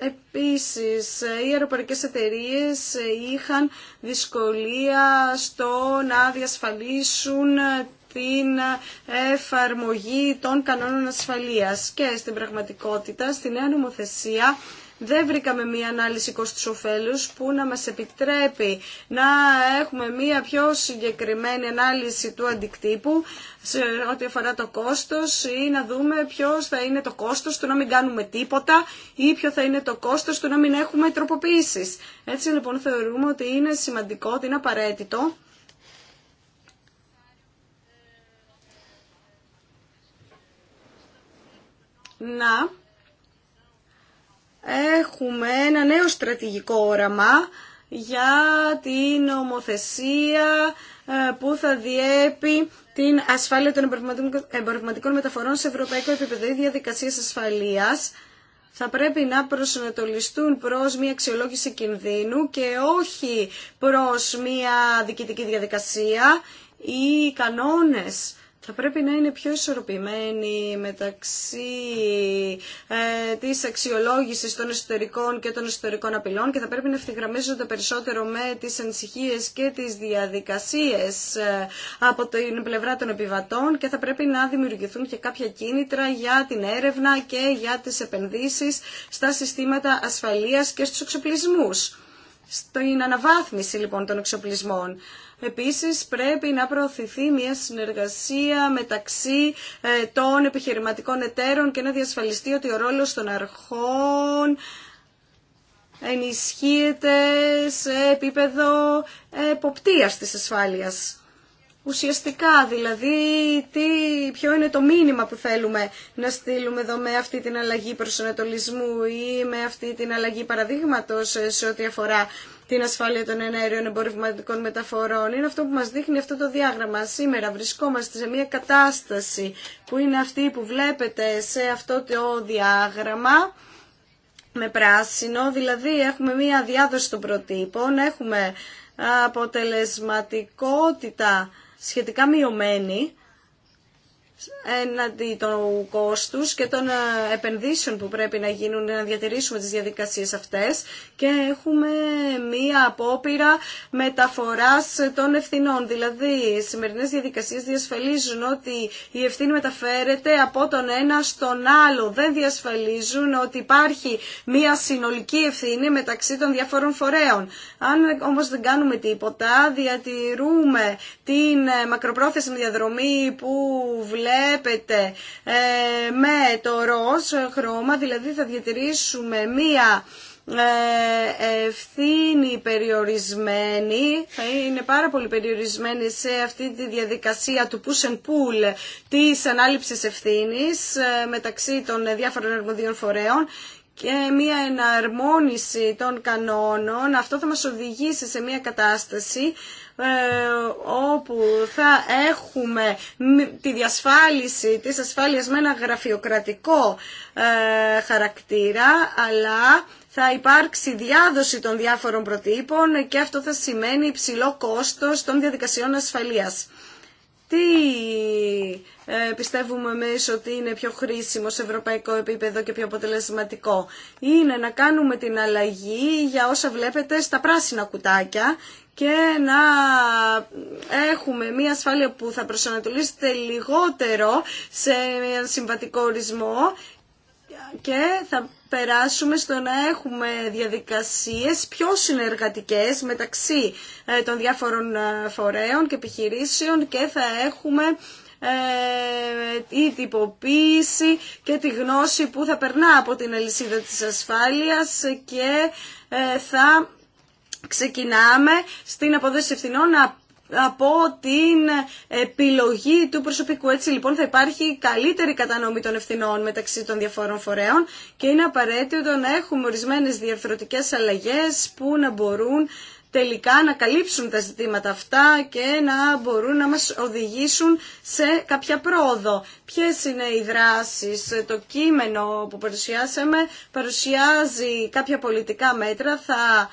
[SPEAKER 3] Επίσης, οι αεροπορικές εταιρείες είχαν δυσκολία στο να διασφαλίσουν την εφαρμογή των κανόνων ασφαλείας και στην πραγματικότητα, στη νέα νομοθεσία δεν βρήκαμε μία ανάλυση κόστους ωφέλους που να μας επιτρέπει να έχουμε μία πιο συγκεκριμένη ανάλυση του αντικτύπου σε ό,τι αφορά το κόστος ή να δούμε ποιο θα είναι το κόστος του να μην κάνουμε τίποτα ή ποιο θα είναι το κόστος του να μην έχουμε τροποποιήσεις. Έτσι λοιπόν θεωρούμε ότι είναι σημαντικό, ότι είναι απαραίτητο να έχουμε ένα νέο στρατηγικό όραμα για την ομοθεσία ε, που θα διέπει την ασφάλεια των εμπορευματικών μεταφορών σε ευρωπαϊκό επίπεδο. ή διαδικασίες ασφαλείας θα πρέπει να προσανατολιστούν προς μια αξιολόγηση κινδύνου και όχι προς μια διοικητική διαδικασία. ή κανόνες θα πρέπει να είναι πιο ισορροπημένη μεταξύ ε, της αξιολόγησης των εσωτερικών και των εσωτερικών απειλών και θα πρέπει να ευθυγραμμίζονται περισσότερο με τις ανησυχίες και τις διαδικασίες ε, από την πλευρά των επιβατών και θα πρέπει να δημιουργηθούν και κάποια κίνητρα για την έρευνα και για τις επενδύσεις στα συστήματα ασφαλείας και στους εξοπλισμούς. Στην αναβάθμιση λοιπόν των εξοπλισμών. Επίσης πρέπει να προωθηθεί μια συνεργασία μεταξύ ε, των επιχειρηματικών εταίρων και να διασφαλιστεί ότι ο ρόλος των αρχών ενισχύεται σε επίπεδο εποπτείας της ασφάλειας. Ουσιαστικά δηλαδή τι, ποιο είναι το μήνυμα που θέλουμε να στείλουμε εδώ με αυτή την αλλαγή προσανατολισμού ή με αυτή την αλλαγή παραδείγματος ε, σε ό,τι αφορά την ασφάλεια των εναέριων εμπορευματικών μεταφορών. Είναι αυτό που μας δείχνει αυτό το διάγραμμα. Σήμερα βρισκόμαστε σε μια κατάσταση που είναι αυτή που βλέπετε σε αυτό το διάγραμμα με πράσινο, δηλαδή έχουμε μια διάδοση των προτύπων, έχουμε αποτελεσματικότητα σχετικά μειωμένη έναντι των κόστους και των ε, επενδύσεων που πρέπει να γίνουν να διατηρήσουμε τις διαδικασίες αυτές και έχουμε μία απόπειρα μεταφοράς των ευθυνών. Δηλαδή, οι σημερινές διαδικασίες διασφαλίζουν ότι η ευθύνη μεταφέρεται από τον ένα στον άλλο. Δεν διασφαλίζουν ότι υπάρχει μία συνολική ευθύνη μεταξύ των διαφόρων φορέων. Αν όμως δεν κάνουμε τίποτα, διατηρούμε την ε, μακροπρόθεσμη διαδρομή που βλέπουμε βλέπετε ε, με το ροζ χρώμα, δηλαδή θα διατηρήσουμε μία ε, ευθύνη περιορισμένη, θα είναι πάρα πολύ περιορισμένη σε αυτή τη διαδικασία του push and pull της ανάληψης ευθύνης ε, μεταξύ των διάφορων αρμοδίων φορέων και μια εναρμόνιση των κανόνων. Αυτό θα μας οδηγήσει σε μια κατάσταση ε, όπου θα έχουμε τη διασφάλιση της ασφάλειας με ένα γραφειοκρατικό ε, χαρακτήρα, αλλά θα υπάρξει διάδοση των διάφορων προτύπων και αυτό θα σημαίνει υψηλό κόστος των διαδικασιών ασφαλείας. Τι ε, πιστεύουμε εμείς ότι είναι πιο χρήσιμο σε ευρωπαϊκό επίπεδο και πιο αποτελεσματικό. Είναι να κάνουμε την αλλαγή για όσα βλέπετε στα πράσινα κουτάκια και να έχουμε μια ασφάλεια που θα προσανατολίσετε λιγότερο σε ένα συμβατικό ορισμό και θα περάσουμε στο να έχουμε διαδικασίες πιο συνεργατικές μεταξύ ε, των διάφορων ε, φορέων και επιχειρήσεων και θα έχουμε ε, η τυποποίηση και τη γνώση που θα περνά από την αλυσίδα της ασφάλειας και θα ξεκινάμε στην αποδέση ευθυνών από την επιλογή του προσωπικού. Έτσι λοιπόν θα υπάρχει καλύτερη κατανομή των ευθυνών μεταξύ των διαφόρων φορέων και είναι απαραίτητο να έχουμε ορισμένες διαφορετικές αλλαγές που να μπορούν τελικά να καλύψουν τα ζητήματα αυτά και να μπορούν να μας οδηγήσουν σε κάποια πρόοδο. Ποιες είναι οι δράσεις, το κείμενο που παρουσιάσαμε παρουσιάζει κάποια πολιτικά μέτρα, θα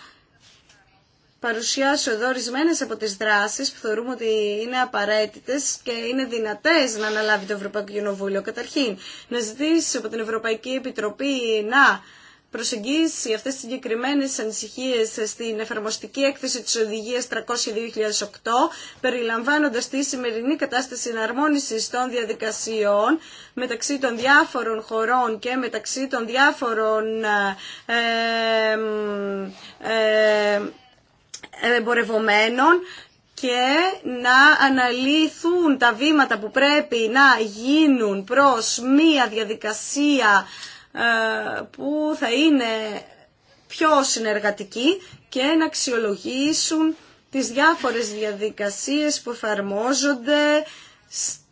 [SPEAKER 3] παρουσιάσω εδώ ορισμένε από τις δράσεις που θεωρούμε ότι είναι απαραίτητες και είναι δυνατές να αναλάβει το Ευρωπαϊκό Κοινοβούλιο. Καταρχήν, να ζητήσει από την Ευρωπαϊκή Επιτροπή να προσεγγίσει αυτές τι συγκεκριμένε ανησυχίες στην εφαρμοστική έκθεση της Οδηγίας 300-2008, περιλαμβάνοντας τη σημερινή κατάσταση εναρμόνιση των διαδικασιών μεταξύ των διάφορων χωρών και μεταξύ των διάφορων ε, ε, εμπορευομένων και να αναλύθουν τα βήματα που πρέπει να γίνουν προς μία διαδικασία ε, που θα είναι πιο συνεργατική και να αξιολογήσουν τις διάφορες διαδικασίες που εφαρμόζονται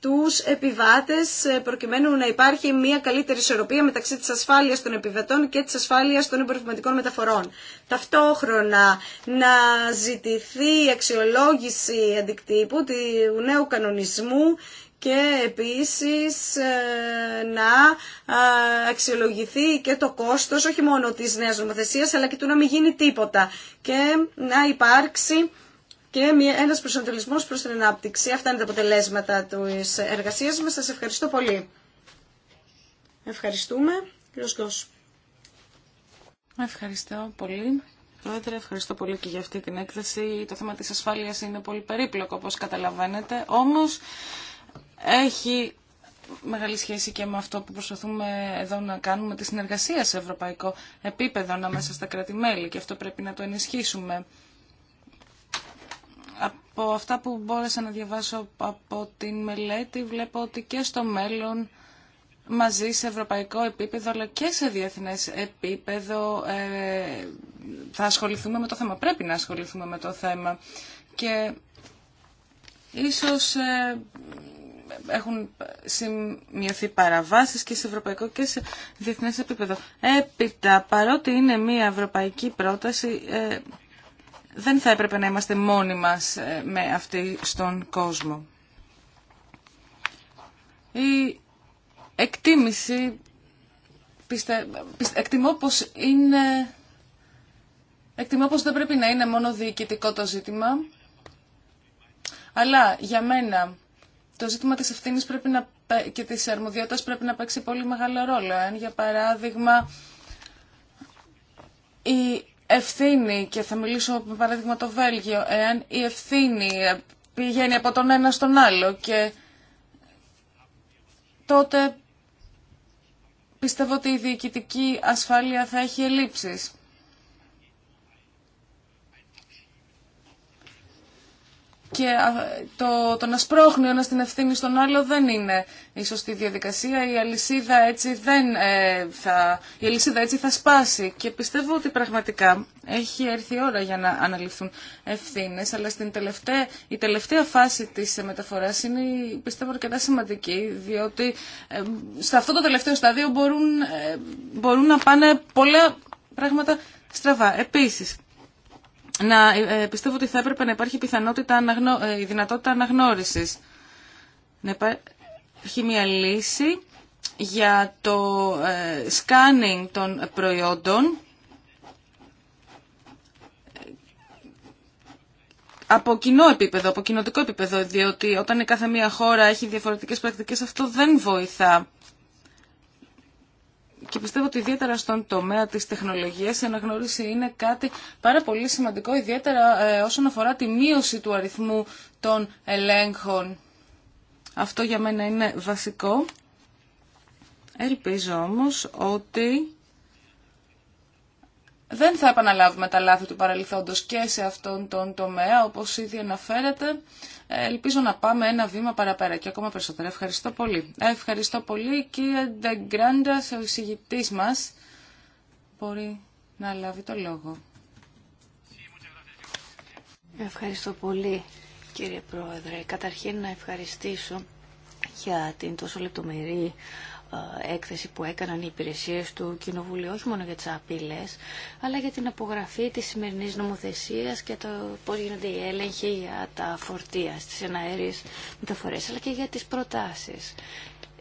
[SPEAKER 3] τους επιβάτες ε, προκειμένου να υπάρχει μια καλύτερη ισορροπία μεταξύ της ασφάλειας των επιβατών και της ασφάλειας των εμπορευματικών μεταφορών. Ταυτόχρονα να ζητηθεί η αξιολόγηση αντικτύπου του νέου κανονισμού και επίσης ε, να αξιολογηθεί και το κόστος όχι μόνο της νέας νομοθεσίας αλλά και του να μην γίνει τίποτα και να υπάρξει και μια, ένας προσανατολισμός προς την ανάπτυξη. Αυτά είναι τα αποτελέσματα της εργασίας μας. Σας ευχαριστώ πολύ. Ευχαριστούμε. Κύριος Ευχαριστώ πολύ. Πρόεδρε, ευχαριστώ πολύ και για
[SPEAKER 4] αυτή την έκθεση. Το θέμα της ασφάλειας είναι πολύ περίπλοκο, όπως καταλαβαίνετε. Όμως, έχει μεγάλη σχέση και με αυτό που προσπαθούμε εδώ να κάνουμε τη συνεργασία σε ευρωπαϊκό επίπεδο ανάμεσα στα κράτη-μέλη και αυτό πρέπει να το ενισχύσουμε από αυτά που μπόρεσα να διαβάσω από την μελέτη βλέπω ότι και στο μέλλον μαζί σε ευρωπαϊκό επίπεδο αλλά και σε διεθνές επίπεδο ε, θα ασχοληθούμε με το θέμα. Πρέπει να ασχοληθούμε με το θέμα και ίσως ε, έχουν σημειωθεί παραβάσεις και σε ευρωπαϊκό και σε διεθνές επίπεδο. Έπειτα, παρότι είναι μια ευρωπαϊκή πρόταση, ε, δεν θα έπρεπε να είμαστε μόνοι μας ε, με αυτή στον κόσμο. Η εκτίμηση, πιστε, εκτιμώ πως είναι... Εκτιμώ πως δεν πρέπει να είναι μόνο διοικητικό το ζήτημα, αλλά για μένα το ζήτημα της ευθύνης πρέπει να, και της αρμοδιότητας πρέπει να παίξει πολύ μεγάλο ρόλο. για παράδειγμα η ευθύνη και θα μιλήσω με παράδειγμα το Βέλγιο, εάν η ευθύνη πηγαίνει από τον ένα στον άλλο και τότε πιστεύω ότι η διοικητική ασφάλεια θα έχει ελλείψεις. και το, το να σπρώχνει ο ένας την ευθύνη στον άλλο δεν είναι η σωστή διαδικασία. Η αλυσίδα έτσι, δεν, ε, θα, η αλυσίδα έτσι θα σπάσει και πιστεύω ότι πραγματικά έχει έρθει η ώρα για να αναλυθούν ευθύνες, αλλά στην τελευταία, η τελευταία φάση της ε, μεταφοράς είναι πιστεύω αρκετά σημαντική, διότι ε, σε αυτό το τελευταίο στάδιο μπορούν, ε, μπορούν να πάνε πολλά πράγματα στραβά. Επίσης, να ε, ε, πιστεύω ότι θα έπρεπε να υπάρχει πιθανότητα αναγνω... Ε, η δυνατότητα αναγνώρισης. Να υπάρχει μια λύση για το σκάνινγκ των προϊόντων από κοινό επίπεδο, από κοινοτικό επίπεδο, διότι όταν η κάθε μία χώρα έχει διαφορετικές πρακτικές αυτό δεν βοηθά και πιστεύω ότι ιδιαίτερα στον τομέα της τεχνολογίας η αναγνώριση είναι κάτι πάρα πολύ σημαντικό, ιδιαίτερα ε, όσον αφορά τη μείωση του αριθμού των ελέγχων. Αυτό για μένα είναι βασικό. Ελπίζω όμως ότι δεν θα επαναλάβουμε τα λάθη του παρελθόντος και σε αυτόν τον τομέα, όπως ήδη αναφέρεται. Ε, ελπίζω να πάμε ένα βήμα παραπέρα και ακόμα περισσότερα. Ευχαριστώ πολύ. Ευχαριστώ πολύ κύριε Ντεγκράντα, ο εισηγητής μας.
[SPEAKER 2] Μπορεί να λάβει το λόγο. Ευχαριστώ πολύ κύριε Πρόεδρε. Καταρχήν να ευχαριστήσω για την τόσο λεπτομερή ε, έκθεση που έκαναν οι υπηρεσίες του Κοινοβουλίου, όχι μόνο για τις απειλές, αλλά για την απογραφή της σημερινής νομοθεσίας και το πώς γίνονται οι έλεγχοι για τα φορτία στις εναέριες μεταφορές, αλλά και για τις προτάσεις.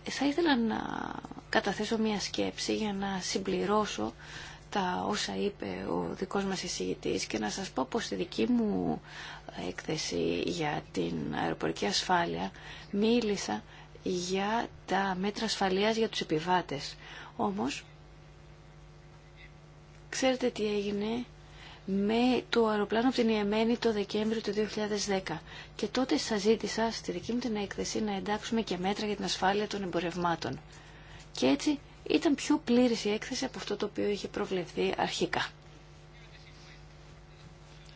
[SPEAKER 2] Θα ήθελα να καταθέσω μία σκέψη για να συμπληρώσω τα όσα είπε ο δικός μας εισηγητής και να σας πω πως στη δική μου έκθεση για την αεροπορική ασφάλεια μίλησα για τα μέτρα ασφαλείας για τους επιβάτες. Όμως, ξέρετε τι έγινε με το αεροπλάνο από την Ιεμένη το Δεκέμβριο του 2010. Και τότε σας ζήτησα στη δική μου την έκθεση να εντάξουμε και μέτρα για την ασφάλεια των εμπορευμάτων. Και έτσι ήταν πιο πλήρης η έκθεση από αυτό το οποίο είχε προβλεφθεί αρχικά.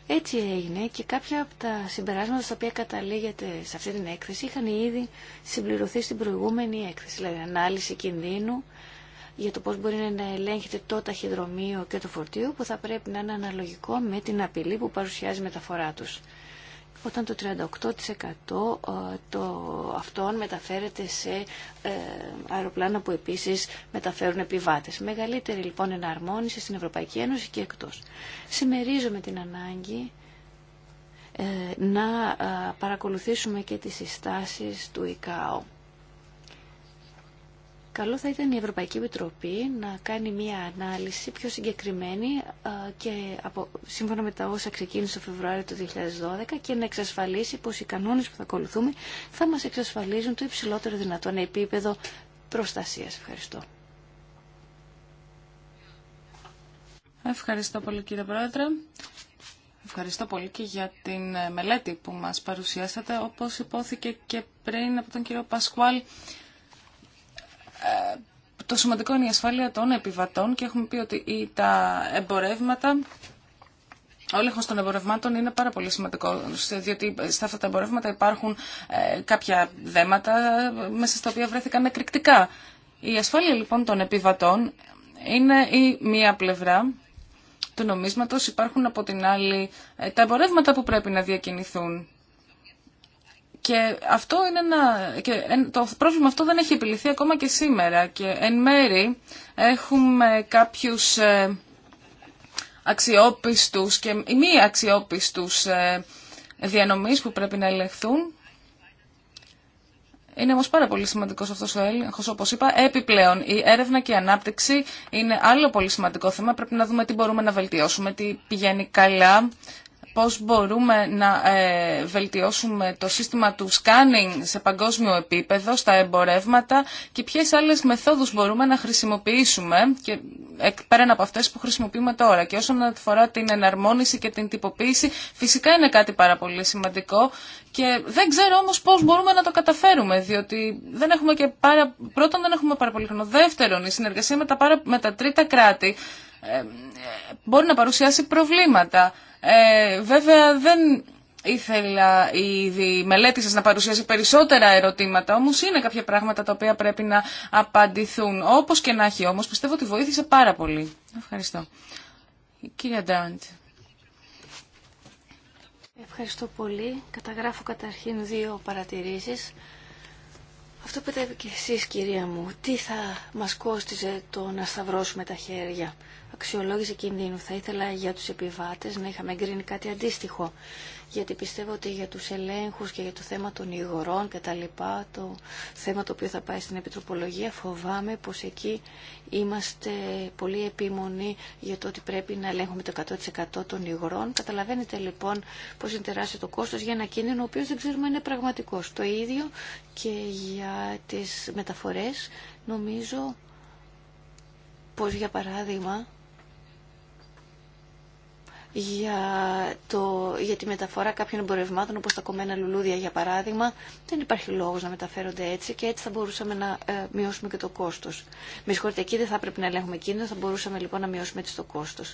[SPEAKER 2] Έτσι έγινε και κάποια από τα συμπεράσματα στα οποία καταλήγεται σε αυτή την έκθεση είχαν ήδη συμπληρωθεί στην προηγούμενη έκθεση, δηλαδή ανάλυση κινδύνου για το πώς μπορεί να ελέγχεται το ταχυδρομείο και το φορτίο που θα πρέπει να είναι αναλογικό με την απειλή που παρουσιάζει η μεταφορά τους όταν το 38% ε, το αυτών μεταφέρεται σε ε, αεροπλάνα που επίσης μεταφέρουν επιβάτες. Μεγαλύτερη λοιπόν εναρμόνιση στην Ευρωπαϊκή Ένωση και εκτός. Συμμερίζομαι την ανάγκη ε, να παρακολουθήσουμε και τις συστάσεις του ΙΚΑΟ. Καλό θα ήταν η Ευρωπαϊκή Επιτροπή να κάνει μία ανάλυση πιο συγκεκριμένη ε, και από, σύμφωνα με τα όσα ξεκίνησε το Φεβρουάριο του 2012 και να εξασφαλίσει πως οι κανόνες που θα ακολουθούμε θα μας εξασφαλίζουν το υψηλότερο δυνατόν επίπεδο προστασίας. Ευχαριστώ. Ευχαριστώ πολύ κύριε Πρόεδρε. Ευχαριστώ
[SPEAKER 4] πολύ και για την ε, μελέτη που μας παρουσιάσατε. Όπως υπόθηκε και πριν από τον κύριο Πασκουάλ, ε, το σημαντικό είναι η ασφάλεια των επιβατών και έχουμε πει ότι τα εμπορεύματα, ο έλεγχο των εμπορευμάτων είναι πάρα πολύ σημαντικό, διότι στα αυτά τα εμπορεύματα υπάρχουν ε, κάποια δέματα ε, μέσα στα οποία βρέθηκαν εκρηκτικά. Η ασφάλεια λοιπόν των επιβατών είναι η μία πλευρά του νομίσματος, υπάρχουν από την άλλη τα εμπορεύματα που πρέπει να διακινηθούν και, αυτό είναι ένα, και το πρόβλημα αυτό δεν έχει επιληθεί ακόμα και σήμερα. Και εν μέρη έχουμε κάποιους ε, αξιόπιστους και μη αξιόπιστους ε, διανομή που πρέπει να ελεγχθούν. Είναι όμω πάρα πολύ σημαντικό αυτό ο έλεγχο, όπω είπα. Επιπλέον, η έρευνα και η ανάπτυξη είναι άλλο πολύ σημαντικό θέμα. Πρέπει να δούμε τι μπορούμε να βελτιώσουμε, τι πηγαίνει καλά πώς μπορούμε να ε, βελτιώσουμε το σύστημα του σκάνινγκ σε παγκόσμιο επίπεδο, στα εμπορεύματα και ποιες άλλες μεθόδους μπορούμε να χρησιμοποιήσουμε και ε, πέραν από αυτές που χρησιμοποιούμε τώρα. Και όσον αφορά την εναρμόνιση και την τυποποίηση, φυσικά είναι κάτι πάρα πολύ σημαντικό και δεν ξέρω όμως πώς μπορούμε να το καταφέρουμε, διότι δεν έχουμε και πάρα... πρώτον δεν έχουμε πάρα πολύ χρόνο. Δεύτερον, η συνεργασία με τα, πάρα... με τα τρίτα κράτη ε, ε, μπορεί να παρουσιάσει προβλήματα. Ε, βέβαια δεν ήθελα η μελέτη σας να παρουσιάσει περισσότερα ερωτήματα, όμως είναι κάποια πράγματα τα οποία πρέπει να απαντηθούν. Όπως και να έχει όμως, πιστεύω ότι βοήθησε πάρα πολύ. Ευχαριστώ. Κύριε Ντάντ.
[SPEAKER 2] Ευχαριστώ πολύ. Καταγράφω καταρχήν δύο παρατηρήσεις. Αυτό που είπατε και εσείς κυρία μου, τι θα μας κόστιζε το να σταυρώσουμε τα χέρια αξιολόγηση κινδύνου. Θα ήθελα για τους επιβάτες να είχαμε εγκρίνει κάτι αντίστοιχο. Γιατί πιστεύω ότι για τους ελέγχους και για το θέμα των υγορών και τα λοιπά, το θέμα το οποίο θα πάει στην Επιτροπολογία, φοβάμαι πως εκεί είμαστε πολύ επίμονοι για το ότι πρέπει να ελέγχουμε το 100% των υγορών. Καταλαβαίνετε λοιπόν πως είναι τεράστιο το κόστος για ένα κίνδυνο ο οποίο δεν ξέρουμε είναι πραγματικός. Το ίδιο και για τις μεταφορές νομίζω πως για παράδειγμα για, το, για τη μεταφορά κάποιων εμπορευμάτων όπως τα κομμένα λουλούδια για παράδειγμα δεν υπάρχει λόγος να μεταφέρονται έτσι και έτσι θα μπορούσαμε να ε, μειώσουμε και το κόστος. Με συγχωρείτε εκεί δεν θα πρέπει να ελέγχουμε κίνδυνο, θα μπορούσαμε λοιπόν να μειώσουμε έτσι το κόστος.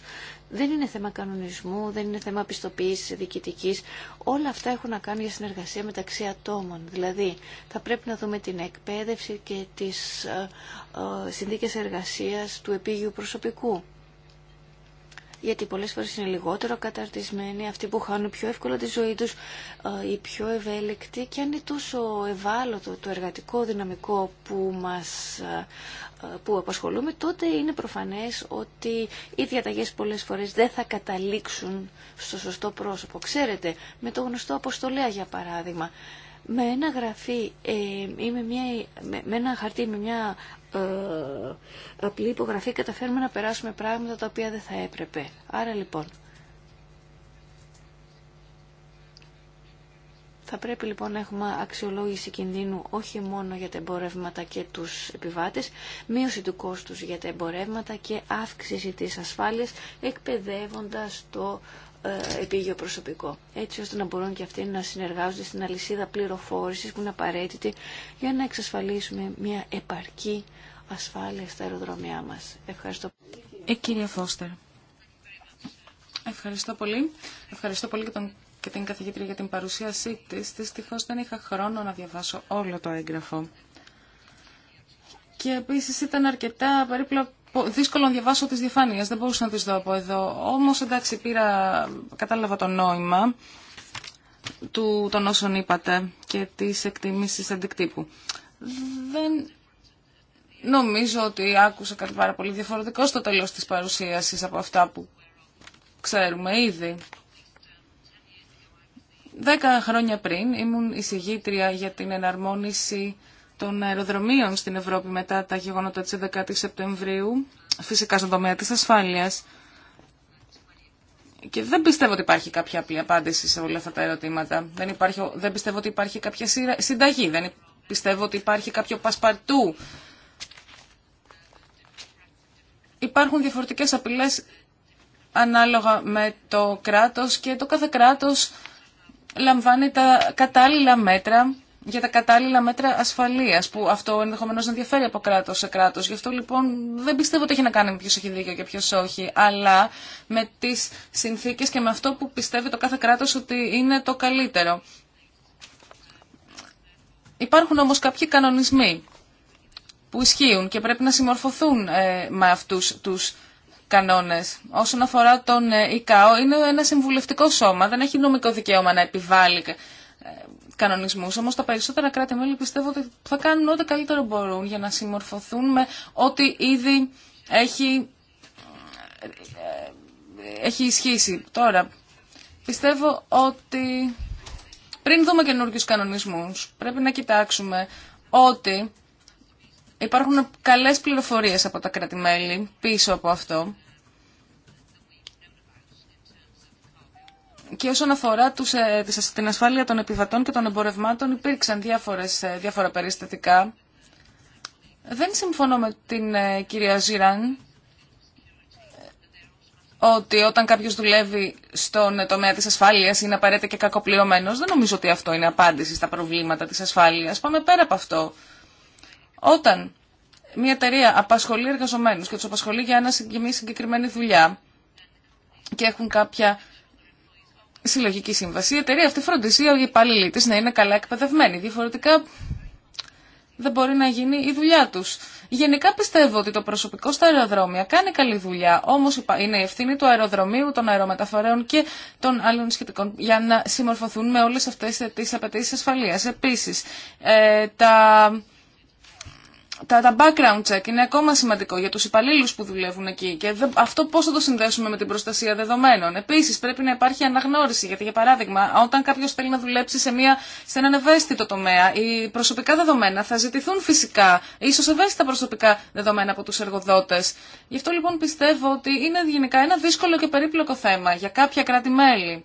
[SPEAKER 2] Δεν είναι θέμα κανονισμού, δεν είναι θέμα πιστοποίησης διοικητικής. Όλα αυτά έχουν να κάνουν για συνεργασία μεταξύ ατόμων. Δηλαδή θα πρέπει να δούμε την εκπαίδευση και τις ε, ε, εργασίας του επίγειου προσωπικού γιατί πολλές φορές είναι λιγότερο καταρτισμένοι, αυτοί που χάνουν πιο εύκολα τη ζωή τους, ε, οι πιο ευέλικτοι και αν είναι τόσο ευάλωτο το εργατικό δυναμικό που μας ε, ε, που απασχολούμε, τότε είναι προφανές ότι οι διαταγές πολλές φορές δεν θα καταλήξουν στο σωστό πρόσωπο. Ξέρετε, με το γνωστό αποστολέα για παράδειγμα, με ένα γραφή ε, ή με, μια, με, ένα χαρτί, με μια ε, απλή υπογραφή καταφέρουμε να περάσουμε πράγματα τα οποία δεν θα έπρεπε. Άρα λοιπόν, θα πρέπει λοιπόν να έχουμε αξιολόγηση κινδύνου όχι μόνο για τα εμπορεύματα και τους επιβάτες, μείωση του κόστους για τα εμπορεύματα και αύξηση της ασφάλειας εκπαιδεύοντας το ε, επίγειο προσωπικό, έτσι ώστε να μπορούν και αυτοί να συνεργάζονται στην αλυσίδα πληροφόρησης που είναι απαραίτητη για να εξασφαλίσουμε μια επαρκή ασφάλεια στα αεροδρόμια μας. Ευχαριστώ. Ε, κύριε Φώστερ,
[SPEAKER 4] ευχαριστώ πολύ. Ευχαριστώ πολύ και, τον, και την καθηγήτρια για την παρουσίασή της. Δυστυχώ δεν είχα χρόνο να διαβάσω όλο το έγγραφο. Και επίσης ήταν αρκετά περίπλοκο δύσκολο να διαβάσω τις διαφάνειες, δεν μπορούσα να τις δω από εδώ. Όμως εντάξει πήρα, κατάλαβα το νόημα του, των όσων είπατε και της εκτιμήσης αντικτύπου. Δεν νομίζω ότι άκουσα κάτι πάρα πολύ διαφορετικό στο τέλος της παρουσίασης από αυτά που ξέρουμε ήδη. Δέκα χρόνια πριν ήμουν εισηγήτρια για την εναρμόνιση των αεροδρομίων στην Ευρώπη μετά τα γεγονότα της 11 η Σεπτεμβρίου, φυσικά στον τομέα της ασφάλειας. Και δεν πιστεύω ότι υπάρχει κάποια απλή απάντηση σε όλα αυτά τα ερωτήματα. Δεν, υπάρχει, δεν πιστεύω ότι υπάρχει κάποια συνταγή. Δεν πιστεύω ότι υπάρχει κάποιο πασπαρτού. Υπάρχουν διαφορετικές απειλές ανάλογα με το κράτος και το κάθε κράτος λαμβάνει τα κατάλληλα μέτρα για τα κατάλληλα μέτρα ασφαλεία, που αυτό ενδεχομένω να διαφέρει από κράτο σε κράτο. Γι' αυτό λοιπόν δεν πιστεύω ότι έχει να κάνει με ποιο έχει δίκιο και ποιο όχι, αλλά με τι συνθήκε και με αυτό που πιστεύει το κάθε κράτο ότι είναι το καλύτερο. Υπάρχουν όμως κάποιοι κανονισμοί που ισχύουν και πρέπει να συμμορφωθούν ε, με αυτού του κανόνες. Όσον αφορά τον ε, ΙΚΑΟ, είναι ένα συμβουλευτικό σώμα, δεν έχει νομικό δικαίωμα να επιβάλλει ε, κανονισμούς, όμως τα περισσότερα κράτη-μέλη πιστεύω ότι θα κάνουν ό,τι καλύτερο μπορούν για να συμμορφωθούν με ό,τι ήδη έχει, ε, έχει ισχύσει. Τώρα, πιστεύω ότι πριν δούμε καινούριου κανονισμού, πρέπει να κοιτάξουμε ότι υπάρχουν καλές πληροφορίε από τα κράτη-μέλη πίσω από αυτό Και όσον αφορά τους, ε, την ασφάλεια των επιβατών και των εμπορευμάτων υπήρξαν διάφορες, ε, διάφορα περιστατικά. Δεν συμφωνώ με την ε, κυρία Ζιράν ότι όταν κάποιο δουλεύει στον τομέα τη ασφάλεια είναι απαραίτητα και κακοπληρωμένο. Δεν νομίζω ότι αυτό είναι απάντηση στα προβλήματα τη ασφάλεια. Πάμε πέρα από αυτό. Όταν μια εταιρεία απασχολεί εργαζομένου και του απασχολεί για μια συγκεκριμένη δουλειά και έχουν κάποια συλλογική σύμβαση, η εταιρεία αυτή φροντίζει οι υπαλλήλοι τη να είναι καλά εκπαιδευμένοι. Διαφορετικά δεν μπορεί να γίνει η δουλειά τους. Γενικά πιστεύω ότι το προσωπικό στα αεροδρόμια κάνει καλή δουλειά, όμως είναι η ευθύνη του αεροδρομίου, των αερομεταφορέων και των άλλων σχετικών για να συμμορφωθούν με όλε αυτέ τι απαιτήσει ασφαλείας. Επίσης, ε, τα τα, τα background check είναι ακόμα σημαντικό για τους υπαλλήλου που δουλεύουν εκεί και αυτό πώς θα το συνδέσουμε με την προστασία δεδομένων. Επίσης πρέπει να υπάρχει αναγνώριση, γιατί για παράδειγμα όταν κάποιος θέλει να δουλέψει σε, μια, σε έναν ευαίσθητο τομέα, οι προσωπικά δεδομένα θα ζητηθούν φυσικά, ίσως ευαίσθητα προσωπικά δεδομένα από τους εργοδότες. Γι' αυτό λοιπόν πιστεύω ότι είναι γενικά ένα δύσκολο και περίπλοκο θέμα για κάποια κράτη-μέλη.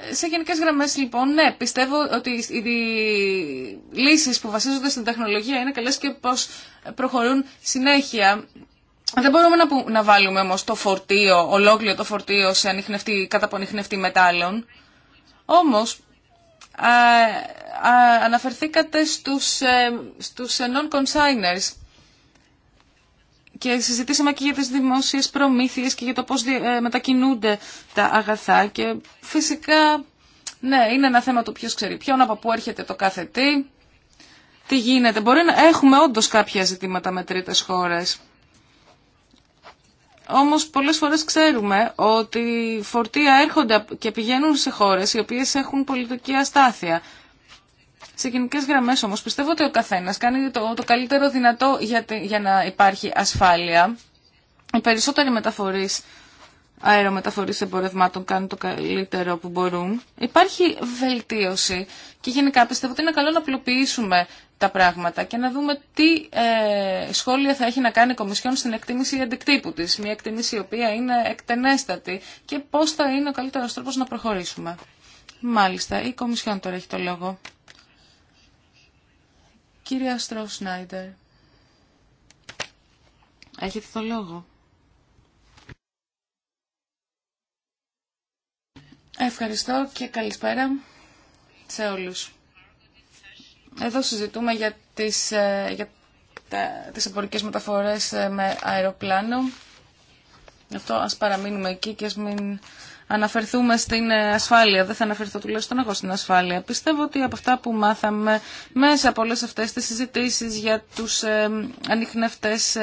[SPEAKER 4] Ε, σε γενικέ γραμμέ, λοιπόν, ναι, πιστεύω ότι οι λύσει που βασίζονται στην τεχνολογία είναι καλέ και πω προχωρούν συνέχεια. Δεν μπορούμε να, να βάλουμε όμω το φορτίο, ολόκληρο το φορτίο σε ανιχνευτή, κατά ανιχνευτή μετάλλων. Όμω, ε, ε, αναφερθήκατε στους, στους non-consigners και συζητήσαμε και για τις δημόσιες προμήθειες και για το πώς ε, μετακινούνται τα αγαθά και φυσικά ναι, είναι ένα θέμα το ποιος ξέρει ποιον, από πού έρχεται το κάθε τι, τι γίνεται. Μπορεί να έχουμε όντως κάποια ζητήματα με τρίτες χώρες. Όμως πολλές φορές ξέρουμε ότι φορτία έρχονται και πηγαίνουν σε χώρες οι οποίες έχουν πολιτική αστάθεια. Σε γενικέ γραμμέ, όμω, πιστεύω ότι ο καθένα κάνει το, το καλύτερο δυνατό για, για να υπάρχει ασφάλεια. Οι περισσότεροι μεταφορεί, αερομεταφορείς εμπορευμάτων κάνουν το καλύτερο που μπορούν. Υπάρχει βελτίωση και γενικά πιστεύω ότι είναι καλό να απλοποιήσουμε τα πράγματα και να δούμε τι ε, σχόλια θα έχει να κάνει η Κομισιόν στην εκτίμηση αντικτύπου της. Μια εκτίμηση η οποία είναι εκτενέστατη και πώς θα είναι ο καλύτερος τρόπος να προχωρήσουμε. Μάλιστα, η Κομισιόν τώρα έχει το λόγο. Αστρό Σνάιντερ,
[SPEAKER 2] έχετε το λόγο.
[SPEAKER 4] Ευχαριστώ και καλησπέρα σε όλους. Εδώ συζητούμε για τις, ε, για τα, τις εμπορικές μεταφορές ε, με αεροπλάνο. Αυτό ας παραμείνουμε εκεί και ας μην αναφερθούμε στην ε, ασφάλεια. Δεν θα αναφερθώ τουλάχιστον εγώ στην ασφάλεια. Πιστεύω ότι από αυτά που μάθαμε μέσα από όλες αυτές τις συζητήσει για τους ε, ανιχνευτές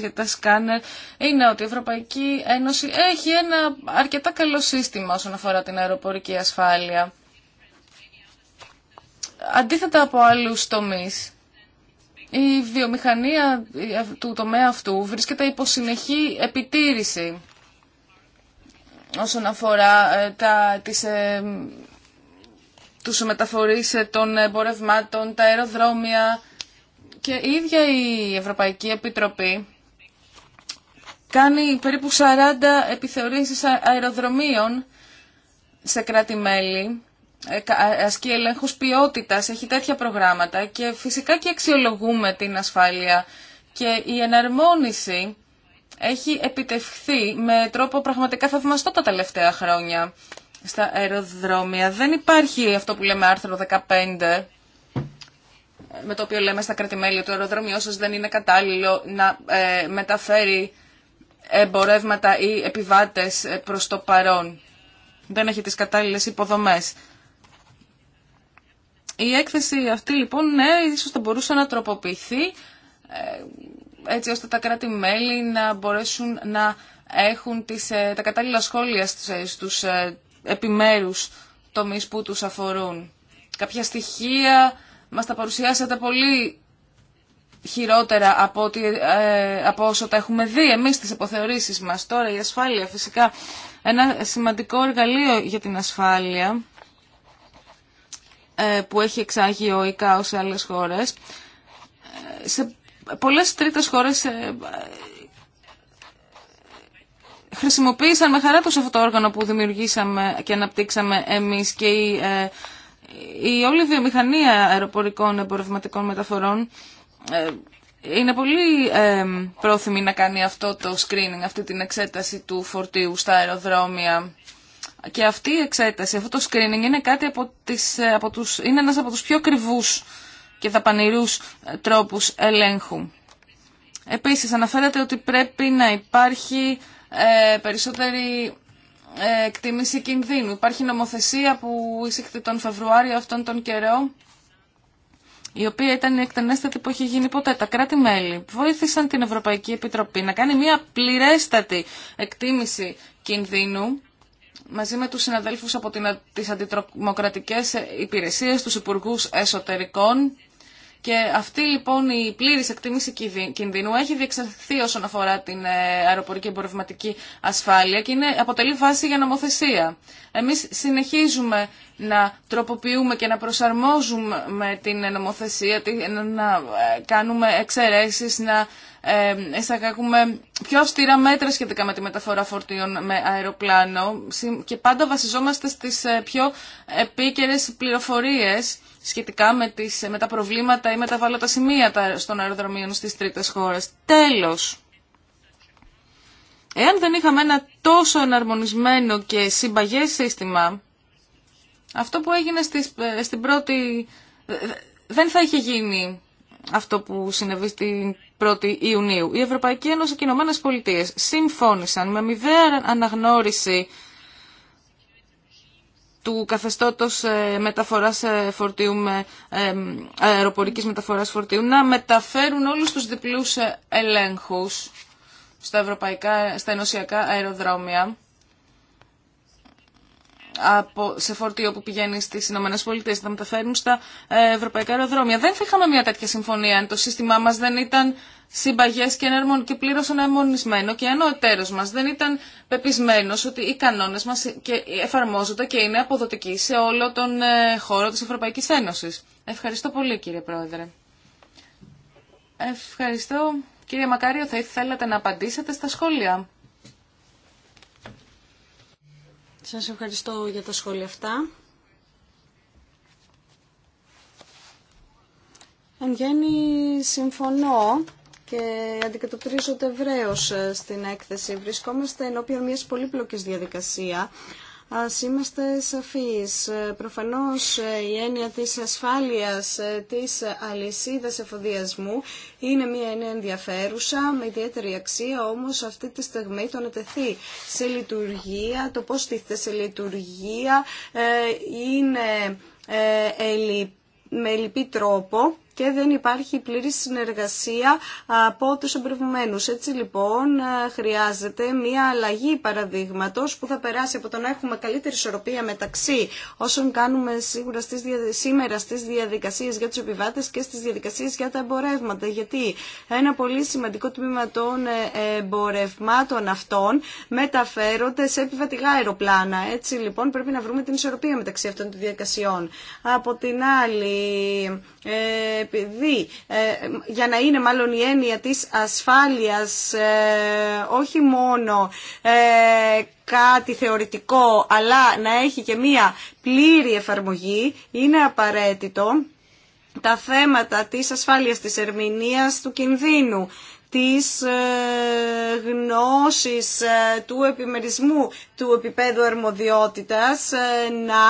[SPEAKER 4] για τα σκάνερ, είναι ότι η Ευρωπαϊκή Ένωση έχει ένα αρκετά καλό σύστημα όσον αφορά την αεροπορική ασφάλεια. Αντίθετα από άλλου τομεί, η βιομηχανία του τομέα αυτού βρίσκεται υπό συνεχή επιτήρηση όσον αφορά ε, τα, τις, ε, τους μεταφορείς ε, των εμπορευμάτων, τα αεροδρόμια και η ίδια η Ευρωπαϊκή Επιτροπή κάνει περίπου 40 επιθεωρήσεις αεροδρομίων σε κράτη-μέλη, ασκεί ελέγχου ποιότητα, έχει τέτοια προγράμματα και φυσικά και αξιολογούμε την ασφάλεια και η εναρμόνιση έχει επιτευχθεί με τρόπο πραγματικά θαυμαστό τα τελευταία χρόνια στα αεροδρόμια. Δεν υπάρχει αυτό που λέμε άρθρο 15 με το οποίο λέμε στα κρατημέλη του αεροδρομίου σας δεν είναι κατάλληλο να ε, μεταφέρει εμπορεύματα ή επιβάτες ε, προς το παρόν. Δεν έχει τις κατάλληλες υποδομές. Η έκθεση αυτή λοιπόν, ναι, ίσως θα μπορούσε να τροποποιηθεί ε, έτσι ώστε τα κράτη-μέλη να μπορέσουν να έχουν τις, ε, τα κατάλληλα σχόλια ε, στους ε, επιμέρους τομείς που τους αφορούν. Κάποια στοιχεία μας τα παρουσιάσατε πολύ χειρότερα από, όσο τα έχουμε δει εμείς στις αποθεωρήσεις μας. Τώρα η ασφάλεια φυσικά ένα σημαντικό εργαλείο για την ασφάλεια που έχει εξάγει ο ΙΚΑΟ σε άλλες χώρες. σε πολλές τρίτες χώρες ε, χρησιμοποίησαν με χαρά τους αυτό το όργανο που δημιουργήσαμε και αναπτύξαμε εμείς και η, ε, η όλη βιομηχανία αεροπορικών εμπορευματικών μεταφορών ε, είναι πολύ πρόθυμη να κάνει αυτό το screening, αυτή την εξέταση του φορτίου στα αεροδρόμια. Και αυτή η εξέταση, αυτό το screening είναι, κάτι από τις, από τους, είναι ένας από τους πιο κρυβούς και δαπανηρούς ε, τρόπους ελέγχου. Επίσης, αναφέρατε ότι πρέπει να υπάρχει ε, περισσότερη ε, εκτίμηση κινδύνου. Υπάρχει νομοθεσία που εισήχθη τον Φεβρουάριο αυτόν τον καιρό, η οποία ήταν η εκτενέστατη που έχει γίνει ποτέ. Τα κράτη-μέλη βοήθησαν την Ευρωπαϊκή Επιτροπή να κάνει μια πληρέστατη εκτίμηση κινδύνου μαζί με τους συναδέλφους από την, τις αντιτρομοκρατικές υπηρεσίες, τους υπουργούς εσωτερικών και αυτή λοιπόν η πλήρη εκτίμηση κινδύνου έχει διεξαρθεί όσον αφορά την ε, αεροπορική εμπορευματική ασφάλεια και είναι, αποτελεί βάση για νομοθεσία. Εμεί συνεχίζουμε να τροποποιούμε και να προσαρμόζουμε με την νομοθεσία, να ε, κάνουμε εξαιρέσεις, να ε, εισαγάγουμε πιο αυστηρά μέτρα σχετικά με τη μεταφορά φορτίων με αεροπλάνο και πάντα βασιζόμαστε στις ε, πιο επίκαιρες πληροφορίες σχετικά με, τις, τα προβλήματα ή με τα βάλωτα σημεία των αεροδρομίων στις τρίτες χώρες. Τέλος, εάν δεν είχαμε ένα τόσο εναρμονισμένο και συμπαγές σύστημα αυτό που έγινε ε, στην πρώτη... Ε, δεν θα είχε γίνει αυτό που συνεβεί στην 1η Ιουνίου. Η Ευρωπαϊκή Ένωση και οι Ηνωμένε Πολιτείε συμφώνησαν με μηδέα αναγνώριση του καθεστώτος ε, μεταφοράς φορτίου με αεροπορικής μεταφοράς φορτίου να μεταφέρουν όλους τους διπλούς ελέγχους στα, ευρωπαϊκά, στα ενωσιακά αεροδρόμια από, σε φορτίο που πηγαίνει στι Ηνωμένε Πολιτείε, θα μεταφέρουν στα ε, ευρωπαϊκά αεροδρόμια. Δεν θα είχαμε μια τέτοια συμφωνία αν το σύστημά μα δεν ήταν συμπαγέ και, και πλήρω αναμονισμένο και αν ο εταίρο μα δεν ήταν πεπισμένο ότι οι κανόνε μα εφαρμόζονται και είναι αποδοτικοί σε όλο τον ε, χώρο τη Ευρωπαϊκή Ένωση. Ευχαριστώ πολύ, κύριε Πρόεδρε. Ευχαριστώ. Κύριε Μακάριο, θα ήθελατε να απαντήσετε στα σχόλια.
[SPEAKER 3] Σας ευχαριστώ για τα σχόλια αυτά. Εν γέννη συμφωνώ και αντικατοπτρίζονται ευρέως ε, στην έκθεση. Βρισκόμαστε ενώπιον μιας πολύπλοκης διαδικασία Ας είμαστε σαφείς. Προφανώς ε, η έννοια της ασφάλειας ε, της αλυσίδας εφοδιασμού είναι μια έννοια ενδιαφέρουσα, με ιδιαίτερη αξία όμως αυτή τη στιγμή το να τεθεί σε λειτουργία, το πώς τίθεται σε λειτουργία ε, είναι με λυπή τρόπο και δεν υπάρχει πλήρη συνεργασία από τους εμπνευμένους. Έτσι λοιπόν χρειάζεται μια αλλαγή παραδείγματος που θα περάσει από το να έχουμε καλύτερη ισορροπία μεταξύ όσων κάνουμε σίγουρα στις, σήμερα στις διαδικασίες για τους επιβάτες και στις διαδικασίες για τα εμπορεύματα. Γιατί ένα πολύ σημαντικό τμήμα των εμπορευμάτων αυτών μεταφέρονται σε επιβατικά αεροπλάνα. Έτσι λοιπόν πρέπει να βρούμε την ισορροπία μεταξύ αυτών των διαδικασιών. Από την άλλη, ε, επειδή ε, για να είναι μάλλον η έννοια της ασφάλειας ε, όχι μόνο ε, κάτι θεωρητικό αλλά να έχει και μία πλήρη εφαρμογή είναι απαραίτητο τα θέματα της ασφάλειας της ερμηνείας του κινδύνου της γνώσης του επιμερισμού του επίπεδου αρμοδιότητας να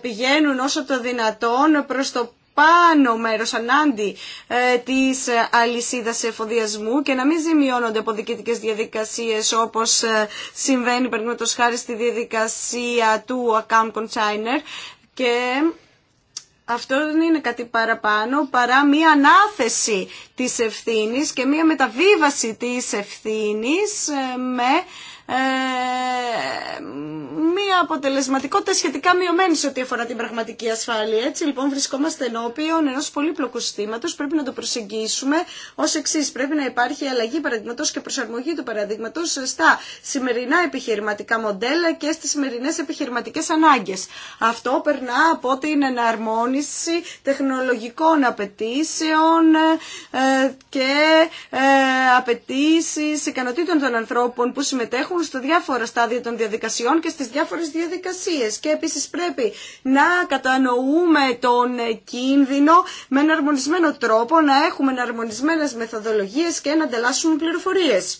[SPEAKER 3] πηγαίνουν όσο το δυνατόν προς το πάνω μέρος ανάντι ε, της ε, αλυσίδας εφοδιασμού και να μην ζημιώνονται από διαδικασίες όπως ε, συμβαίνει παραδείγματος χάρη στη διαδικασία του account consigner και αυτό δεν είναι κάτι παραπάνω παρά μία ανάθεση της ευθύνης και μία μεταβίβαση της ευθύνης ε, με ε, μία αποτελεσματικότητα σχετικά μειωμένη σε ό,τι αφορά την πραγματική ασφάλεια. Έτσι λοιπόν βρισκόμαστε ενώπιον ενός πολύπλοκου συστήματος, πρέπει να το προσεγγίσουμε ως εξή. Πρέπει να υπάρχει αλλαγή παραδείγματος και προσαρμογή του παραδείγματος στα σημερινά επιχειρηματικά μοντέλα και στις σημερινές επιχειρηματικές ανάγκες. Αυτό περνά από την εναρμόνιση τεχνολογικών απαιτήσεων ε, και ε, απαιτήσει ικανοτήτων των ανθρώπων που συμμετέχουν στο στα διάφορα στάδια των διαδικασιών και στις διάφορες διαδικασίες. Και επίσης πρέπει να κατανοούμε τον κίνδυνο με ένα αρμονισμένο τρόπο, να έχουμε αρμονισμένες μεθοδολογίες και να ανταλλάσσουμε πληροφορίες.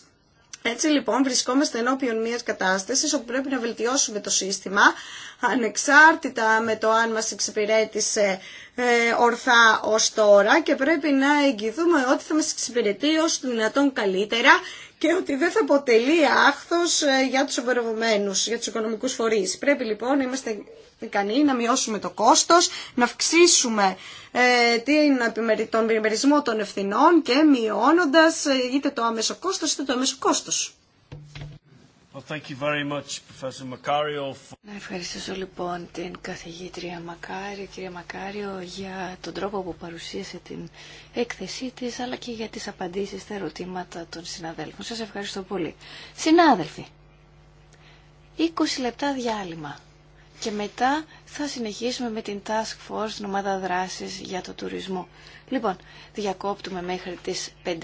[SPEAKER 3] Έτσι λοιπόν βρισκόμαστε ενώπιον μιας κατάστασης όπου πρέπει να βελτιώσουμε το σύστημα ανεξάρτητα με το αν μας εξυπηρέτησε ε, ορθά ως τώρα και πρέπει να εγγυηθούμε ότι θα μας εξυπηρετεί ως δυνατόν καλύτερα και ότι δεν θα αποτελεί άχθος ε, για τους εμπορευμένους, για τους οικονομικούς φορείς. Πρέπει λοιπόν να είμαστε ικανοί να μειώσουμε το κόστος, να αυξήσουμε ε, τον επιμερισμό των ευθυνών και μειώνοντας ε, είτε το άμεσο κόστος είτε το αμέσο κόστος.
[SPEAKER 1] Να
[SPEAKER 2] ευχαριστήσω λοιπόν την καθηγήτρια Μακάρη, κυρία Μακάριο, για τον τρόπο που παρουσίασε την έκθεσή της, αλλά και για τις απαντήσεις στα ερωτήματα των συναδέλφων. Σας ευχαριστώ πολύ. Συνάδελφοι, 20 λεπτά διάλειμμα και μετά θα συνεχίσουμε με την Task Force, την ομάδα δράσης για το τουρισμό. Λοιπόν, διακόπτουμε μέχρι τις 5.30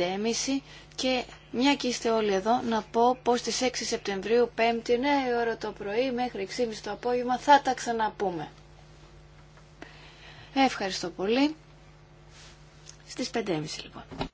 [SPEAKER 2] και μια και είστε όλοι εδώ να πω πως στις 6 Σεπτεμβρίου, 5η, 9 ώρα το πρωί μέχρι 6.30 το απόγευμα θα τα ξαναπούμε. Ευχαριστώ πολύ. Στις 5.30 λοιπόν.